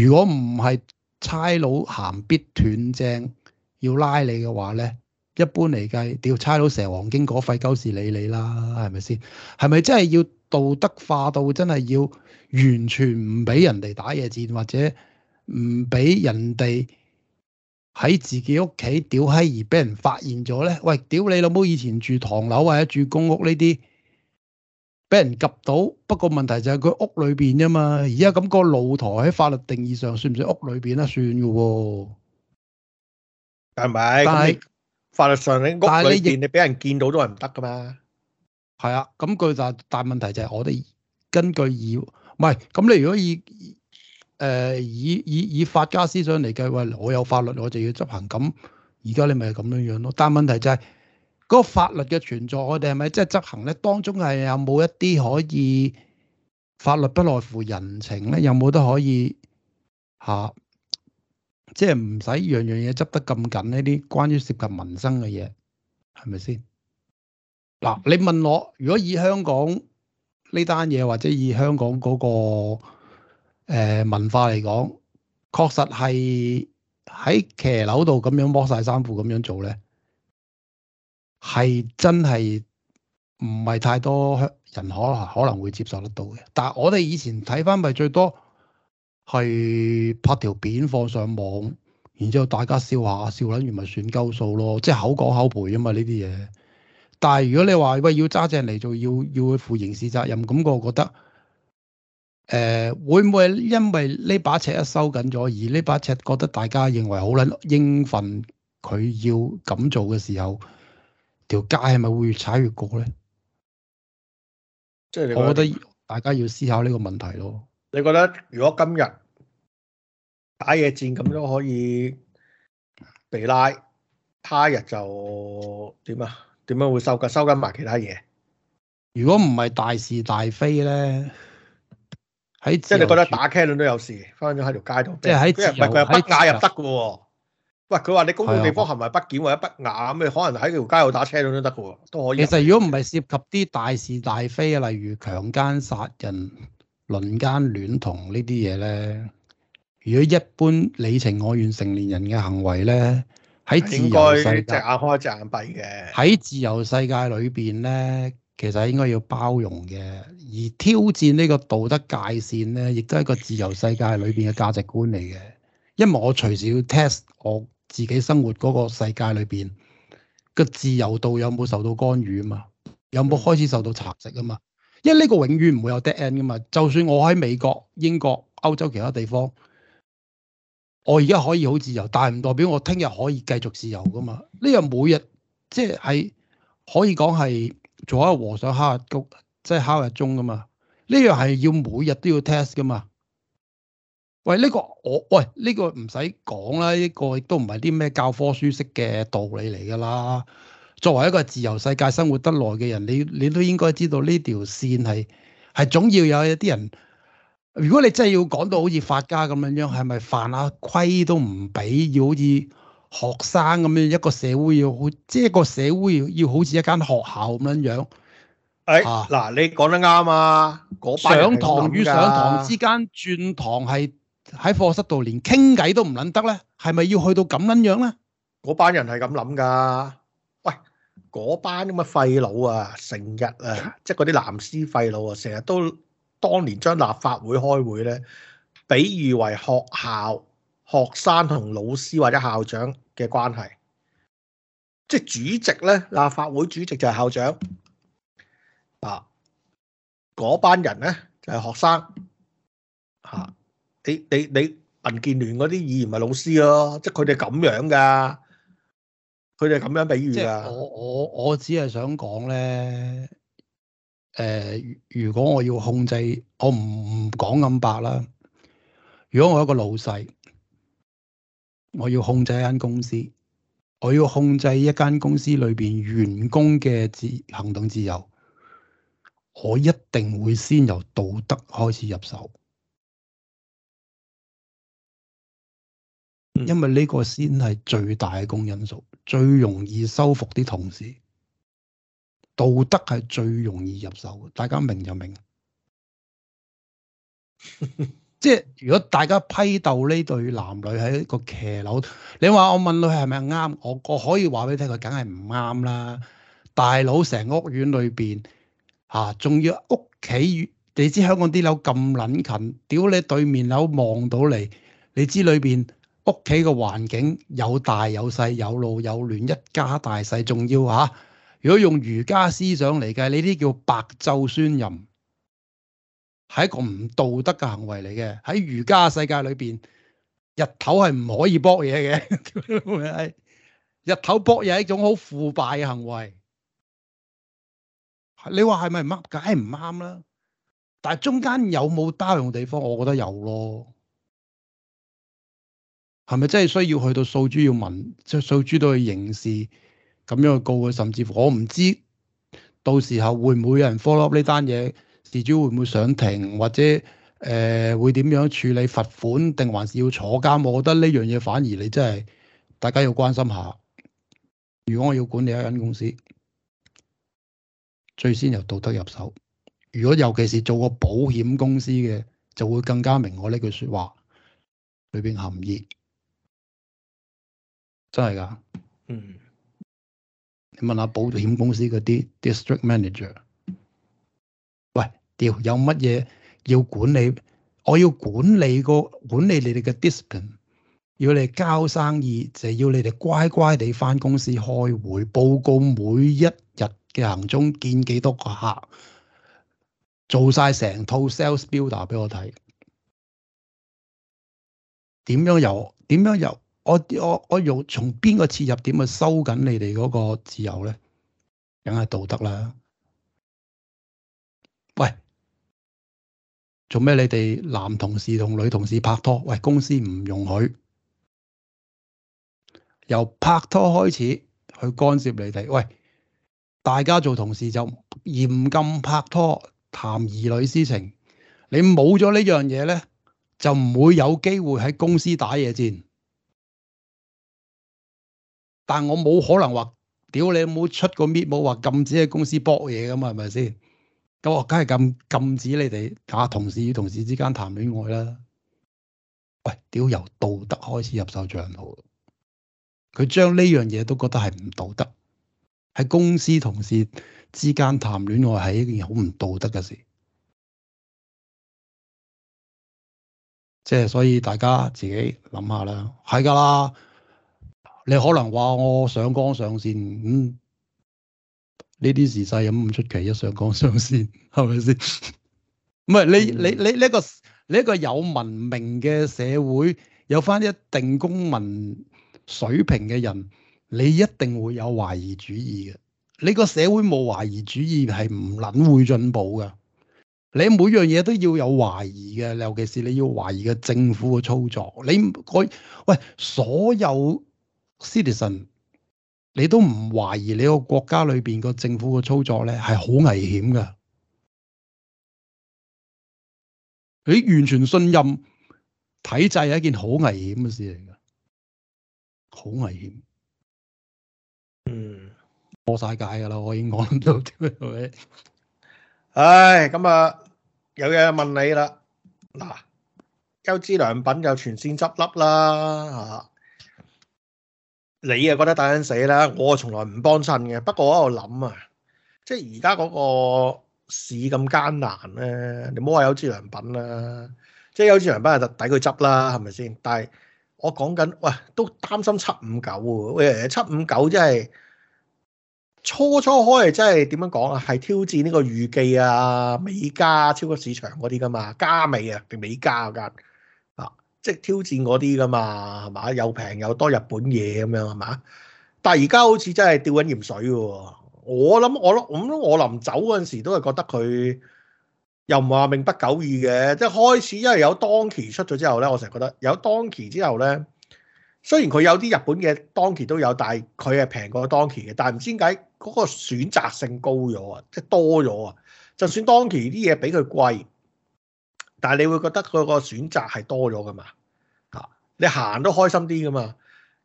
如果唔係差佬行咇斷正要拉你嘅話咧。一般嚟計，屌差佬成日蛇王經嗰廢鳩事理你啦，係咪先？係咪真係要道德化到真係要完全唔俾人哋打野戰，或者唔俾人哋喺自己屋企屌閪而俾人發現咗咧？喂，屌你老母！以前住唐樓或者住公屋呢啲，俾人及到。不過問題就係佢屋裏邊啫嘛。而家咁個露台喺法律定義上算唔算屋裏邊啊？算嘅喎、哦，拜拜但係。法律上屋但你屋裏邊你俾人見到都係唔得㗎咩？係啊，咁佢就但問題就係我哋根據以唔係咁你如果以誒、呃、以以以法家思想嚟計，喂、哎，我有法律我就要執行，咁而家你咪係咁樣樣咯。但問題就係、是、嗰、那個法律嘅存在，我哋係咪即係執行咧？當中係有冇一啲可以法律不外乎人情咧？有冇都可以嚇？啊。即係唔使樣樣嘢執得咁緊，呢啲關於涉及民生嘅嘢係咪先？嗱，你問我，如果以香港呢單嘢或者以香港嗰個、呃、文化嚟講，確實係喺騎樓度咁樣剝晒衫褲咁樣做咧，係真係唔係太多人可可能會接受得到嘅。但係我哋以前睇翻咪最多，係拍條片放上網，然之後大家笑下笑，撚完咪算鳩數咯，即係口講口賠啊嘛呢啲嘢。但係如果你話喂，要揸正嚟做，要要去負刑事責任，咁我覺得，誒、呃、會唔會因為呢把尺一收緊咗，而呢把尺覺得大家認為好撚應份，佢要咁做嘅時候，條街係咪會越踩越過咧？即係你我覺得大家要思考呢個問題咯。你覺得如果今日，打野戰咁都可以被拉，他日就點啊？點樣會收噶？收緊埋其他嘢。如果唔係大是大非咧，喺即係你覺得打車輪都有事，翻咗喺條街度。即係喺自由，不雅人入得噶喎。喂，佢話你公眾地方行埋不檢的或者不雅，你可能喺條街度打車輪都得噶喎，都可以。其實如果唔係涉及啲大是大非啊，例如強奸、殺人、輪奸、戀童呢啲嘢咧。如果一般你情我願成年人嘅行為咧，喺自由世界，應該隻眼開隻眼閉嘅。喺自由世界裏邊咧，其實應該要包容嘅。而挑戰呢個道德界線咧，亦都係一個自由世界裏邊嘅價值觀嚟嘅。因為我隨時要 test 我自己生活嗰個世界裏邊個自由度有冇受到干預啊嘛，有冇開始受到侵蝕啊嘛？因為呢個永遠唔會有 dead end 噶嘛。就算我喺美國、英國、歐洲其他地方。我而家可以好自由，但係唔代表我聽日可以繼續自由噶嘛？呢樣每日即係可以講係做一個和尚敲，即係敲日鐘噶嘛？呢樣係要每日都要 test 噶嘛？喂，呢個我喂呢個唔使講啦，呢個亦都唔係啲咩教科書式嘅道理嚟噶啦。作為一個自由世界生活得耐嘅人，你你都應該知道呢條綫係係總要有一啲人。如果你真係要講到好似法家咁樣樣，係咪犯下規都唔俾？要好似學生咁樣，一個社會要好，即係一個社會要要好似一間學校咁樣樣。誒、哎，嗱、啊，你講得啱啊！上堂與上堂之間轉堂係喺課室度連傾偈都唔捻得咧，係咪要去到咁樣樣咧？嗰班人係咁諗噶。喂，嗰班咁嘅廢佬啊，成日啊，即係嗰啲藍絲廢佬啊，成日都。當年將立法會開會咧，比喻為學校學生同老師或者校長嘅關係，即係主席咧，立法會主席就係校長啊，嗰班人咧就係、是、學生嚇、啊，你你你民建聯嗰啲議員咪老師咯，即係佢哋咁樣噶，佢哋咁樣比喻噶。即係我我我只係想講咧。誒、呃，如果我要控制，我唔唔講咁白啦。如果我一個老細，我要控制一間公司，我要控制一間公司裏邊員工嘅自行動自由，我一定會先由道德開始入手，因為呢個先係最大嘅公因素，最容易收服啲同事。道德係最容易入手，大家明就明。 即係如果大家批鬥呢對男女喺一個騎樓，你話我問佢係咪啱？我我可以話俾你聽，佢梗係唔啱啦。大佬成屋苑裏邊嚇，啊，仲要屋企，你知香港啲樓咁撚近，屌你對面樓望到嚟，你知裏邊屋企個環境有大有細，有老有嫩，一家大細仲要嚇。啊。如果用儒家思想嚟計，你呢啲叫白晝宣淫，係一個唔道德嘅行為嚟嘅。喺儒家世界裏邊，日頭係唔可以搏嘢嘅。 日頭搏嘢係一種好腐敗嘅行為。你話係咪唔啱？梗係唔啱啦。但係中間有冇包用地方？我覺得有咯。係咪真係需要去到訴諸輿論，即係訴諸都要刑事。咁樣去告佢，甚至乎我唔知到時候會唔會有人 follow up 呢單嘢，事主會唔會上庭，或者誒、呃、會點樣處理罰款，定還是要坐監？我覺得呢樣嘢反而你真係大家要關心下。如果我要管理一間公司，最先由道德入手。如果尤其是做個保險公司嘅，就會更加明我呢句説話裏邊含義。真係㗎，嗯。問下保險公司嗰啲 district manager，喂，屌，有乜嘢要管理？我要管理個管理你哋嘅 discipline，要你哋交生意，就係、要你哋乖乖地返公司開會，報告每一日嘅行蹤，見幾多個客，做晒成套 sales builder 俾我睇，點樣遊？點樣遊？我我我用從邊個切入點去收緊你哋嗰個自由咧，梗係道德啦。喂，做咩你哋男同事同女同事拍拖？喂，公司唔容許由拍拖開始去干涉你哋。喂，大家做同事就嚴禁拍拖，談兒女私情。你冇咗呢樣嘢咧，就唔會有機會喺公司打野戰。但我冇可能話屌你冇出個咩冇話禁止喺公司搏嘢㗎嘛，係咪先？咁我梗係禁禁止你哋啊同事與同事之間談戀愛啦。喂，屌由道德開始入手帳號，帳戶佢將呢樣嘢都覺得係唔道德，喺公司同事之間談戀愛係一件好唔道德嘅事。即係所以大家自己諗下啦，係㗎啦。你可能話我上綱上線，嗯？呢啲時勢咁唔出奇啊！一上綱上線係咪先？唔係你你你呢個呢個有文明嘅社會，有返一定公民水平嘅人，你一定會有懷疑主義嘅。你個社會冇懷疑主義係唔撚會進步㗎。你每樣嘢都要有懷疑嘅，尤其是你要懷疑嘅政府嘅操作。你我喂所有 Citizen，你都唔懷疑你個國家裏邊個政府嘅操作咧係好危險㗎？你完全信任體制係一件好危險嘅事嚟㗎，好危險。嗯，過晒界㗎啦，我已經講到點樣嘅。 唉，咁、嗯、啊，有嘢問你啦。嗱，優之良品就全線執笠啦，嚇！你啊，覺得抵緊死啦，我啊從來唔幫襯嘅。不過我喺度諗啊，即係而家嗰個市咁艱難咧，你唔好話優之良品啦，即係優之良品就抵佢執啦，係咪先？但係我講緊喂，都擔心七五九喎。七五九即係初初開、就是，即係點樣講啊？係挑戰呢個預計啊，美加超級市場嗰啲噶嘛，加美啊定美加啊間？即係挑戰嗰啲㗎嘛，係嘛？又平又多日本嘢咁樣係嘛？但係而家好似真係吊緊鹽水喎、哦。我諗我諗我我臨走嗰陣時都係覺得佢又唔話命不久矣嘅。即係開始因為有當期出咗之後咧，我成日覺得有當期之後咧，雖然佢有啲日本嘅當期都有，但係佢係平過當期嘅。但係唔知點解嗰個選擇性高咗啊，即係多咗啊。就算當期啲嘢比佢貴。但係你會覺得嗰個選擇係多咗噶嘛？嚇，你行都開心啲噶嘛？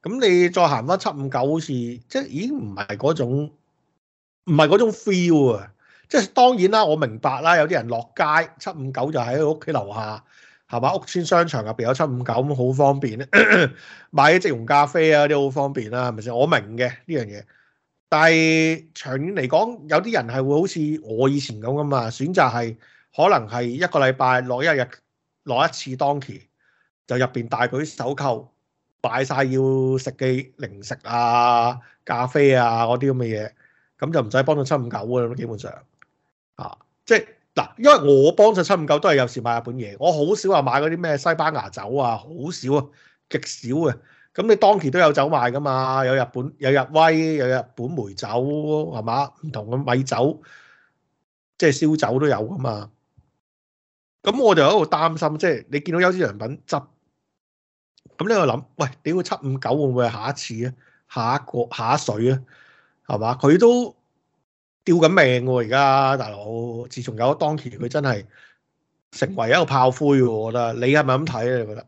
咁你再行翻七五九，好似即係已經唔係嗰種，唔係嗰種 feel 啊！即係當然啦，我明白啦。有啲人落街七五九就喺屋企樓下，係嘛？屋村商場入邊有七五九咁好方便， 買啲即溶咖啡啊啲好方便啦，係咪先？我明嘅呢樣嘢，但係長遠嚟講，有啲人係會好似我以前咁噶嘛，選擇係。可能係一個禮拜攞一日攞一次當期，就入邊帶佢啲手購，買晒要食嘅零食啊、咖啡啊嗰啲咁嘅嘢，咁就唔使幫到七五九嘅咯，基本上啊，即係嗱、啊，因為我幫咗七五九都係有時買日本嘢，我好少話買嗰啲咩西班牙酒啊，好少啊，極少啊。咁你當期都有酒賣㗎嘛？有日本有日威有日本梅酒係嘛？唔同嘅米酒，即係燒酒都有㗎嘛？咁我就喺度擔心，即係你見到優之良品執，咁咧喺度諗，喂點會七五九會唔會係下一次咧？下一個下一水咧，係嘛？佢都吊緊命喎、啊，而家大佬，自從有咗當期，佢真係成為一個炮灰喎。我覺得你係咪咁睇咧？你覺得？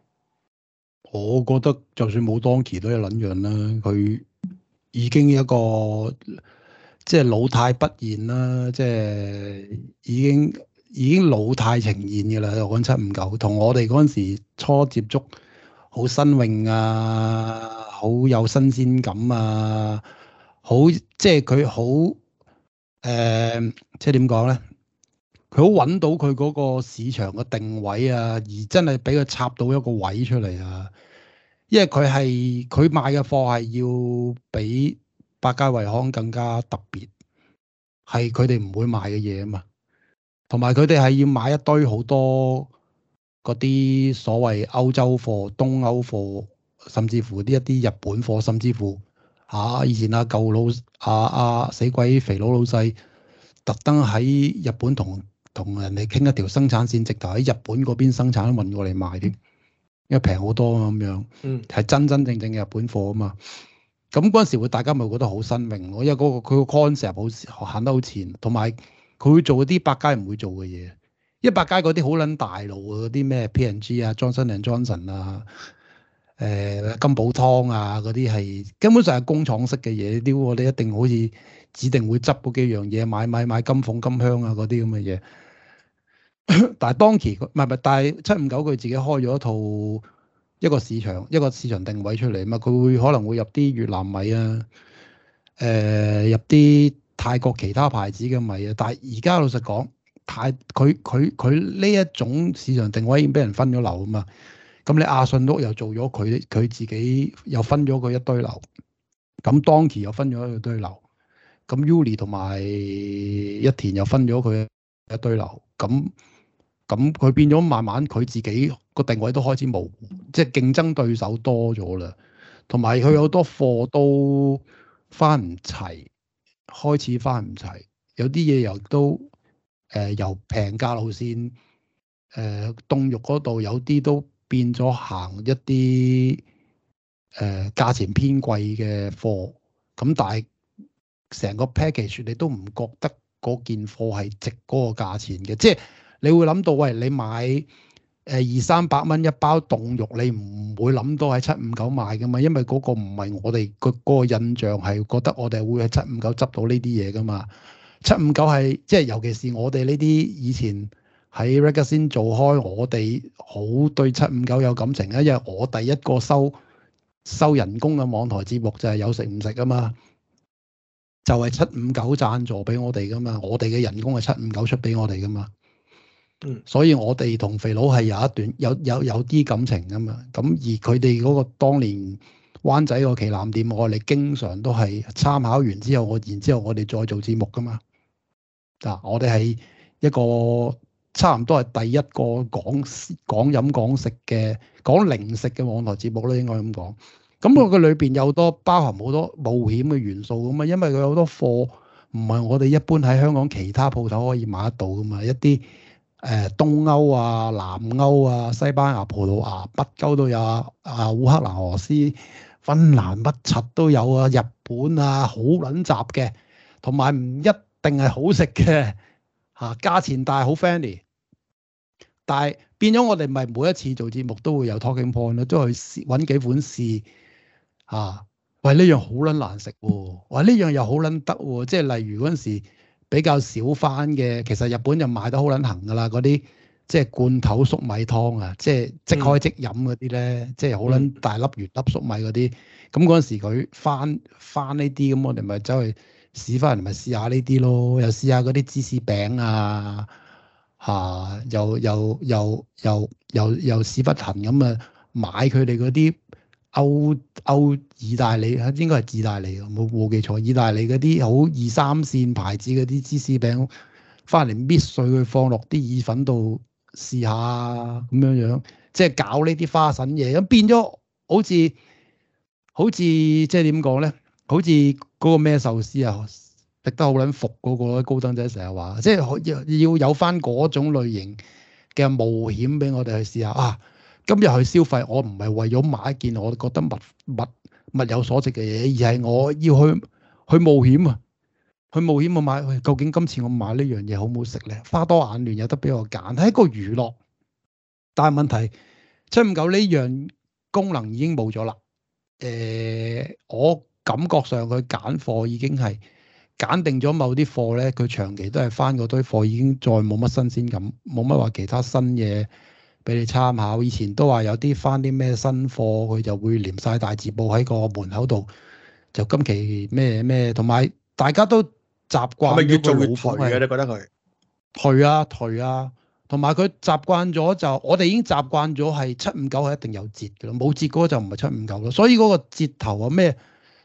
我覺得就算冇當期都一撚樣啦、啊，佢已經一個即係老態不現啦，即係已經。已經老態呈現嘅啦，又講七五九，同我哋嗰陣時初接觸，好新穎啊，好有新鮮感啊，好即係佢好，誒，即係點講咧？佢好揾到佢嗰個市場嘅定位啊，而真係俾佢插到一個位出嚟啊，因為佢係佢賣嘅貨係要比百佳惠康更加特別，係佢哋唔會賣嘅嘢啊嘛。同埋佢哋係要買一堆好多嗰啲所謂歐洲貨、東歐貨，甚至乎啲一啲日本貨，甚至乎吓、啊、以前啊舊老啊啊死鬼肥佬老細，特登喺日本同同人哋傾一條生產線，直頭喺日本嗰邊生產運過嚟賣添，因為平好多啊咁樣，嗯，係真真正正嘅日本貨啊嘛。咁嗰陣時會大家咪覺得好新穎咯，因為、嗰個佢個 concept 好行得好前，同埋。佢會做啲百佳唔會做嘅嘢，因為百佳嗰啲好撚大路啊！嗰啲咩 P&G 啊、Johnson&Johnson、呃、啊、誒金寶湯啊嗰啲係根本上係工廠式嘅嘢，啲我哋一定好似指定會執嗰幾樣嘢買買買,買金鳳金香啊嗰啲咁嘅嘢。但係當期唔係唔係，但係七五九佢自己開咗一套一個市場一個市場定位出嚟，嘛。佢會可能會入啲越南米啊，誒、呃、入啲。泰國其他牌子嘅米啊，但係而家老實講，泰佢佢佢呢一種市場定位已經俾人分咗流啊嘛。咁你亞信屋又做咗佢佢自己又分咗佢一堆流，咁 Donkey 又分咗佢一堆流，咁 UNY 同埋一田又分咗佢一堆流，咁咁佢變咗慢慢佢自己個定位都開始模糊，即係競爭對手多咗啦，同埋佢好多貨都翻唔齊。開始翻唔齊，有啲嘢又都誒、呃、由平價路線誒、呃、凍肉嗰度，有啲都變咗行一啲誒、呃、價錢偏貴嘅貨，咁但係成個 package 你都唔覺得嗰件貨係值嗰個價錢嘅，即係你會諗到喂，你買。誒二三百蚊一包凍肉，你唔會諗到喺七五九買噶嘛？因為嗰個唔係我哋個、嗰個印象係覺得我哋會喺七五九執到呢啲嘢噶嘛。七五九係即係尤其是我哋呢啲以前喺 Rega 先做開，我哋好對七五九有感情咧，因為我第一個收收人工嘅網台節目就係有食唔食啊嘛，就係七五九贊助俾我哋噶嘛，我哋嘅人工係七五九出俾我哋噶嘛。嗯，所以我哋同肥佬係有一段有有有啲感情噶嘛，咁而佢哋嗰個當年灣仔個旗艦店，我哋經常都係參考完之後，我然之後我哋再做節目噶嘛。嗱、啊，我哋係一個差唔多係第一個講講飲講食嘅講零食嘅網絡節目啦，應該咁講。咁佢嘅裏邊有多包含好多冒險嘅元素咁嘛，因為佢好多貨唔係我哋一般喺香港其他鋪頭可以買得到噶嘛，一啲。誒、呃、東歐啊、南歐啊、西班牙、葡萄牙、啊、北歐都有啊，啊烏克蘭、俄斯、芬蘭、北極都有啊，日本啊，好撚雜嘅，同埋唔一定係好食嘅，嚇、啊、價錢但係好 fancy，但係變咗我哋咪每一次做節目都會有 talking point 咯，都去試揾幾款試嚇、啊，喂呢樣好撚難食喎、啊，喂呢樣又好撚得喎、啊，即係例如嗰陣時。比較少翻嘅，其實日本就賣得好撚行㗎啦。嗰啲即係罐頭粟米湯啊，即係即開即飲嗰啲咧，嗯、即係好撚大粒圓粒粟米嗰啲。咁嗰陣時佢翻翻呢啲，咁我哋咪走去試翻嚟，咪試下呢啲咯。又試下嗰啲芝士餅啊，嚇、啊，又又又又又又屎忽痕咁啊！買佢哋嗰啲。歐歐意大利啊，應該係意大利啊，冇冇記錯，意大利嗰啲好二三線牌子嗰啲芝士餅，翻嚟搣碎佢放落啲意粉度試下咁樣樣，即係搞呢啲花臣嘢，咁變咗好似好似即係點講咧？好似嗰個咩壽司啊，食得好撚服嗰個高登仔成日話，即係要要有翻嗰種類型嘅冒險俾我哋去試下啊！今日去消費，我唔係為咗買一件我覺得物物物，物有所值嘅嘢，而係我要去去冒險啊！去冒險我買究竟今次我買好好呢樣嘢好唔好食咧？花多眼亂有得俾我揀，係一個娛樂。但係問題七五九呢樣功能已經冇咗啦。誒、呃，我感覺上佢揀貨已經係揀定咗某啲貨咧，佢長期都係翻嗰堆貨，已經再冇乜新鮮感，冇乜話其他新嘢。俾你參考，以前都話有啲翻啲咩新貨，佢就會黏晒大字報喺個門口度，就今期咩咩，同埋大家都習慣。係咪越做越頹嘅、啊？你覺得佢頹啊頹啊，同埋佢習慣咗就我哋已經習慣咗係七五九係一定有折㗎喇，冇折嗰就唔係七五九咯。所以嗰個折頭啊咩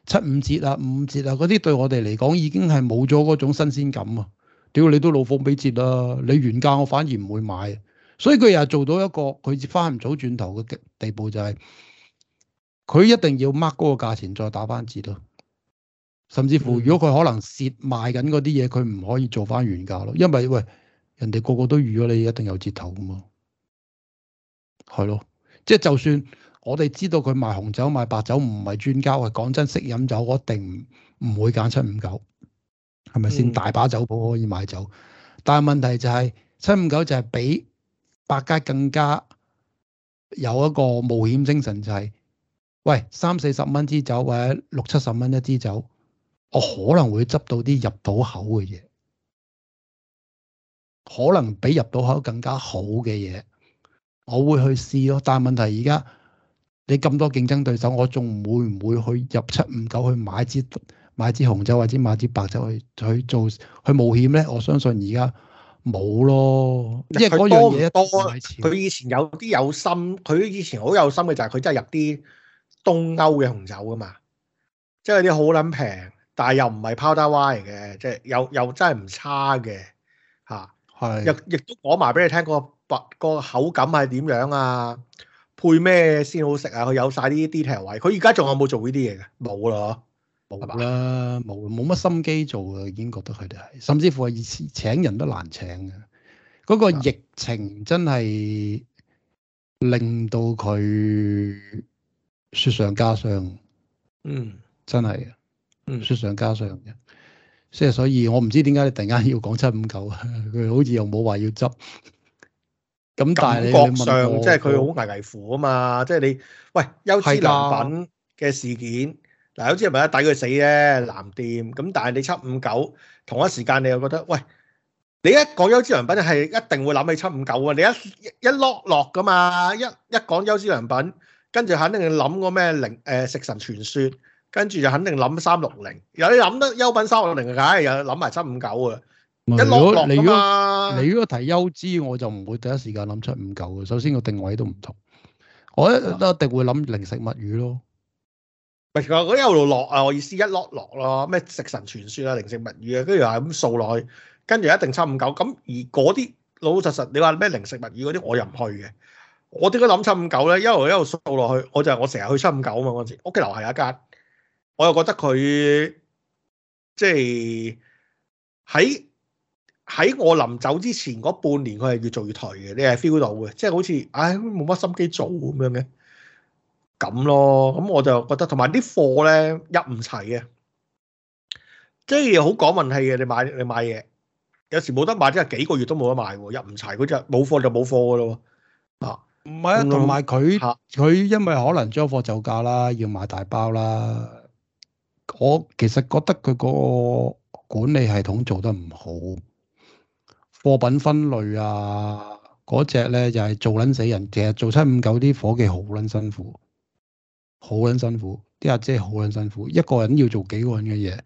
七五折啊五,五折啊嗰啲對我哋嚟講已經係冇咗嗰種新鮮感啊！屌你都老貨俾折啦、啊，你原價我反而唔會買。所以佢又做到一個佢翻唔早轉頭嘅地步，就係佢一定要 mark 高個價錢再打翻折咯。甚至乎，如果佢可能蝕賣緊嗰啲嘢，佢唔可以做翻原價咯。因為喂，人哋個個都預咗你一定有折頭㗎嘛，係咯。即係就算我哋知道佢賣紅酒賣白酒唔係專家，係講真識飲酒，我一定唔唔會揀七五九，係咪先？大把酒鋪可以買酒，但係問題就係七五九就係俾。百佳更加有一個冒險精神，就係，就係喂，三四十蚊支酒或者六七十蚊一支酒，我可能會執到啲入到口嘅嘢，可能比入到口更加好嘅嘢，我會去試咯。但係問題而家你咁多競爭對手，我仲會唔會去入七五九去買支買支紅酒或者買支白酒去去做去冒險咧？我相信而家。冇咯，即係佢多嘢多？佢以前有啲有心，佢以前好有心嘅就係佢真係入啲東歐嘅紅酒㗎嘛，即係啲好捻平，但係又唔係 powder wine 嚟嘅，即係又又真係唔差嘅吓，係亦亦都講埋俾你聽，個白、個口感係點樣啊？配咩先好食啊？佢有晒啲 detail 位，佢而家仲有冇做呢啲嘢嘅？冇啦。冇啦，冇冇乜心機做啊！已經覺得佢哋係，甚至乎啊，請人都難請啊！嗰、嗰個疫情真係令到佢雪上加霜，嗯，真係，嗯，雪上加霜嘅。即係、嗯、所以，我唔知點解你突然間要講七五九啊？佢好似又冇話要執。咁但係你，即係佢好危危苦啊嘛！即係你喂，優之良品嘅事件。嗱，有啲人咪啊，抵佢死咧，藍店。咁但係你七五九同一時間，你又覺得，喂，你一講優之良品係一定會諗起七五九啊！你一一落落噶嘛，一一講優之良品，跟住肯定諗個咩零誒食神傳說，跟住就肯定諗三六零。有你諗得優品三六零嘅，梗係有諗埋七五九啊！一落落噶嘛。你如果提優之，我就唔會第一時間諗七五九嘅。首先個定位都唔同，我一定會諗零食物語咯。唔，我一路落啊！我意思一落落咯，咩食神傳說啊、零食物語啊，跟住又係咁數落去，跟住一定七五九咁。而嗰啲老老實實，你話咩零食物語嗰啲，我又唔去嘅。我點解諗七五九咧？因為我一路數落去，我就係我成日去七五九啊嘛嗰陣。屋企樓下有一間，我又覺得佢即係喺喺我臨走之前嗰半年，佢係越做越頹嘅。你係 feel 到嘅，即係好似唉冇乜心機做咁樣嘅。咁咯，咁我就覺得同埋啲貨咧入唔齊嘅，即係好講運氣嘅。你買你買嘢有時冇得買，即係幾個月都冇得買喎。入唔齊嗰隻冇貨就冇貨噶咯。啊，唔係啊，同埋佢佢因為可能將貨就價啦，要買大包啦。我其實覺得佢個管理系統做得唔好，貨品分類啊嗰隻咧就係做撚死人，其實做七五九啲伙計好撚辛苦。好撚辛苦，啲阿姐好撚辛苦，一個人要做幾個人嘅嘢，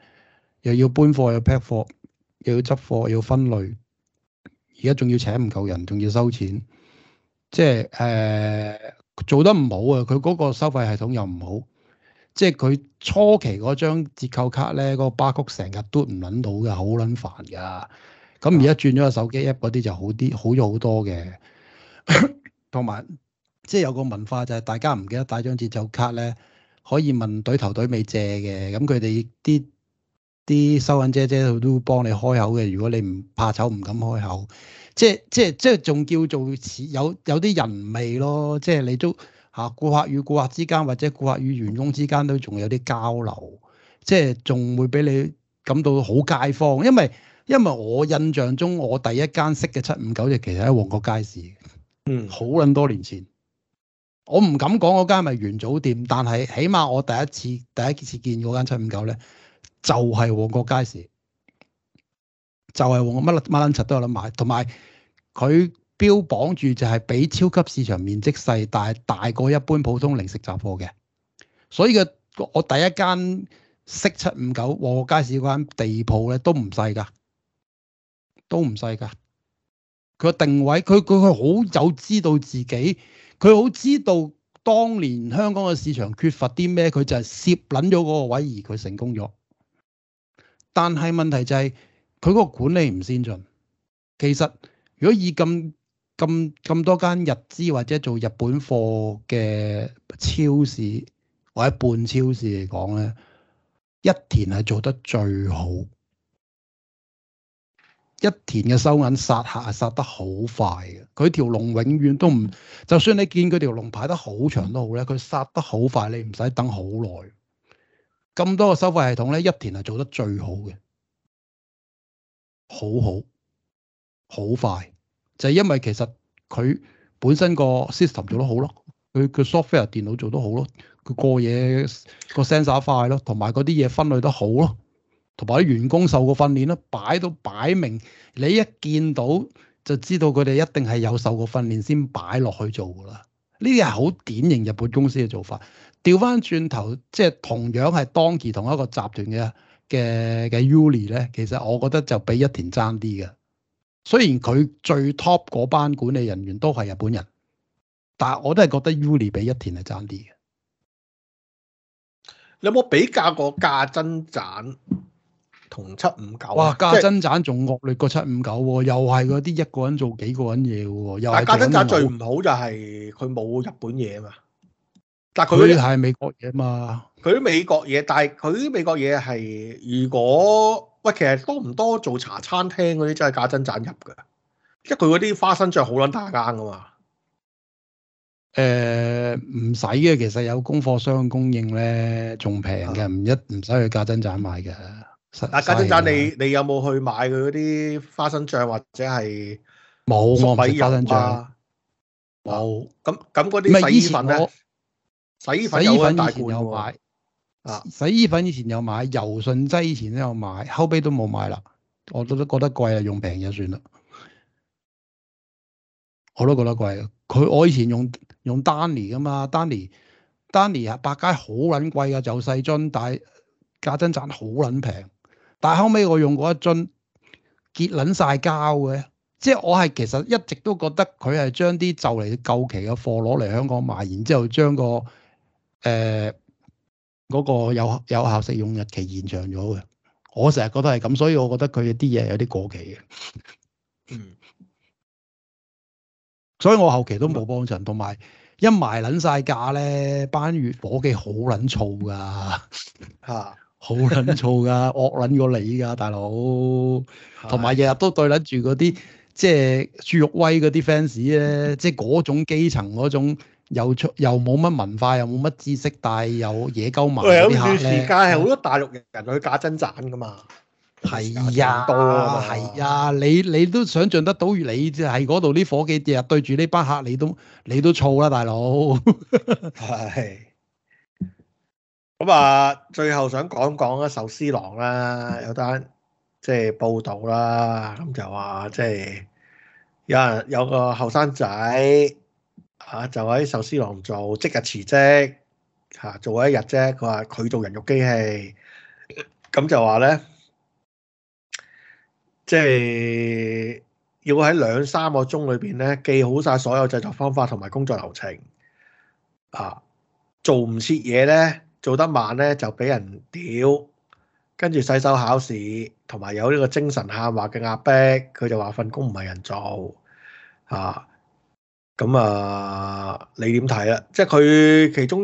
又要搬貨，又要 pack 貨，又要執貨，又要分類。而家仲要請唔夠人，仲要收錢，即係誒、呃、做得唔好啊！佢嗰個收費系統又唔好，即係佢初期嗰張折扣卡咧，嗰、嗰個 barcode 成日都唔撚到嘅，好撚煩㗎。咁而家轉咗個手機 app 嗰啲就好啲，好咗好多嘅，同埋。即係有個文化就係大家唔記得帶張節奏卡咧，可以問隊頭隊尾借嘅，咁佢哋啲啲收銀姐姐佢都幫你開口嘅。如果你唔怕醜，唔敢開口，即係即係即係仲叫做有有啲人味咯。即係你都嚇、啊、顧客與顧客之間或者顧客與員工之間都仲有啲交流，即係仲會俾你感到好街坊。因為因為我印象中我第一間識嘅七五九就其實喺旺角街市，嗯，好撚多年前。我唔敢講嗰間咪元祖店，但係起碼我第一次第一次見嗰間七五九咧，就係旺角街市，就係旺角乜乜捻柒都有得買，同埋佢標榜住就係比超級市場面積細，但係大過一般普通零食雜貨嘅，所以佢，我第一間識七五九旺角街市嗰間地鋪咧都唔細噶，都唔細噶，佢個定位佢佢佢好早知道自己。佢好知道當年香港嘅市場缺乏啲咩，佢就係攝撚咗嗰個位而佢成功咗。但係問題就係佢個管理唔先進。其實如果以咁咁咁多間日資或者做日本貨嘅超市或者半超市嚟講咧，一田係做得最好。一田嘅收銀殺客係殺得好快嘅，佢條龍永遠都唔，就算你見佢條龍排得好長都好咧，佢殺得好快，你唔使等好耐。咁多個收費系統咧，一田係做得最好嘅，好好好快，就係因為其實佢本身個 system 做得好咯，佢佢 software 電腦做得好咯，佢過嘢個 sensor 快咯，同埋嗰啲嘢分類得好咯。同埋啲員工受過訓練啦，擺到擺明，你一見到就知道佢哋一定係有受過訓練先擺落去做噶啦。呢啲係好典型日本公司嘅做法。調翻轉頭，即係同樣係當期同一個集團嘅嘅嘅 UNY 咧，其實我覺得就比一田爭啲嘅。雖然佢最 top 嗰班管理人員都係日本人，但係我都係覺得 UNY 比一田係爭啲嘅。你有冇比較過價增賺？同七五九哇，價真棧仲惡劣過七五九喎，又係嗰啲一個人做幾個人嘢喎，又係價真棧最唔好就係佢冇日本嘢嘛，但佢係美國嘢嘛，佢都美國嘢，但係佢啲美國嘢係如果喂，其實多唔多做茶餐廳嗰啲真係價真棧入嘅，因為佢嗰啲花生醬好撚大間噶嘛。誒唔使嘅，其實有供貨商供應咧，仲平嘅，唔的一唔使去價真棧買嘅。有有啊，價真棧，你你有冇去買佢嗰啲花生醬或者係，冇，我唔知花生醬。冇，咁咁嗰啲咩洗衣粉咧？洗衣粉以前有買啊，洗衣粉以前有買，柔順劑以前都有買，後尾都冇買啦。我都覺得貴啊，用平嘢算啦。我都覺得貴。佢我以前用用 Danny 噶嘛，Danny Danny 啊，丹尼丹尼丹尼百佳好撚貴噶，就細樽，但係價真棧好撚平。但後尾我用過一樽結捻晒膠嘅，即係我係其實一直都覺得佢係將啲就嚟舊期嘅貨攞嚟香港賣，然之後將、那個誒嗰、呃那個有效有效食用日期延長咗嘅。我成日覺得係咁，所以我覺得佢啲嘢有啲過期嘅。嗯，所以我後期都冇幫襯，同埋、嗯、一埋捻晒價咧，班月伙計好捻燥噶吓。啊好撚燥㗎，惡撚過你㗎、啊，大佬。同埋日日都對撚住嗰啲即係朱玉威嗰啲 fans 咧，即係嗰種基層嗰種又又冇乜文化又冇乜知識，但係又野鳩迷嗰啲客，有段時間係好多大陸人去假真賺㗎嘛。係呀、啊，係呀、啊啊，你你都想像得到，你就係嗰度啲伙計日日對住呢班客，你都你都燥啦，大佬。係、 啊。咁啊，最後想講講啊，壽司郎啦，有單即係報道啦，咁就話即係有人有個後生仔啊，就喺壽司郎做，即日辭職吓，做一日啫。佢話佢做人肉機器，咁就話咧，即係要喺兩三個鐘裏邊咧，記好晒所有製作方法同埋工作流程啊，做唔切嘢咧。做得慢呢，就俾人屌，跟住洗手考試同埋有呢個精神下滑嘅壓迫，佢就話份工唔係人做啊。咁啊，你點睇啊？即係佢其中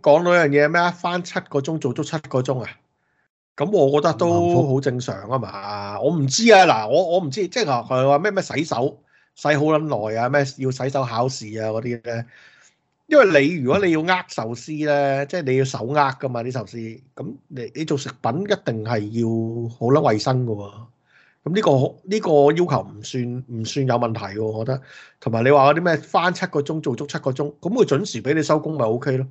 講到一樣嘢咩？返七個鐘做足七個鐘啊！咁我覺得都好正常啊嘛。我唔知啊，嗱，我我唔知，即係佢話咩咩洗手洗好撚耐啊，咩要洗手考試啊嗰啲嘅。因為你如果你要握壽司咧，即係你要手握噶嘛啲壽司，咁你你做食品一定係要好甩衛生噶喎。咁呢個呢個要求唔算唔算有問題嘅，我覺得。同埋你話嗰啲咩翻七個鐘做足七個鐘，咁佢準時俾你收工咪 O K 咯。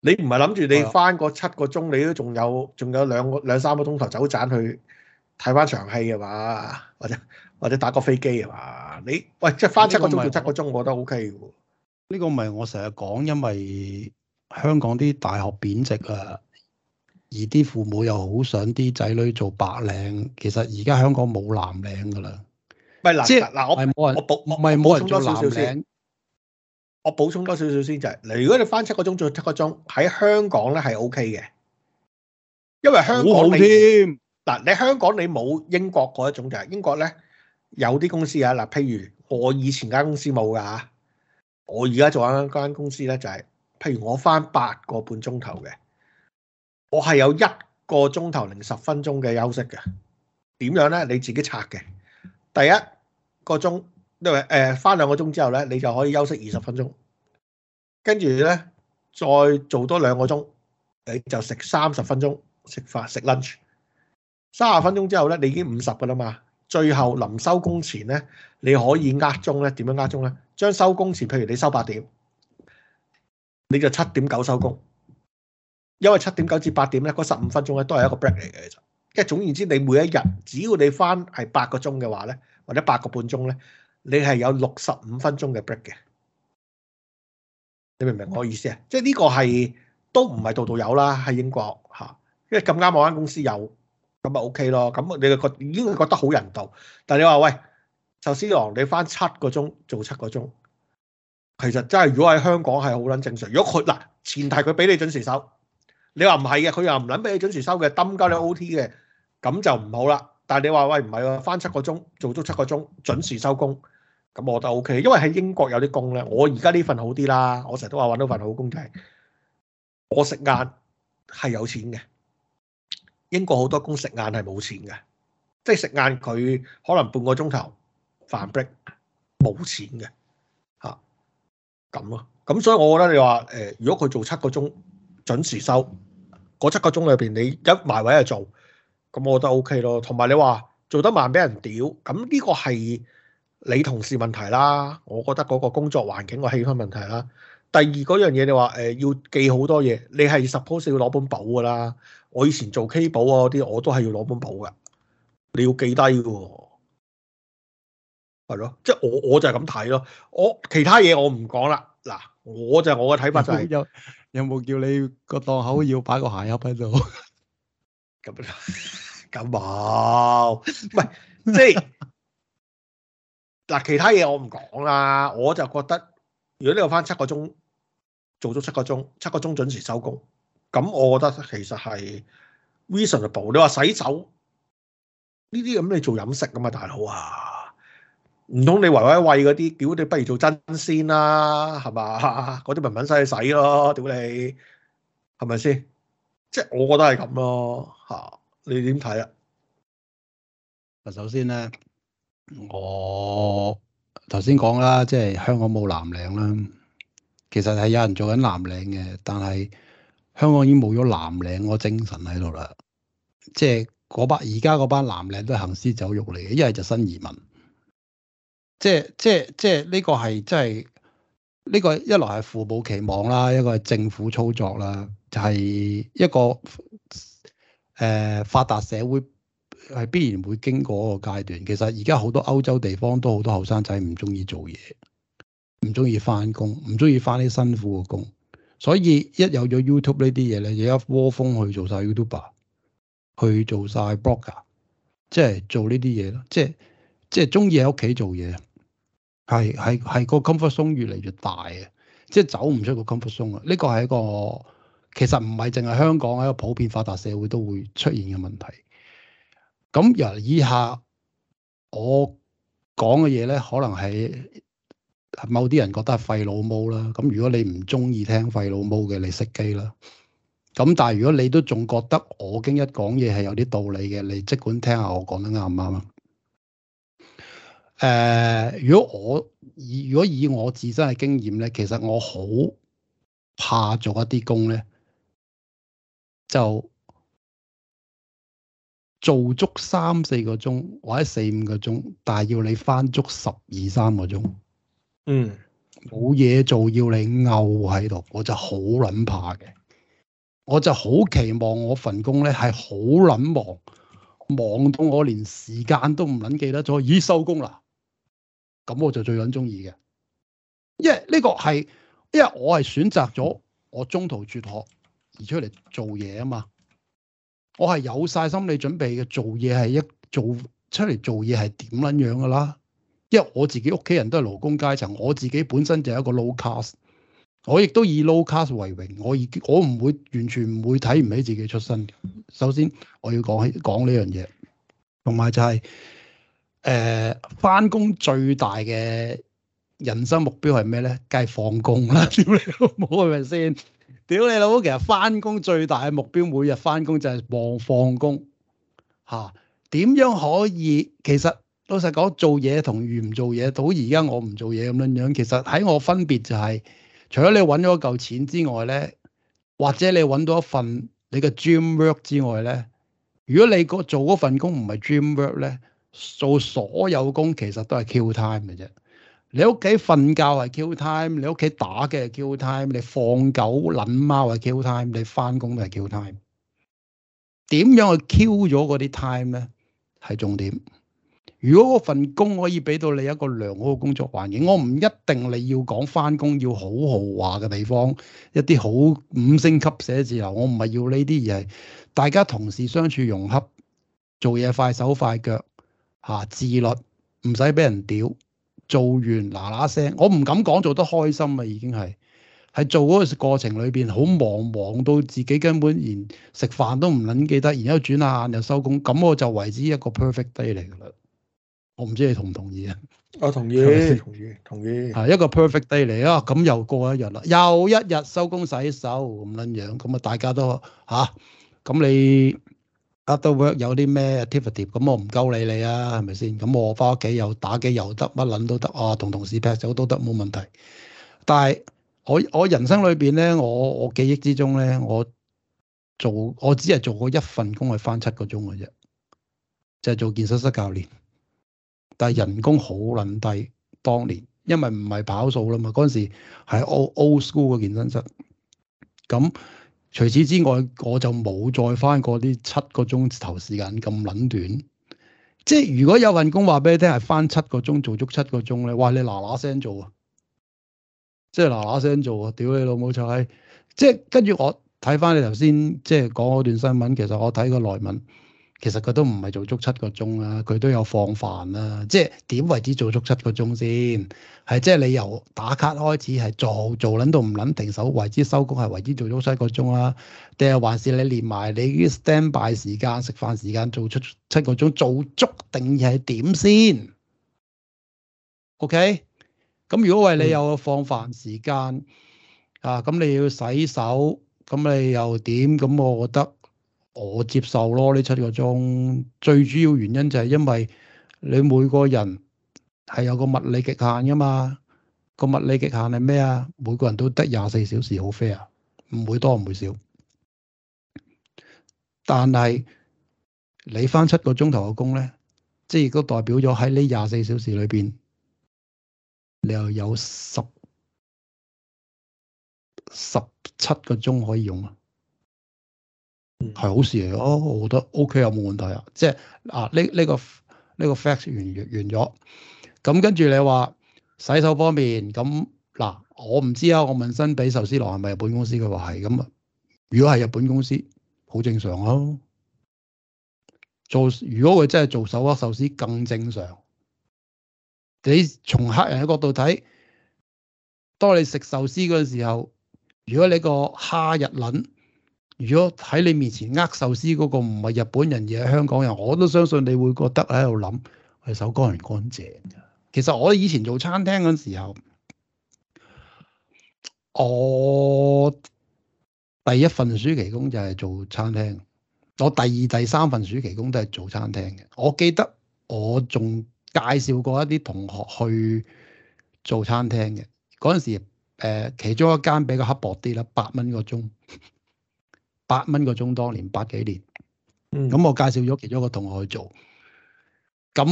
你唔係諗住你翻個七個鐘，你都仲有仲有兩個兩三個鐘頭走盞去睇翻場戲啊嘛，或者或者打個飛機啊嘛。你喂，即係翻七個鐘做七個鐘，我覺得 O K 嘅。呢個唔係我成日講，因為香港啲大學貶值啊，而啲父母又好想啲仔女做白領。其實而家香港冇藍領噶啦，唔係嗱，即係嗱，我我補唔係冇人做藍領。我補充多少少先，我補充多點點先多少少先就係、是、如果你翻七個鐘做七個鐘喺香港咧係 OK 嘅，因為香港好添、啊。嗱，你香港你冇英國嗰一種就係英國咧，有啲公司啊嗱，譬如我以前間公司冇噶嚇。我而家做緊間公司咧，就係，譬如我翻八個半鐘頭嘅，我係有一個鐘頭零十分鐘嘅休息嘅。點樣咧？你自己拆嘅。第一個鐘，因為誒翻兩個鐘之後咧，你就可以休息二十分鐘，跟住咧再做多兩個鐘，你就食三十分鐘食飯食 lunch，三十分鐘之後咧，你已經五十噶啦嘛。最後臨收工前呢，你可以呃鐘呢，點樣呃鐘呢？將收工前，譬如你收八點，你就七點九收工，因為七點九至八點呢，嗰十五分鐘呢，都係一個 break 嚟嘅，其實。即係總言之，你每一日只要你返係八個鐘嘅話呢，或者八個半鐘呢，你係有六十五分鐘嘅 break 嘅。你明唔明我意思啊？嗯、即係呢個係都唔係度度有啦，喺英國嚇，因為咁啱我間公司有。咁咪 O K 咯，咁你嘅覺已經覺得好人道，但係你話喂壽司郎你翻七個鐘做七個鐘，其實真係如果喺香港係好捻正常。如果佢嗱前提佢俾你準時收，你話唔係嘅，佢又唔捻俾你準時收嘅，增加你 O T 嘅，咁就唔好啦。但係你話喂唔係喎，翻七個鐘做足七個鐘準時收工，咁我覺得 O K，因為喺英國有啲工咧，我而家呢份好啲啦，我成日都話搵到份好工就係我食晏係有錢嘅。英國好多工食晏係冇錢嘅，即係食晏佢可能半個鐘頭飯 break 冇錢嘅嚇咁咯。咁、啊啊、所以我覺得你話誒、呃，如果佢做七個鐘準時收，嗰七個鐘裏邊你一埋位去做，咁我覺得 OK 咯。同埋你話做得慢俾人屌，咁呢個係你同事問題啦。我覺得嗰個工作環境個氣氛問題啦。第二嗰樣嘢、呃，你話誒要記好多嘢，你係 suppose 要攞本簿噶啦。我以前做 K 保啊嗰啲，我都係要攞本簿噶，你要記低喎、哦，係咯，即係我我就係咁睇咯。我其他嘢我唔講啦。嗱，我就我嘅睇法就係、是、有有冇叫你個檔口要擺個鞋盒喺度？咁 啊， 咁冇，唔 係即係嗱， 其他嘢我唔講啦。我就覺得如果你有翻七個鐘。做咗七個鐘，七個鐘準時收工。咁我覺得其實係 reasonable。你話洗手呢啲咁，你做飲食㗎嘛，大佬啊？唔通你維維餵嗰啲？屌你，不如做真鮮啦，係嘛？嗰啲文文西洗咯，屌你，係咪先？即係我覺得係咁咯，吓你點睇啊？嗱、啊，首先咧，我頭先講啦，即係、就是、香港冇藍領啦。其實係有人做緊藍領嘅，但係香港已經冇咗藍領個精神喺度啦。即係班而家嗰班藍領都行屍走肉嚟嘅，一係就新移民。即係即係即係呢個係即係呢個一來係父母期望啦，一個係政府操作啦，就係、是、一個誒、呃、發達社會係必然會經過個階段。其實而家好多歐洲地方都好多後生仔唔中意做嘢。唔中意翻工，唔中意翻啲辛苦嘅工，所以一有咗 YouTube 呢啲嘢咧，有一窩蜂去做晒 YouTuber，去做晒 Blogger，即係做呢啲嘢咯。即係即係中意喺屋企做嘢，係係係個 comfort zone 越嚟越大啊！即係走唔出個 comfort zone 啊！呢個係一個其實唔係淨係香港係一個普遍發達社會都會出現嘅問題。咁由以下我講嘅嘢咧，可能係。某啲人覺得係廢老毛啦，咁如果你唔中意聽廢老毛嘅，你熄機啦。咁但係如果你都仲覺得我今日講嘢係有啲道理嘅，你即管聽下我講得啱唔啱啊？誒、呃，如果我以如果以我自身嘅經驗咧，其實我好怕做一啲工咧，就做足三四個鐘或者四五個鐘，但係要你翻足十二三個鐘。嗯，冇嘢做要你漚喺度，我就好捻怕嘅。我就好期望我份工咧係好捻忙，忙到我連時間都唔捻記得咗。咦，收工啦，咁我就最捻中意嘅，因為呢個係因為我係選擇咗我中途輟學而出嚟做嘢啊嘛，我係有晒心理準備嘅，做嘢係一做出嚟做嘢係點捻樣噶啦。因為我自己屋企人都係勞工階層，我自己本身就係一個 low class 我亦都以 low class 為榮。我已我唔會完全唔會睇唔起自己出身。首先我要講講呢樣嘢，同埋就係誒翻工最大嘅人生目標係咩咧？梗係放工啦！屌你老母係咪先？屌你老母！其實翻工最大嘅目標，每日翻工就係望放工嚇。點樣可以其實？老實講，做嘢同唔做嘢，到而家我唔做嘢咁樣樣，其實喺我分別就係、是，除咗你搵咗一嚿錢之外咧，或者你搵到一份你嘅 dream work 之外咧，如果你做嗰份工唔係 dream work 咧，做所有工其實都係 kill time 嘅啫。你屋企瞓覺係 kill time，你屋企打嘅係 kill time，你放狗、撚貓係 kill time，你返工都係 kill time。點樣去 kill 咗嗰啲 time 咧？係重點。如果嗰份工可以俾到你一個良好嘅工作環境，我唔一定你要講翻工要好豪華嘅地方，一啲好五星級寫字樓，我唔係要呢啲嘢。而係大家同事相處融洽，做嘢快手快腳，嚇自律，唔使俾人屌，做完嗱嗱聲。我唔敢講做得開心啊，已經係係做嗰個過程裏邊好忙忙到自己根本連食飯都唔撚記得，然之後轉下眼就收工，咁我就維持一個 perfect day 嚟㗎啦。我唔知你同唔同意啊！我同意，同意，同意。係意意一個 perfect day 嚟啊！咁又過一日啦，又一日收工洗手咁捻樣，咁啊大家都吓咁、啊、你 after work 有啲咩 activity，咁我唔鳩理你啊，係咪先？咁我翻屋企又打機又得，乜捻都得啊！同同事劈手都得冇問題。但係我我人生裏邊咧，我我記憶之中咧，我做我只係做過一份工係翻七個鐘嘅啫，就係、是、做健身室教練。但係人工好撚低，當年，因為唔係跑數啦嘛，嗰陣時係 old old school 嘅健身室。咁除此之外，我就冇再翻過啲七個鐘頭時間咁撚短。即係如果有份工話俾你聽，係翻七個鐘做足七個鐘咧，哇！你嗱嗱聲做啊，即係嗱嗱聲做啊，屌你老母臭閪！即係跟住我睇翻你頭先即係講嗰段新聞，其實我睇個內文。其實佢都唔係做足七個鐘啦、啊，佢都有放飯啦、啊。即係點為之做足七個鐘先？係即係你由打卡開始係做做撚到唔撚停手為之收工係為之做，做足七個鐘啦、啊？定係還是你連埋你啲 standby 時間、食飯時間做出七個鐘做足定係點先？OK？咁如果為你有個放飯時間、嗯、啊，咁你要洗手，咁你又點？咁我覺得。我接受咯，呢七個鐘最主要原因就係因為你每個人係有個物理極限噶嘛，個物理極限係咩啊？每個人都得廿四小時好 fair 啊，唔會多唔會少。但係你翻七個鐘頭嘅工咧，即係亦都代表咗喺呢廿四小時裏邊，你又有十十七個鐘可以用啊。係好事嚟、啊、嘅，我覺得 OK 又、啊、冇問題啊。即係嗱，呢、啊、呢、這個呢、這個 fax 完完完咗，咁、啊、跟住你話洗手方面，咁、嗯、嗱、啊、我唔知啊。我問新比壽司郎係咪日本公司，佢話係。咁、嗯、如果係日本公司，好正常咯、啊。做如果佢真係做手握壽司，更正常。你從客人嘅角度睇，當你食壽司嗰陣時候，如果你個蝦日輪，如果喺你面前握壽司嗰個唔係日本人而係香港人，我都相信你會覺得喺度諗佢手乾唔乾淨㗎。其實我以前做餐廳嗰陣時候，我第一份暑期工就係做餐廳，我第二、第三份暑期工都係做餐廳嘅。我記得我仲介紹過一啲同學去做餐廳嘅嗰陣時，呃，其中一間比較刻薄啲啦，八蚊個鐘。八蚊個鐘，當年八幾年，咁我介紹咗其中一個同學去做。咁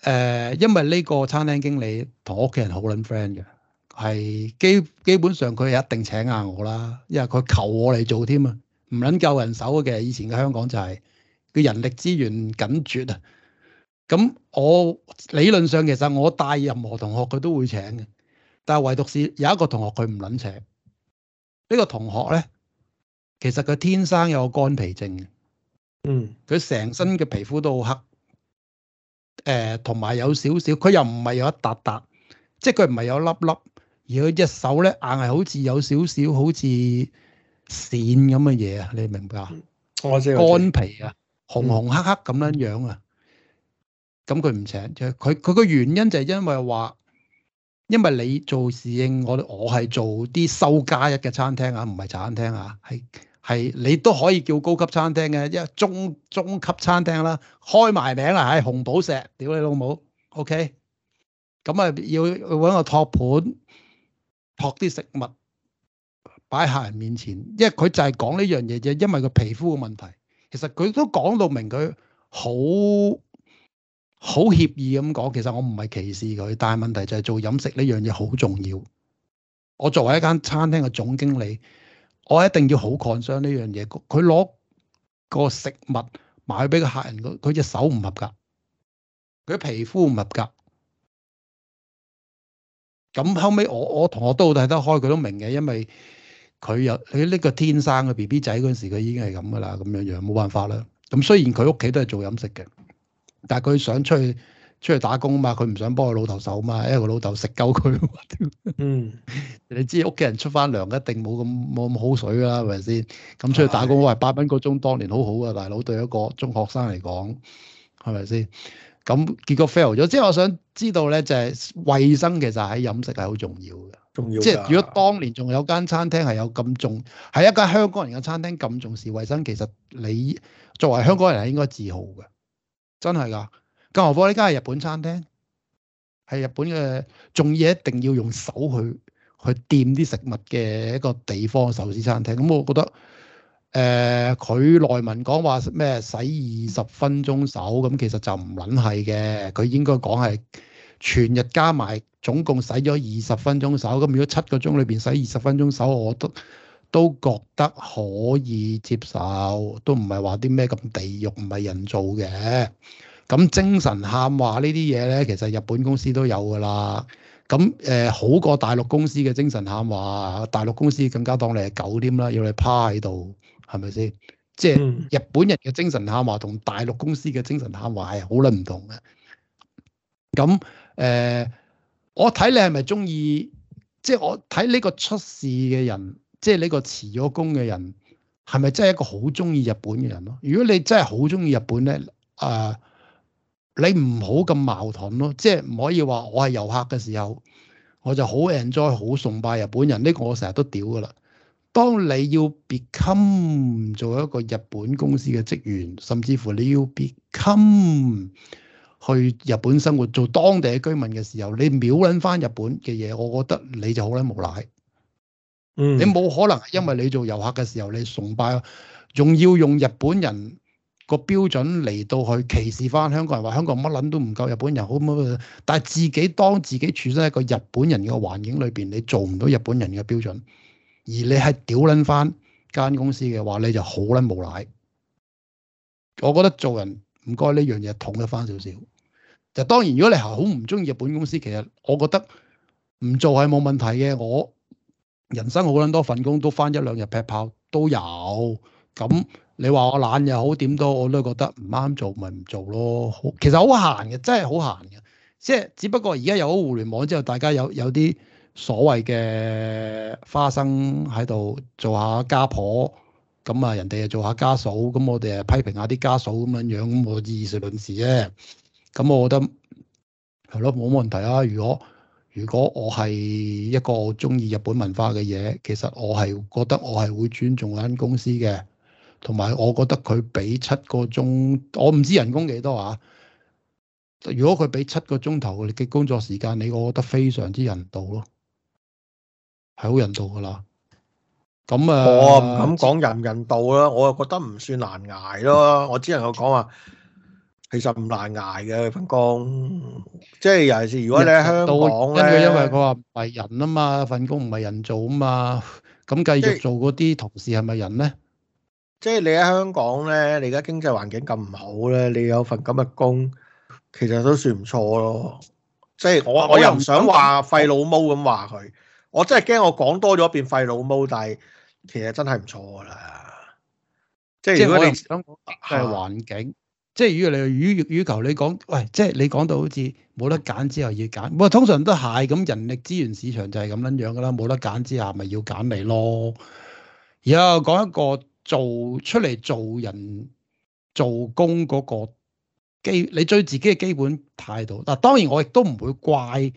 誒，因為呢個餐廳經理同屋企人好撚 friend 嘅，係基基本上佢一定請下我啦，因為佢求我嚟做添啊，唔撚夠人手嘅，以前嘅香港就係佢人力資源緊絕啊。咁我理論上其實我帶任何同學佢都會請嘅，但係唯獨是有一個同學佢唔撚請。呢個同學咧。其實佢天生有個乾皮症嘅，嗯，佢成身嘅皮膚都好黑，誒、呃，同埋有，有少少，佢又唔係有一笪笪，即係佢唔係有粒粒，而佢隻手咧硬係好似有少少好似線咁嘅嘢啊，你明白啊？我知乾皮啊，嗯、紅紅黑黑咁樣樣啊，咁佢唔請，就係佢佢個原因就係因為話，因為你做侍應，我我係做啲收加一嘅餐廳啊，唔係茶餐廳啊，係。係你都可以叫高級餐廳嘅，一中中級餐廳啦，開埋名啦喺紅寶石，屌你老母，OK，咁啊要搵個托盤托啲食物擺喺客人面前，因為佢就係講呢樣嘢啫，因為佢皮膚嘅問題，其實佢都講到明，佢好好協議咁講，其實我唔係歧視佢，但係問題就係做飲食呢樣嘢好重要，我作為一間餐廳嘅總經理。我一定要好抗商呢樣嘢，佢攞個食物賣俾個客人，佢佢隻手唔合格，佢皮膚唔合格，咁後尾我我同學都好睇得開，佢都明嘅，因為佢有佢呢個天生嘅 BB 仔嗰時，佢已經係咁噶啦，咁樣樣冇辦法啦。咁雖然佢屋企都係做飲食嘅，但係佢想出去。出去打工嘛，佢唔想幫佢老豆手嘛，因為佢老豆食鳩佢。 嗯， 你知屋企人出翻糧一定冇咁冇咁好水㗎啦，係咪先？咁出去打工，我係八蚊個鐘，當年好好噶大佬，對一個中學生嚟講，係咪先？咁結果 fail 咗。即係我想知道咧，就係、是、衞生其實喺飲食係好重要嘅，重要、啊。即係如果當年仲有間餐廳係有咁重，係一間香港人嘅餐廳咁重視衞生，其實你作為香港人係應該自豪嘅，真係㗎。更何況呢間係日本餐廳，係日本嘅，仲要一定要用手去去掂啲食物嘅一個地方壽司餐廳。咁、嗯、我覺得誒，佢、呃、內文講話咩洗二十分鐘手，咁其實就唔撚係嘅。佢應該講係全日加埋總共洗咗二十分鐘手。咁如果七個鐘裏邊洗二十分鐘手，我都都覺得可以接受，都唔係話啲咩咁地獄，唔係人做嘅。咁精神喊話呢啲嘢咧，其實日本公司都有㗎啦。咁誒、呃、好過大陸公司嘅精神喊話，大陸公司更加當你係狗添啦，要你趴喺度，係咪先？即、就、係、是、日本人嘅精神喊話同大陸公司嘅精神喊話係好撚唔同嘅。咁誒、呃，我睇你係咪中意？即、就、係、是、我睇呢個出事嘅人，即係呢個辭咗工嘅人，係咪真係一個好中意日本嘅人咯？如果你真係好中意日本咧，誒、呃、～你唔好咁矛盾咯，即係唔可以話我係遊客嘅時候，我就好 enjoy 好崇拜日本人。呢個我成日都屌噶啦。當你要 become 做一個日本公司嘅職員，甚至乎你要 become 去日本生活做當地嘅居民嘅時候，你秒捻翻，日本嘅嘢，我覺得你就好撚無賴。嗯，你冇可能因為你做遊客嘅時候，你崇拜，仲要用日本人個標準嚟到去歧視翻香港人，話香港乜撚都唔夠日本人好乜。但係自己當自己處身喺個日本人嘅環境裏邊，你做唔到日本人嘅標準，而你係屌撚翻間公司嘅話，你就好撚無賴。我覺得做人唔該呢樣嘢統一翻少少。就當然如果你係好唔中意日本公司，其實我覺得唔做係冇問題嘅。我人生好撚多份工，都翻一兩日劈炮都有。咁你話我懶又好，點都我都覺得唔啱做，咪唔做咯。好，其實好閒嘅，真係好閒嘅。即係只不過而家有咗互聯網之後，大家有有啲所謂嘅花生喺度做下家婆，咁啊人哋又做下家嫂，咁我哋又批評下啲家嫂咁樣樣，咁我意事論事啫。咁我覺得係咯，冇問題啊。如果如果我係一個中意日本文化嘅嘢，其實我係覺得我係會尊重嗰間公司嘅。同埋，我覺得佢俾七個鐘，我唔知人工幾多啊。如果佢俾七個鐘頭嘅工作時間，你我覺得非常之人道咯，係好人道噶啦。咁啊，我唔敢講人人道啦，我又覺得唔算難捱咯。嗯、我只能夠講話，其實唔難捱嘅份工。即係尤其是如果你喺香港，因為佢話唔係人啊嘛，份工唔係人做啊嘛，咁繼續做嗰啲同事係咪人咧？即係你喺香港咧，你而家經濟環境咁唔好咧，你有份咁嘅工，其實都算唔錯咯。即係我我又唔想話廢老毛咁話佢，我真係驚我講多咗變廢老毛。但係其實真係唔錯噶啦。即係如果你諗下環境，即係如果你講與與求你講，你講喂，即係你講到好似冇得揀之後要揀，我通常都係咁，人力資源市場就係咁樣樣噶啦，冇得揀之下咪要揀你咯。然後講一個。做出嚟做人做工嗰、那個基，你對自己嘅基本態度。嗱，當然我亦都唔會怪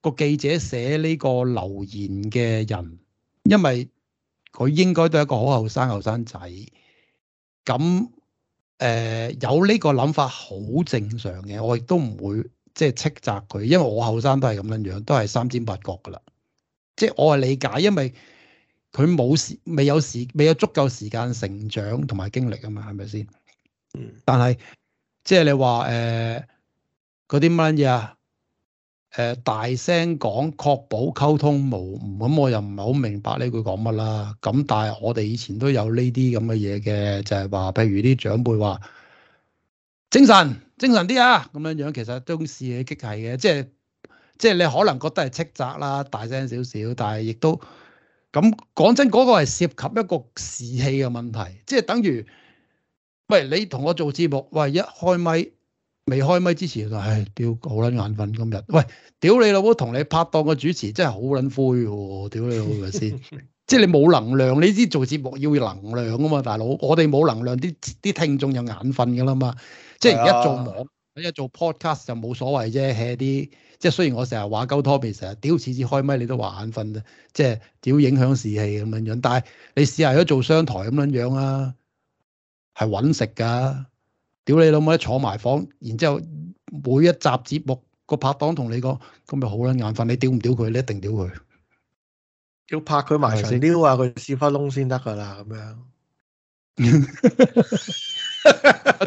個記者寫呢個留言嘅人，因為佢應該都係一個好後生後生仔。咁誒、呃、有呢個諗法好正常嘅，我亦都唔會即係斥責佢，因為我後生都係咁樣樣都係三尖八角噶啦。即係我係理解，因為。佢冇時未有時未有，有足夠時間成長同埋經歷啊嘛，係咪先？但係即係你話誒嗰啲乜嘢啊？誒、呃呃，大聲講確保溝通無誤，咁、嗯、我又唔係好明白呢句講乜啦。咁但係我哋以前都有呢啲咁嘅嘢嘅，就係、是、話譬如啲長輩話精神精神啲啊，咁樣樣其實都係好激氣嘅，即係即係你可能覺得係斥責啦，大聲少少，但係亦都。咁講真，嗰個係涉及一個士氣嘅問題，即係等於，喂，你同我做節目，喂一開咪，未開咪之前就係屌好撚眼瞓今日，喂屌你老母同你拍檔個主持真係好撚灰喎，屌你老咪先，即係你冇能量，你知做節目要能量啊嘛，大佬，我哋冇能量，啲啲聽眾有眼瞓㗎啦嘛，即係而家做網，而家 做 podcast 就冇所謂啫，係啲。即係雖然我成日話鳩 Tommy 成日屌次次開咪，你都話眼瞓啊！即係屌影響士氣咁樣樣，但係你試下如果做商台咁樣樣啊，係揾食噶。屌你老母，一坐埋房，然之後每一集節目個拍檔同你講，咁咪好撚眼瞓。你屌唔屌佢？你一定屌佢。要拍佢埋長，屌下佢屎忽窿先得噶啦，咁樣。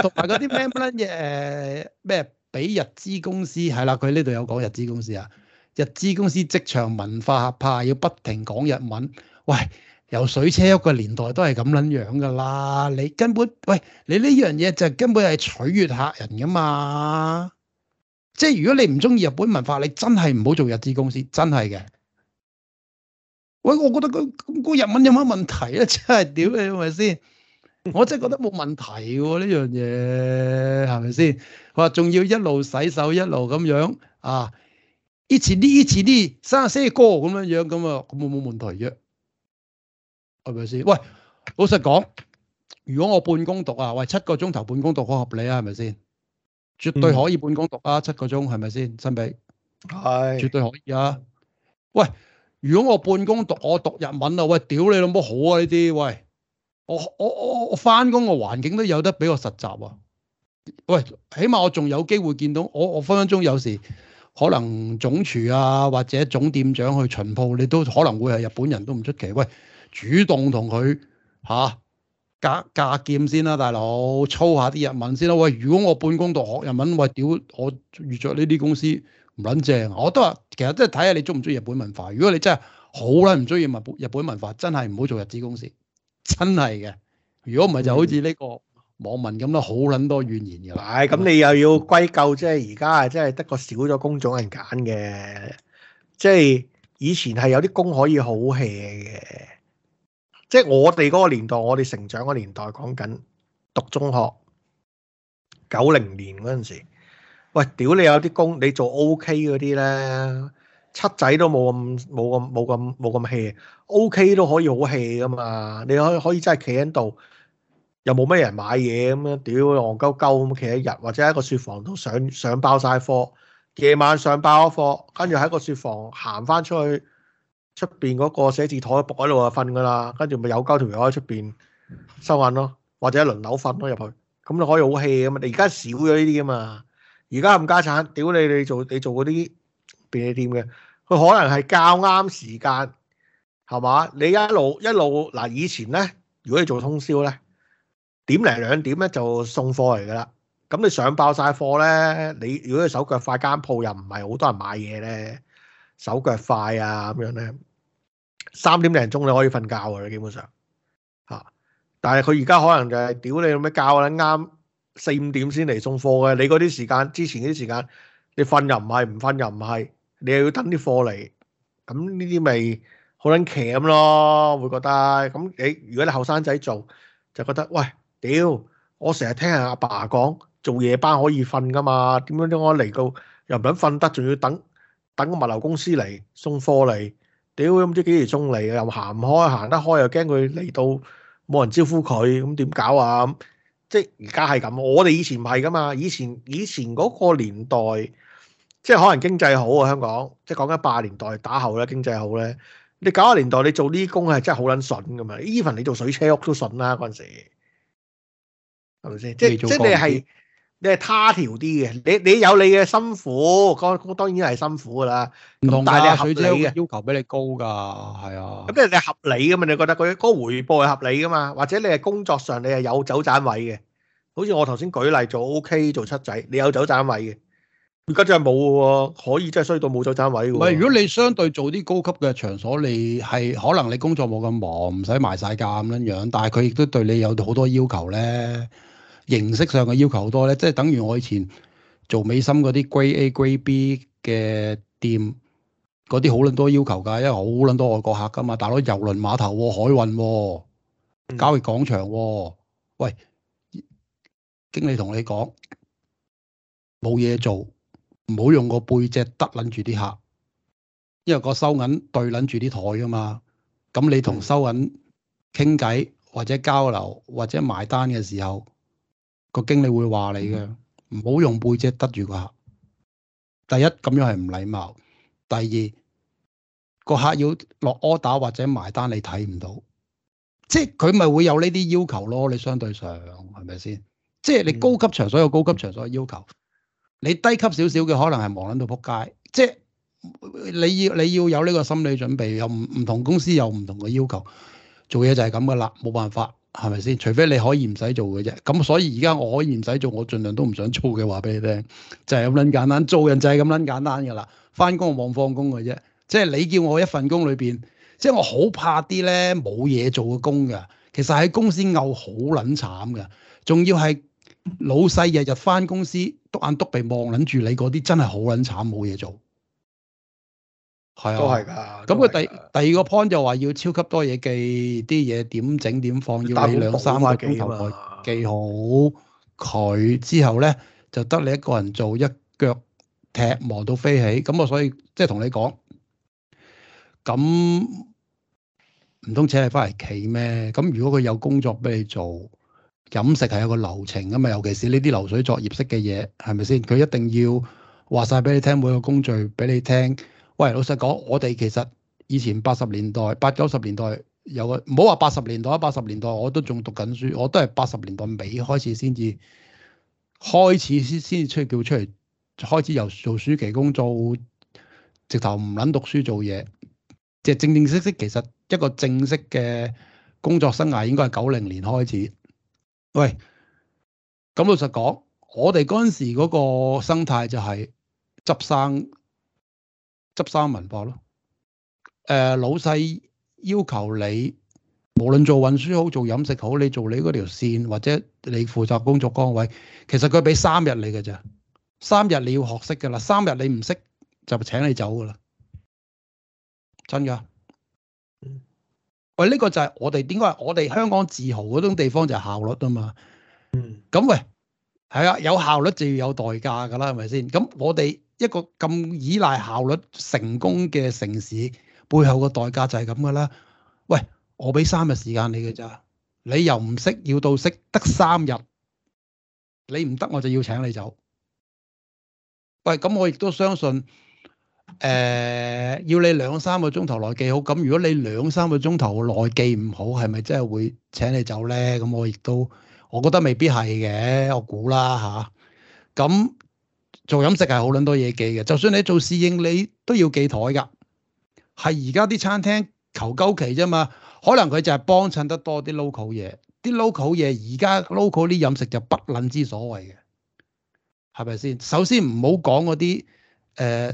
同埋嗰啲咩乜嘢？咩？俾日資公司係啦，佢呢度有講日資公司啊，日資公司職場文化合派，要不停講日文。喂，由水車屋嘅年代都係咁撚樣㗎啦，你根本喂你呢樣嘢就根本係取悅客人㗎嘛。即係如果你唔中意日本文化，你真係唔好做日資公司，真係嘅。喂，我覺得嗰日文有乜問題啊？真係屌你咪先。是我真係覺得冇問題喎、啊，呢樣嘢係咪先？佢話仲要一路洗手，一路咁樣啊！一次啲，呢次啲，三聲歌咁樣樣咁啊，冇冇問題約係咪先？喂，老實講，如果我半工讀啊，喂，七個鐘頭半工讀好合理啊，係咪先？絕對可以半工讀啊，七個鐘係咪先？新比係絕對可以啊！喂，如果我半工讀，我讀日文啊，喂，屌你老母好啊呢啲喂。我我我我翻工嘅環境都有得俾我實習啊。喂，起碼我仲有機會見到我我分分鐘有時可能總廚啊或者總店長去巡鋪，你都可能會係日本人都唔出奇。喂，主動同佢嚇架架劍先啦、啊，大佬，操下啲日文先啦、啊。喂，如果我半工度學日文，喂屌，我遇著呢啲公司唔撚正、啊。我都話其實真係睇下你中唔中意日本文化。如果你真係好撚唔中意日文日本文化，真係唔好做日資公司。真係嘅，如果唔係就好似呢個網民咁啦，好捻多怨言嘅。唉，咁你又要歸咎即係而家，即係得個少咗工種人揀嘅，即係以前係有啲工可以好 hea 嘅。即係我哋嗰個年代，我哋成長個年代講緊讀中學九零年嗰陣時，喂屌你有啲工你做 OK 嗰啲咧，七仔都冇咁冇咁冇咁冇咁 hea O.K. 都可以好 hea 噶嘛？你可以可以真係企喺度，又冇乜人買嘢咁樣，屌戇鳩鳩咁企一日，或者喺個雪房度上上，上，上上包曬貨，夜晚上包咗貨，跟住喺個雪房行翻出去出邊嗰個寫字台喺度就瞓噶啦，跟住咪有交條友喺出邊收銀咯，或者輪流瞓咯入去，咁都可以好 hea 嘛？你而家少咗呢啲噶嘛？而家咁家產，屌你你做你做嗰啲便利店嘅，佢可能係較啱時間。係嘛？你一路一路嗱，以前咧，如果你做通宵咧，點零兩點咧就送貨嚟噶啦。咁你上爆晒貨咧，你如果你手腳快，間鋪又唔係好多人買嘢咧，手腳快啊咁樣咧，三點零鐘你可以瞓覺嘅，基本上嚇、啊。但係佢而家可能就係屌你有咩教啦，啱四五點先嚟送貨嘅。你嗰啲時間，之前嗰啲時間，你瞓又唔係，唔瞓又唔係，你又要等啲貨嚟，咁呢啲咪？好撚奇咁咯，會覺得咁你如果你後生仔做，就覺得喂屌，我成日聽人阿爸講做夜班可以瞓噶嘛？點樣咧？我嚟到又唔想瞓得，仲要等等個物流公司嚟送貨嚟，屌都唔知幾時送嚟，又行唔開，行得開又驚佢嚟到冇人招呼佢，咁點搞啊？即係而家係咁，我哋以前唔係噶嘛，以前以前嗰個年代即係可能經濟好啊，香港即係講緊八十年代打後咧經濟好咧。你九十年代你做呢啲工係真係好撚順㗎嘛？Even 你做水車屋都順啦嗰陣時，係咪先？即你即你係你係他條啲嘅，你你有你嘅辛苦，嗰當然係辛苦㗎啦。唔同係你係合理水要求比你高㗎，係啊。咁即係你合理嘅嘛？你覺得嗰個回報係合理㗎嘛？或者你係工作上你係有走盞位嘅？好似我頭先舉例做 O.K. 做七仔，你有走盞位嘅。而家真係冇喎，可以真係衰到冇咗單位唔係，如果你相對做啲高級嘅場所，你係可能你工作冇咁忙，唔使埋晒價咁樣樣，但係佢亦都對你有好多要求咧，形式上嘅要求好多咧，即係等於我以前做美心嗰啲 Grade A、Grade B 嘅店，嗰啲好撚多要求㗎，因為好撚多外國客㗎嘛，大佬遊輪碼頭喎、哦、海運喎、哦、交易廣場喎、哦。喂，經理同你講冇嘢做。唔好用個背脊得擸住啲客，因為個收銀對擸住啲台噶嘛。咁你同收銀傾偈，或者交流或者埋單嘅時候，個經理會話你嘅，唔好用背脊得住個客。第一咁樣係唔禮貌，第二個客要落 order 或者埋單你睇唔到，即係佢咪會有呢啲要求咯。你相對上係咪先？即係你高級場所有高級場所嘅要求。你低級少少嘅，可能係忙捻到撲街，即係你要你要有呢個心理準備，又唔唔同公司有唔同嘅要求，做嘢就係咁噶啦，冇辦法，係咪先？除非你可以唔使做嘅啫。咁所以而家我可以唔使做，我盡量都唔想做嘅話俾你聽，就係咁捻簡單，做人就係咁捻簡單噶啦，翻工，就望放工嘅啫。即係你叫我一份工裏邊，即係我好怕啲咧冇嘢做嘅工噶，其實喺公司漚好捻慘噶，仲要係。老細日日翻公司篤眼篤鼻望捻住你嗰啲，真係好捻慘，冇嘢做。係啊，都係噶。咁佢、嗯、第第二個 point 就話要超級多嘢記，啲嘢點整點放，要你兩三個幾嘛記好佢之後咧，就得你一個人做一腳踢，忙到飛起。咁、嗯、我所以即係同你講，咁唔通請你翻嚟企咩？咁如果佢有工作俾你做。飲食係有個流程噶嘛，尤其是呢啲流水作業式嘅嘢，係咪先？佢一定要話晒俾你聽，每個工序俾你聽。喂，老實講，我哋其實以前八十年代、八九十年代有個，唔好話八十年代，八十年代我都仲讀緊書，我都係八十年代尾開始先至開始先先至出去叫出嚟，開始由做暑期工做，直頭唔撚讀書做嘢，即係正正式式式，其實一個正式嘅工作生涯應該係九零年開始。喂，咁老實講，我哋嗰陣時嗰個生態就係執生執生文化咯。誒、呃，老細要求你，無論做運輸好做飲食好，你做你嗰條綫或者你負責工作崗位，其實佢俾三日你嘅咋，三日你要學識噶啦，三日你唔識就請你走噶啦，真噶。喂，呢個就係我哋點解我哋香港自豪嗰種地方就係效率啊嘛。嗯，咁喂，係啊，有效率就要有代價噶啦，係咪先？咁我哋一個咁依賴效率成功嘅城市，背後個代價就係咁噶啦。喂，我俾三日時間你嘅咋？你又唔識要到識得三日，你唔得我就要請你走。喂，咁我亦都相信。誒、呃、要你兩三個鐘頭內記好，咁如果你兩三個鐘頭內記唔好，係咪真係會請你走咧？咁、嗯、我亦都，我覺得未必係嘅。我估啦嚇。咁、啊嗯、做飲食係好撚多嘢記嘅，就算你做侍應，你都要記台㗎。係而家啲餐廳求鳩期啫嘛，可能佢就係幫襯得多啲 local 嘢，啲 local 嘢而家 local 啲飲食就不撚之所謂嘅，係咪先？首先唔好講嗰啲誒。呃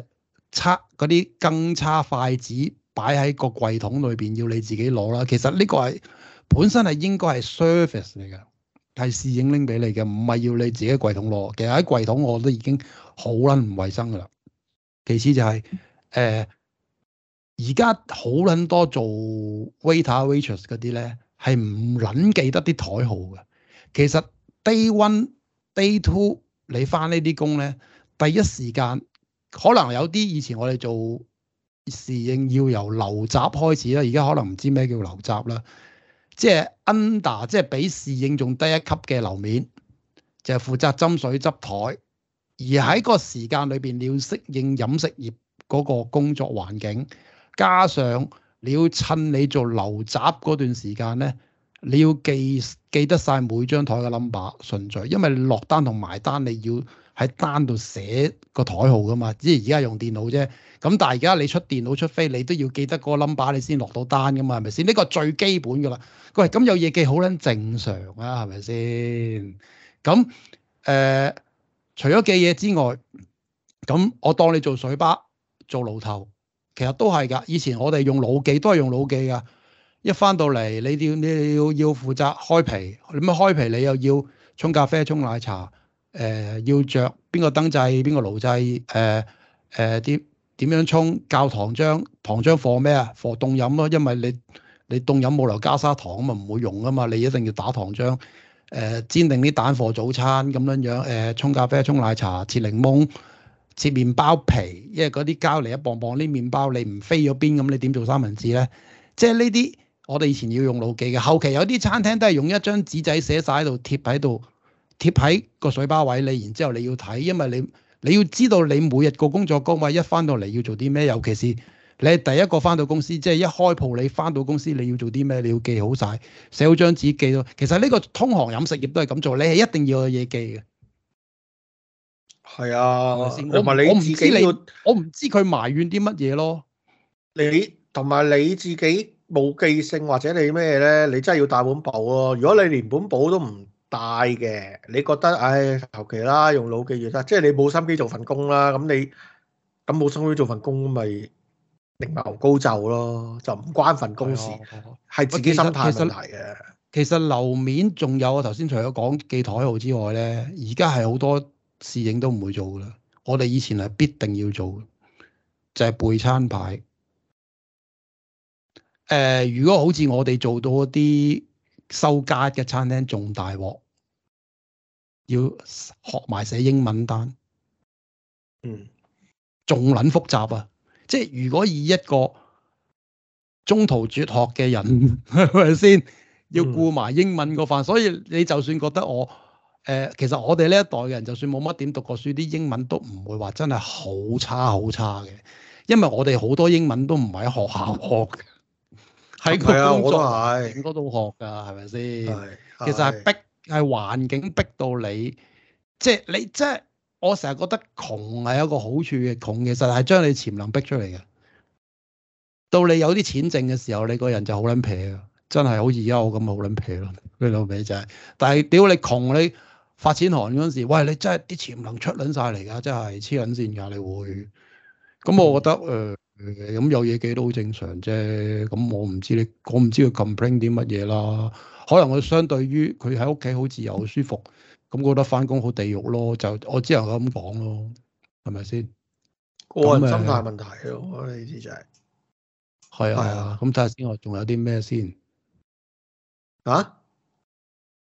差嗰啲羹叉筷子擺喺個櫃桶裏邊，要你自己攞啦。其實呢個係本身係應該係 service 嚟嘅，係侍應拎俾你嘅，唔係要你自己櫃桶攞。其實喺櫃桶我都已經好撚唔衞生噶啦。其次就係、是、誒，而家好撚多做 waiter wait、waitress 嗰啲咧，係唔撚記得啲台號嘅。其實 day one、day two 你返呢啲工咧，第一時間。可能有啲以前我哋做侍應要由樓雜開始啦，而家可能唔知咩叫樓雜啦，即係 under 即係比侍應仲低一級嘅樓面，就係、是、負責斟水執台，而喺個時間裏邊你要適應飲食業嗰個工作環境，加上你要趁你做樓雜嗰段時間咧，你要記記得晒每張台嘅 number 順序，因為你落單同埋單你要。喺單度寫個台號噶嘛，即係而家用電腦啫。咁但係而家你出電腦出飛，你都要記得嗰個 number，你先落到單噶嘛，係咪先？呢個最基本噶啦。喂，咁有嘢記好撚正常啊，係咪先？咁誒、呃，除咗記嘢之外，咁我當你做水吧、做爐頭，其實都係㗎。以前我哋用腦記都係用腦記㗎。一返到嚟，你要你要你要負責開皮，咁開皮你又要沖咖啡、沖奶茶。誒、呃、要着邊個燈掣，邊個爐掣？誒誒啲點樣沖？教糖漿，糖漿放咩啊？放凍飲咯，因為你你凍飲冇理由加砂糖咁咪唔會用啊嘛。你一定要打糖漿。誒、呃、煎定啲蛋放早餐咁樣樣。誒、呃、沖咖啡、沖奶茶、切檸檬、切麵包皮，因為嗰啲膠嚟一磅磅啲麵包，你唔飛咗邊咁，你點做三文治咧？即係呢啲我哋以前要用腦記嘅，後期有啲餐廳都係用一張紙仔寫晒喺度貼喺度。貼喺個水吧位你，然之後你要睇，因為你你要知道你每日個工作崗位一翻到嚟要做啲咩，尤其是你第一個翻到公司，即係一開鋪你翻到公司你要做啲咩，你要記好晒，寫好張紙記咯。其實呢個通行飲食業都係咁做，你係一定要有嘢記嘅。係啊，我唔知你，我唔知佢埋怨啲乜嘢咯。你同埋你自己冇記性，或者你咩咧？你真係要帶本簿咯，啊。如果你連本簿都唔，大嘅，你覺得唉，求其啦，用腦記住啦，即係你冇心機做份工啦，咁你咁冇心機做份工，咪另謀高就咯，就唔關份工事，係的自己心態問題嘅。其實樓面仲有啊，頭先除咗講記台號之外咧，而家係好多侍應都唔會做噶啦。我哋以前係必定要做，就係、是、背餐牌。誒、呃，如果好似我哋做到一啲收家嘅餐廳，仲大鑊。要學埋寫英文單，嗯，仲捻複雜啊！即係如果以一個中途輟學嘅人係咪先要顧埋英文個飯？所以你就算覺得我誒、呃，其實我哋呢一代嘅人就算冇乜點讀過書，啲英文都唔會話真係好差好差嘅，因為我哋好多英文都唔係喺學校學嘅，喺都 工作喺嗰、啊、都學噶，係咪先？其實係逼。係環境逼到你，即係你即係我成日覺得窮係一個好處嘅，窮其實係將你潛能逼出嚟嘅。到你有啲錢剩嘅時候，你個人就好捻撇嘅，真係好似而家我咁好捻撇咯。你老味就係，但係屌你窮你發錢寒嗰陣時，喂你真係啲潛能出捻晒嚟噶，真係黐捻線噶你會。咁我覺得誒，咁、呃、有嘢幾都好正常啫。咁我唔知你，我唔知佢 complain 啲乜嘢啦。可能佢相對於佢喺屋企好自由好舒服，咁覺得翻工好地獄咯，就我只能夠咁講咯，係咪、哦嗯啊、先？個人心態問題咯，我意思就係。係啊，係啊，咁睇下先，我仲有啲咩先？啊！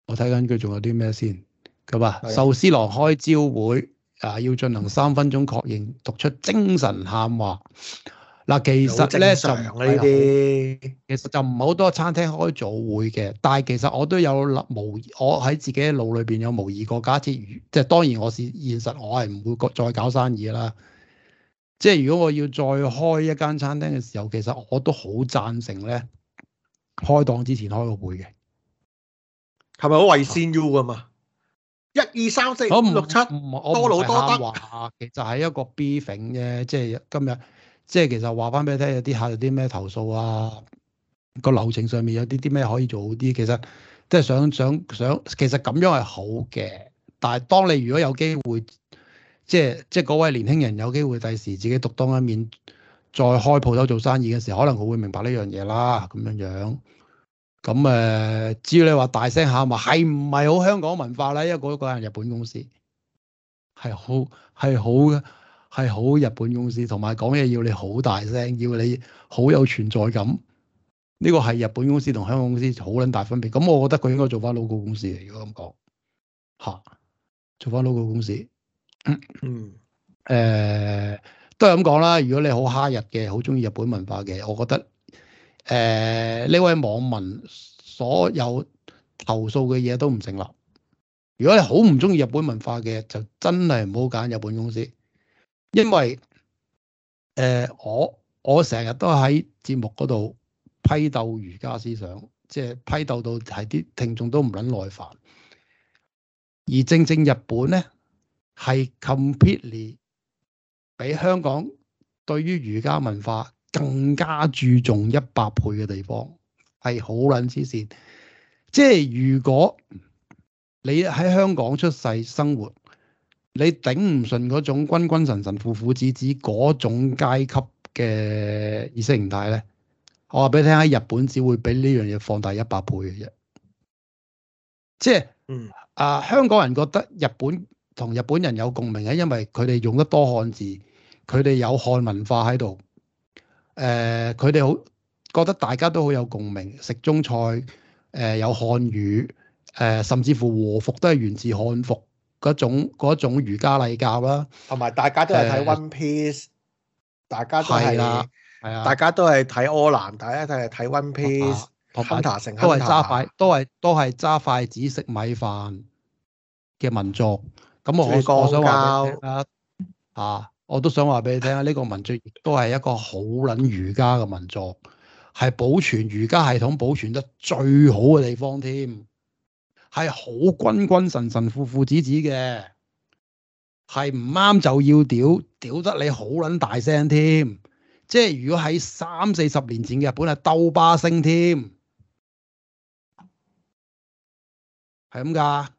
我睇緊佢仲有啲咩先？佢話，壽司郎開朝會啊，要進行三分鐘確認，嗯、讀出精神喊話。嗱，其實咧常呢啲這些，其實就唔好多餐廳開早會嘅。但係其實我都有立模，我喺自己腦裏邊有模擬過。假設即係當然我，我是現實，我係唔會再搞生意啦。即係如果我要再開一間餐廳嘅時候，其實我都好贊成咧，開檔之前開個會嘅，係咪好為先要噶嘛？一二三四五六七，多勞多得。話其實係一個 briefing 嘅，即係今日。即係其實話翻俾你聽，有啲客有啲咩投訴啊，個流程上面有啲啲咩可以做好啲，其實即係想想想，其實咁樣係好嘅。但係當你如果有機會，即係即係嗰位年輕人有機會第時自己獨當一面再開鋪頭做生意嘅時候，可能佢會明白呢樣嘢啦。咁樣樣，咁誒，至於你話大聲喊話係唔係好香港文化啦，因為嗰個係日本公司，係好係好嘅。係好日本公司，同埋講嘢要你好大聲，要你好有存在感。呢個係日本公司同香港公司好撚大分別。咁我覺得佢應該做翻 logo 公司嚟，如果咁講吓，做翻 logo 公司。嗯，嗯、呃、都係咁講啦。如果你好蝦日嘅，好中意日本文化嘅，我覺得誒呢、呃、位網民所有投訴嘅嘢都唔成立。如果你好唔中意日本文化嘅，就真係唔好揀日本公司。因為誒、呃、我我成日都喺節目嗰度批鬥儒家思想，即係批鬥到係啲聽眾都唔捻耐煩。而正正日本咧係 completely 比香港對於儒家文化更加注重一百倍嘅地方，係好捻黐線。即係如果你喺香港出世生,生活。你頂唔順嗰種君君臣臣、父父子子嗰種階級嘅意識形態咧，我話俾你聽，喺日本只會俾呢樣嘢放大一百倍嘅啫。即係，嗯啊，香港人覺得日本同日本人有共鳴嘅，因為佢哋用得多漢字，佢哋有漢文化喺度。誒，佢哋好覺得大家都好有共鳴，食中菜，誒，有漢語，誒，甚至乎和服都係源自漢服。嗰種嗰種儒家禮教啦，同埋大家都係睇 One Piece，呃、大家都係，係啊的，大家都係睇柯南，大家都係睇 One Piece，啊、都係揸筷，都係都係揸筷子食米飯嘅民族。咁我我想話啊，啊，我都想話俾你聽，呢、呢個民族亦都係一個好撚儒家嘅民族，係保存儒家系統保存得最好嘅地方添。係好君君臣臣父父子子嘅，係唔啱就要屌，屌得你好撚大聲添。即係如果喺三四十年前嘅日本係兜巴星添，係咁噶。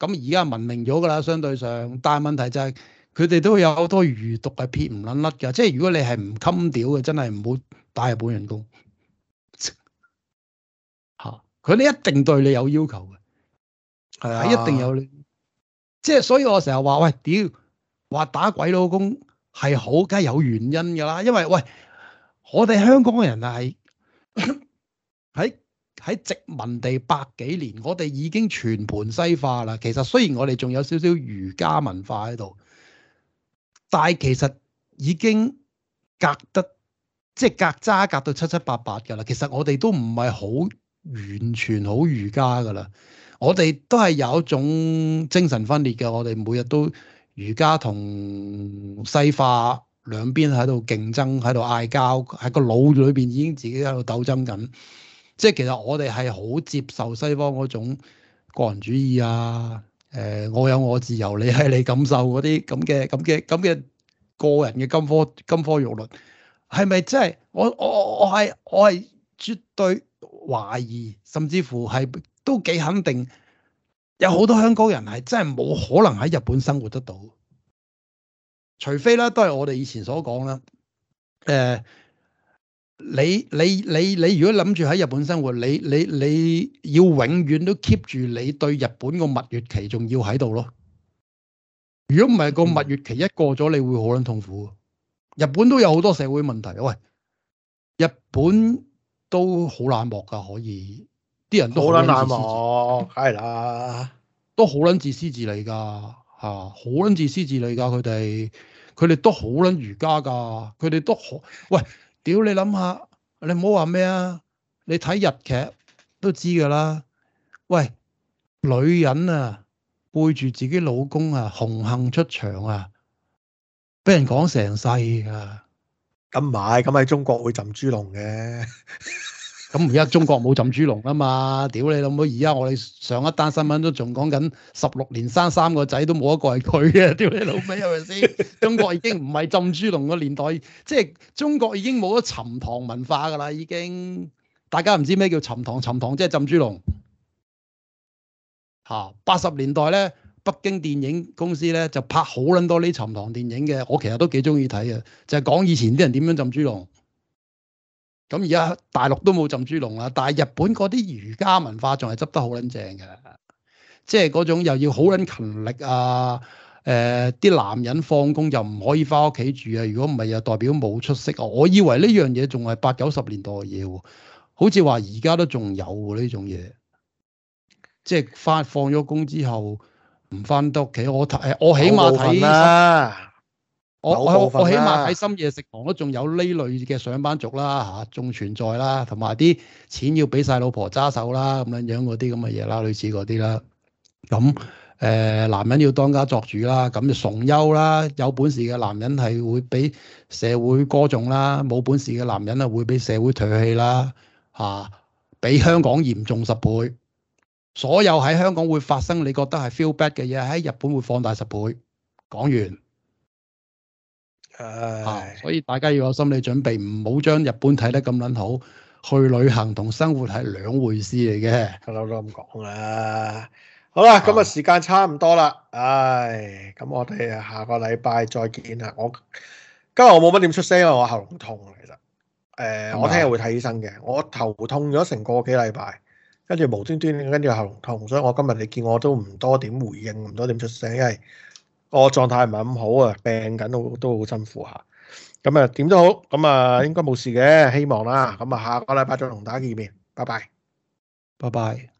咁而家文明咗噶啦，相對上，但係問題就係佢哋都有好多餘毒係撇唔撚甩嘅。即係如果你係唔襟屌嘅，真係唔好打日本人工。佢哋一定對你有要求嘅，係啊，一定有，即係所以我成日話：喂，屌，話打鬼老公係好，梗係有原因㗎啦。因為喂，我哋香港人啊，係喺喺殖民地百幾年，我哋已經全盤西化啦。其實雖然我哋仲有少少儒家文化喺度，但係其實已經隔得即係隔渣隔到七七八八㗎啦。其實我哋都唔係好。完全好儒家噶啦，我哋都係有一種精神分裂嘅。我哋每日都儒家同西化兩邊喺度競爭，喺度嗌交，喺個腦裏邊已經自己喺度鬥爭緊。即係其實我哋係好接受西方嗰種個人主義啊，誒、呃，我有我自由，你係你感受嗰啲咁嘅咁嘅咁嘅個人嘅金科金科玉律，係咪真係我我我係我係絕對？懷疑，甚至乎係都幾肯定，有好多香港人係真係冇可能喺日本生活得到，除非啦，都係我哋以前所講啦。誒、呃，你你你你，你你你如果諗住喺日本生活，你你你要永遠都 keep 住你對日本個蜜月期仲要喺度咯。如果唔係個蜜月期一過咗，你會好撚痛苦。日本都有好多社會問題。喂，日本。都好冷漠噶，可以啲人都好冷漠，係啦，都好捻自私自利噶，吓，好捻自私自利噶，佢哋佢哋都好捻儒家噶，佢哋都好，喂，屌你諗下，你唔好話咩啊，你睇日劇都知噶啦，喂，女人啊背住自己老公啊，紅杏出牆啊，俾人講成世噶。咁買咁喺中國會浸豬籠嘅，咁而家中國冇浸豬籠吖嘛？屌你老母！而家我哋上一單新聞都仲講緊十六年生三個仔都冇一個係佢嘅，屌你老味係咪先？中國已經唔係浸豬籠嘅年代，即係中國已經冇咗沉塘文化噶啦，已經大家唔知咩叫沉塘沉塘，即係浸豬籠吓。八十年代咧。北京電影公司咧就拍好撚多呢層堂電影嘅，我其實都幾中意睇嘅，就係、是、講以前啲人點樣浸豬籠。咁而家大陸都冇浸豬籠啦，但係日本嗰啲儒家文化仲係執得好撚正嘅，即係嗰種又要好撚勤力啊，誒、呃、啲男人放工又唔可以返屋企住啊，如果唔係又代表冇出息啊。我以為呢樣嘢仲係八九十年代嘅嘢喎，好似話而家都仲有呢、啊、種嘢，即係翻放咗工之後。唔翻得屋企，我睇，我起碼睇我，我我我起碼睇深夜食堂都仲有呢類嘅上班族啦，吓、啊、仲存在啦，同埋啲錢要俾晒老婆揸手啦，咁樣樣嗰啲咁嘅嘢啦，類似嗰啲啦。咁誒、呃，男人要當家作主啦，咁就崇優啦。有本事嘅男人係會俾社會歌頌啦，冇本事嘅男人啊會俾社會唾棄啦。吓、啊，比香港嚴重十倍。所有喺香港會發生，你覺得係 feel bad 嘅嘢喺日本會放大十倍。講完，哎、啊，所以大家要有心理準備，唔好將日本睇得咁撚好。去旅行同生活係兩回事嚟嘅。係啦，咁講啦。好啦，今日、哎、時間差唔多啦。唉、哎，咁我哋下個禮拜再見啦。我今日我冇乜點出聲，因為我喉嚨痛。其實，誒、呃，哎、我聽日會睇醫生嘅。我頭痛咗成個幾禮拜。跟住無端端，跟住喉嚨痛，所以我今日你見我都唔多點回應，唔多點出聲，因為我狀態唔係咁好啊，病緊都都好辛苦下。咁啊點都好，咁啊應該冇事嘅，希望啦。咁啊下個禮拜再同大家見面，拜拜，拜拜。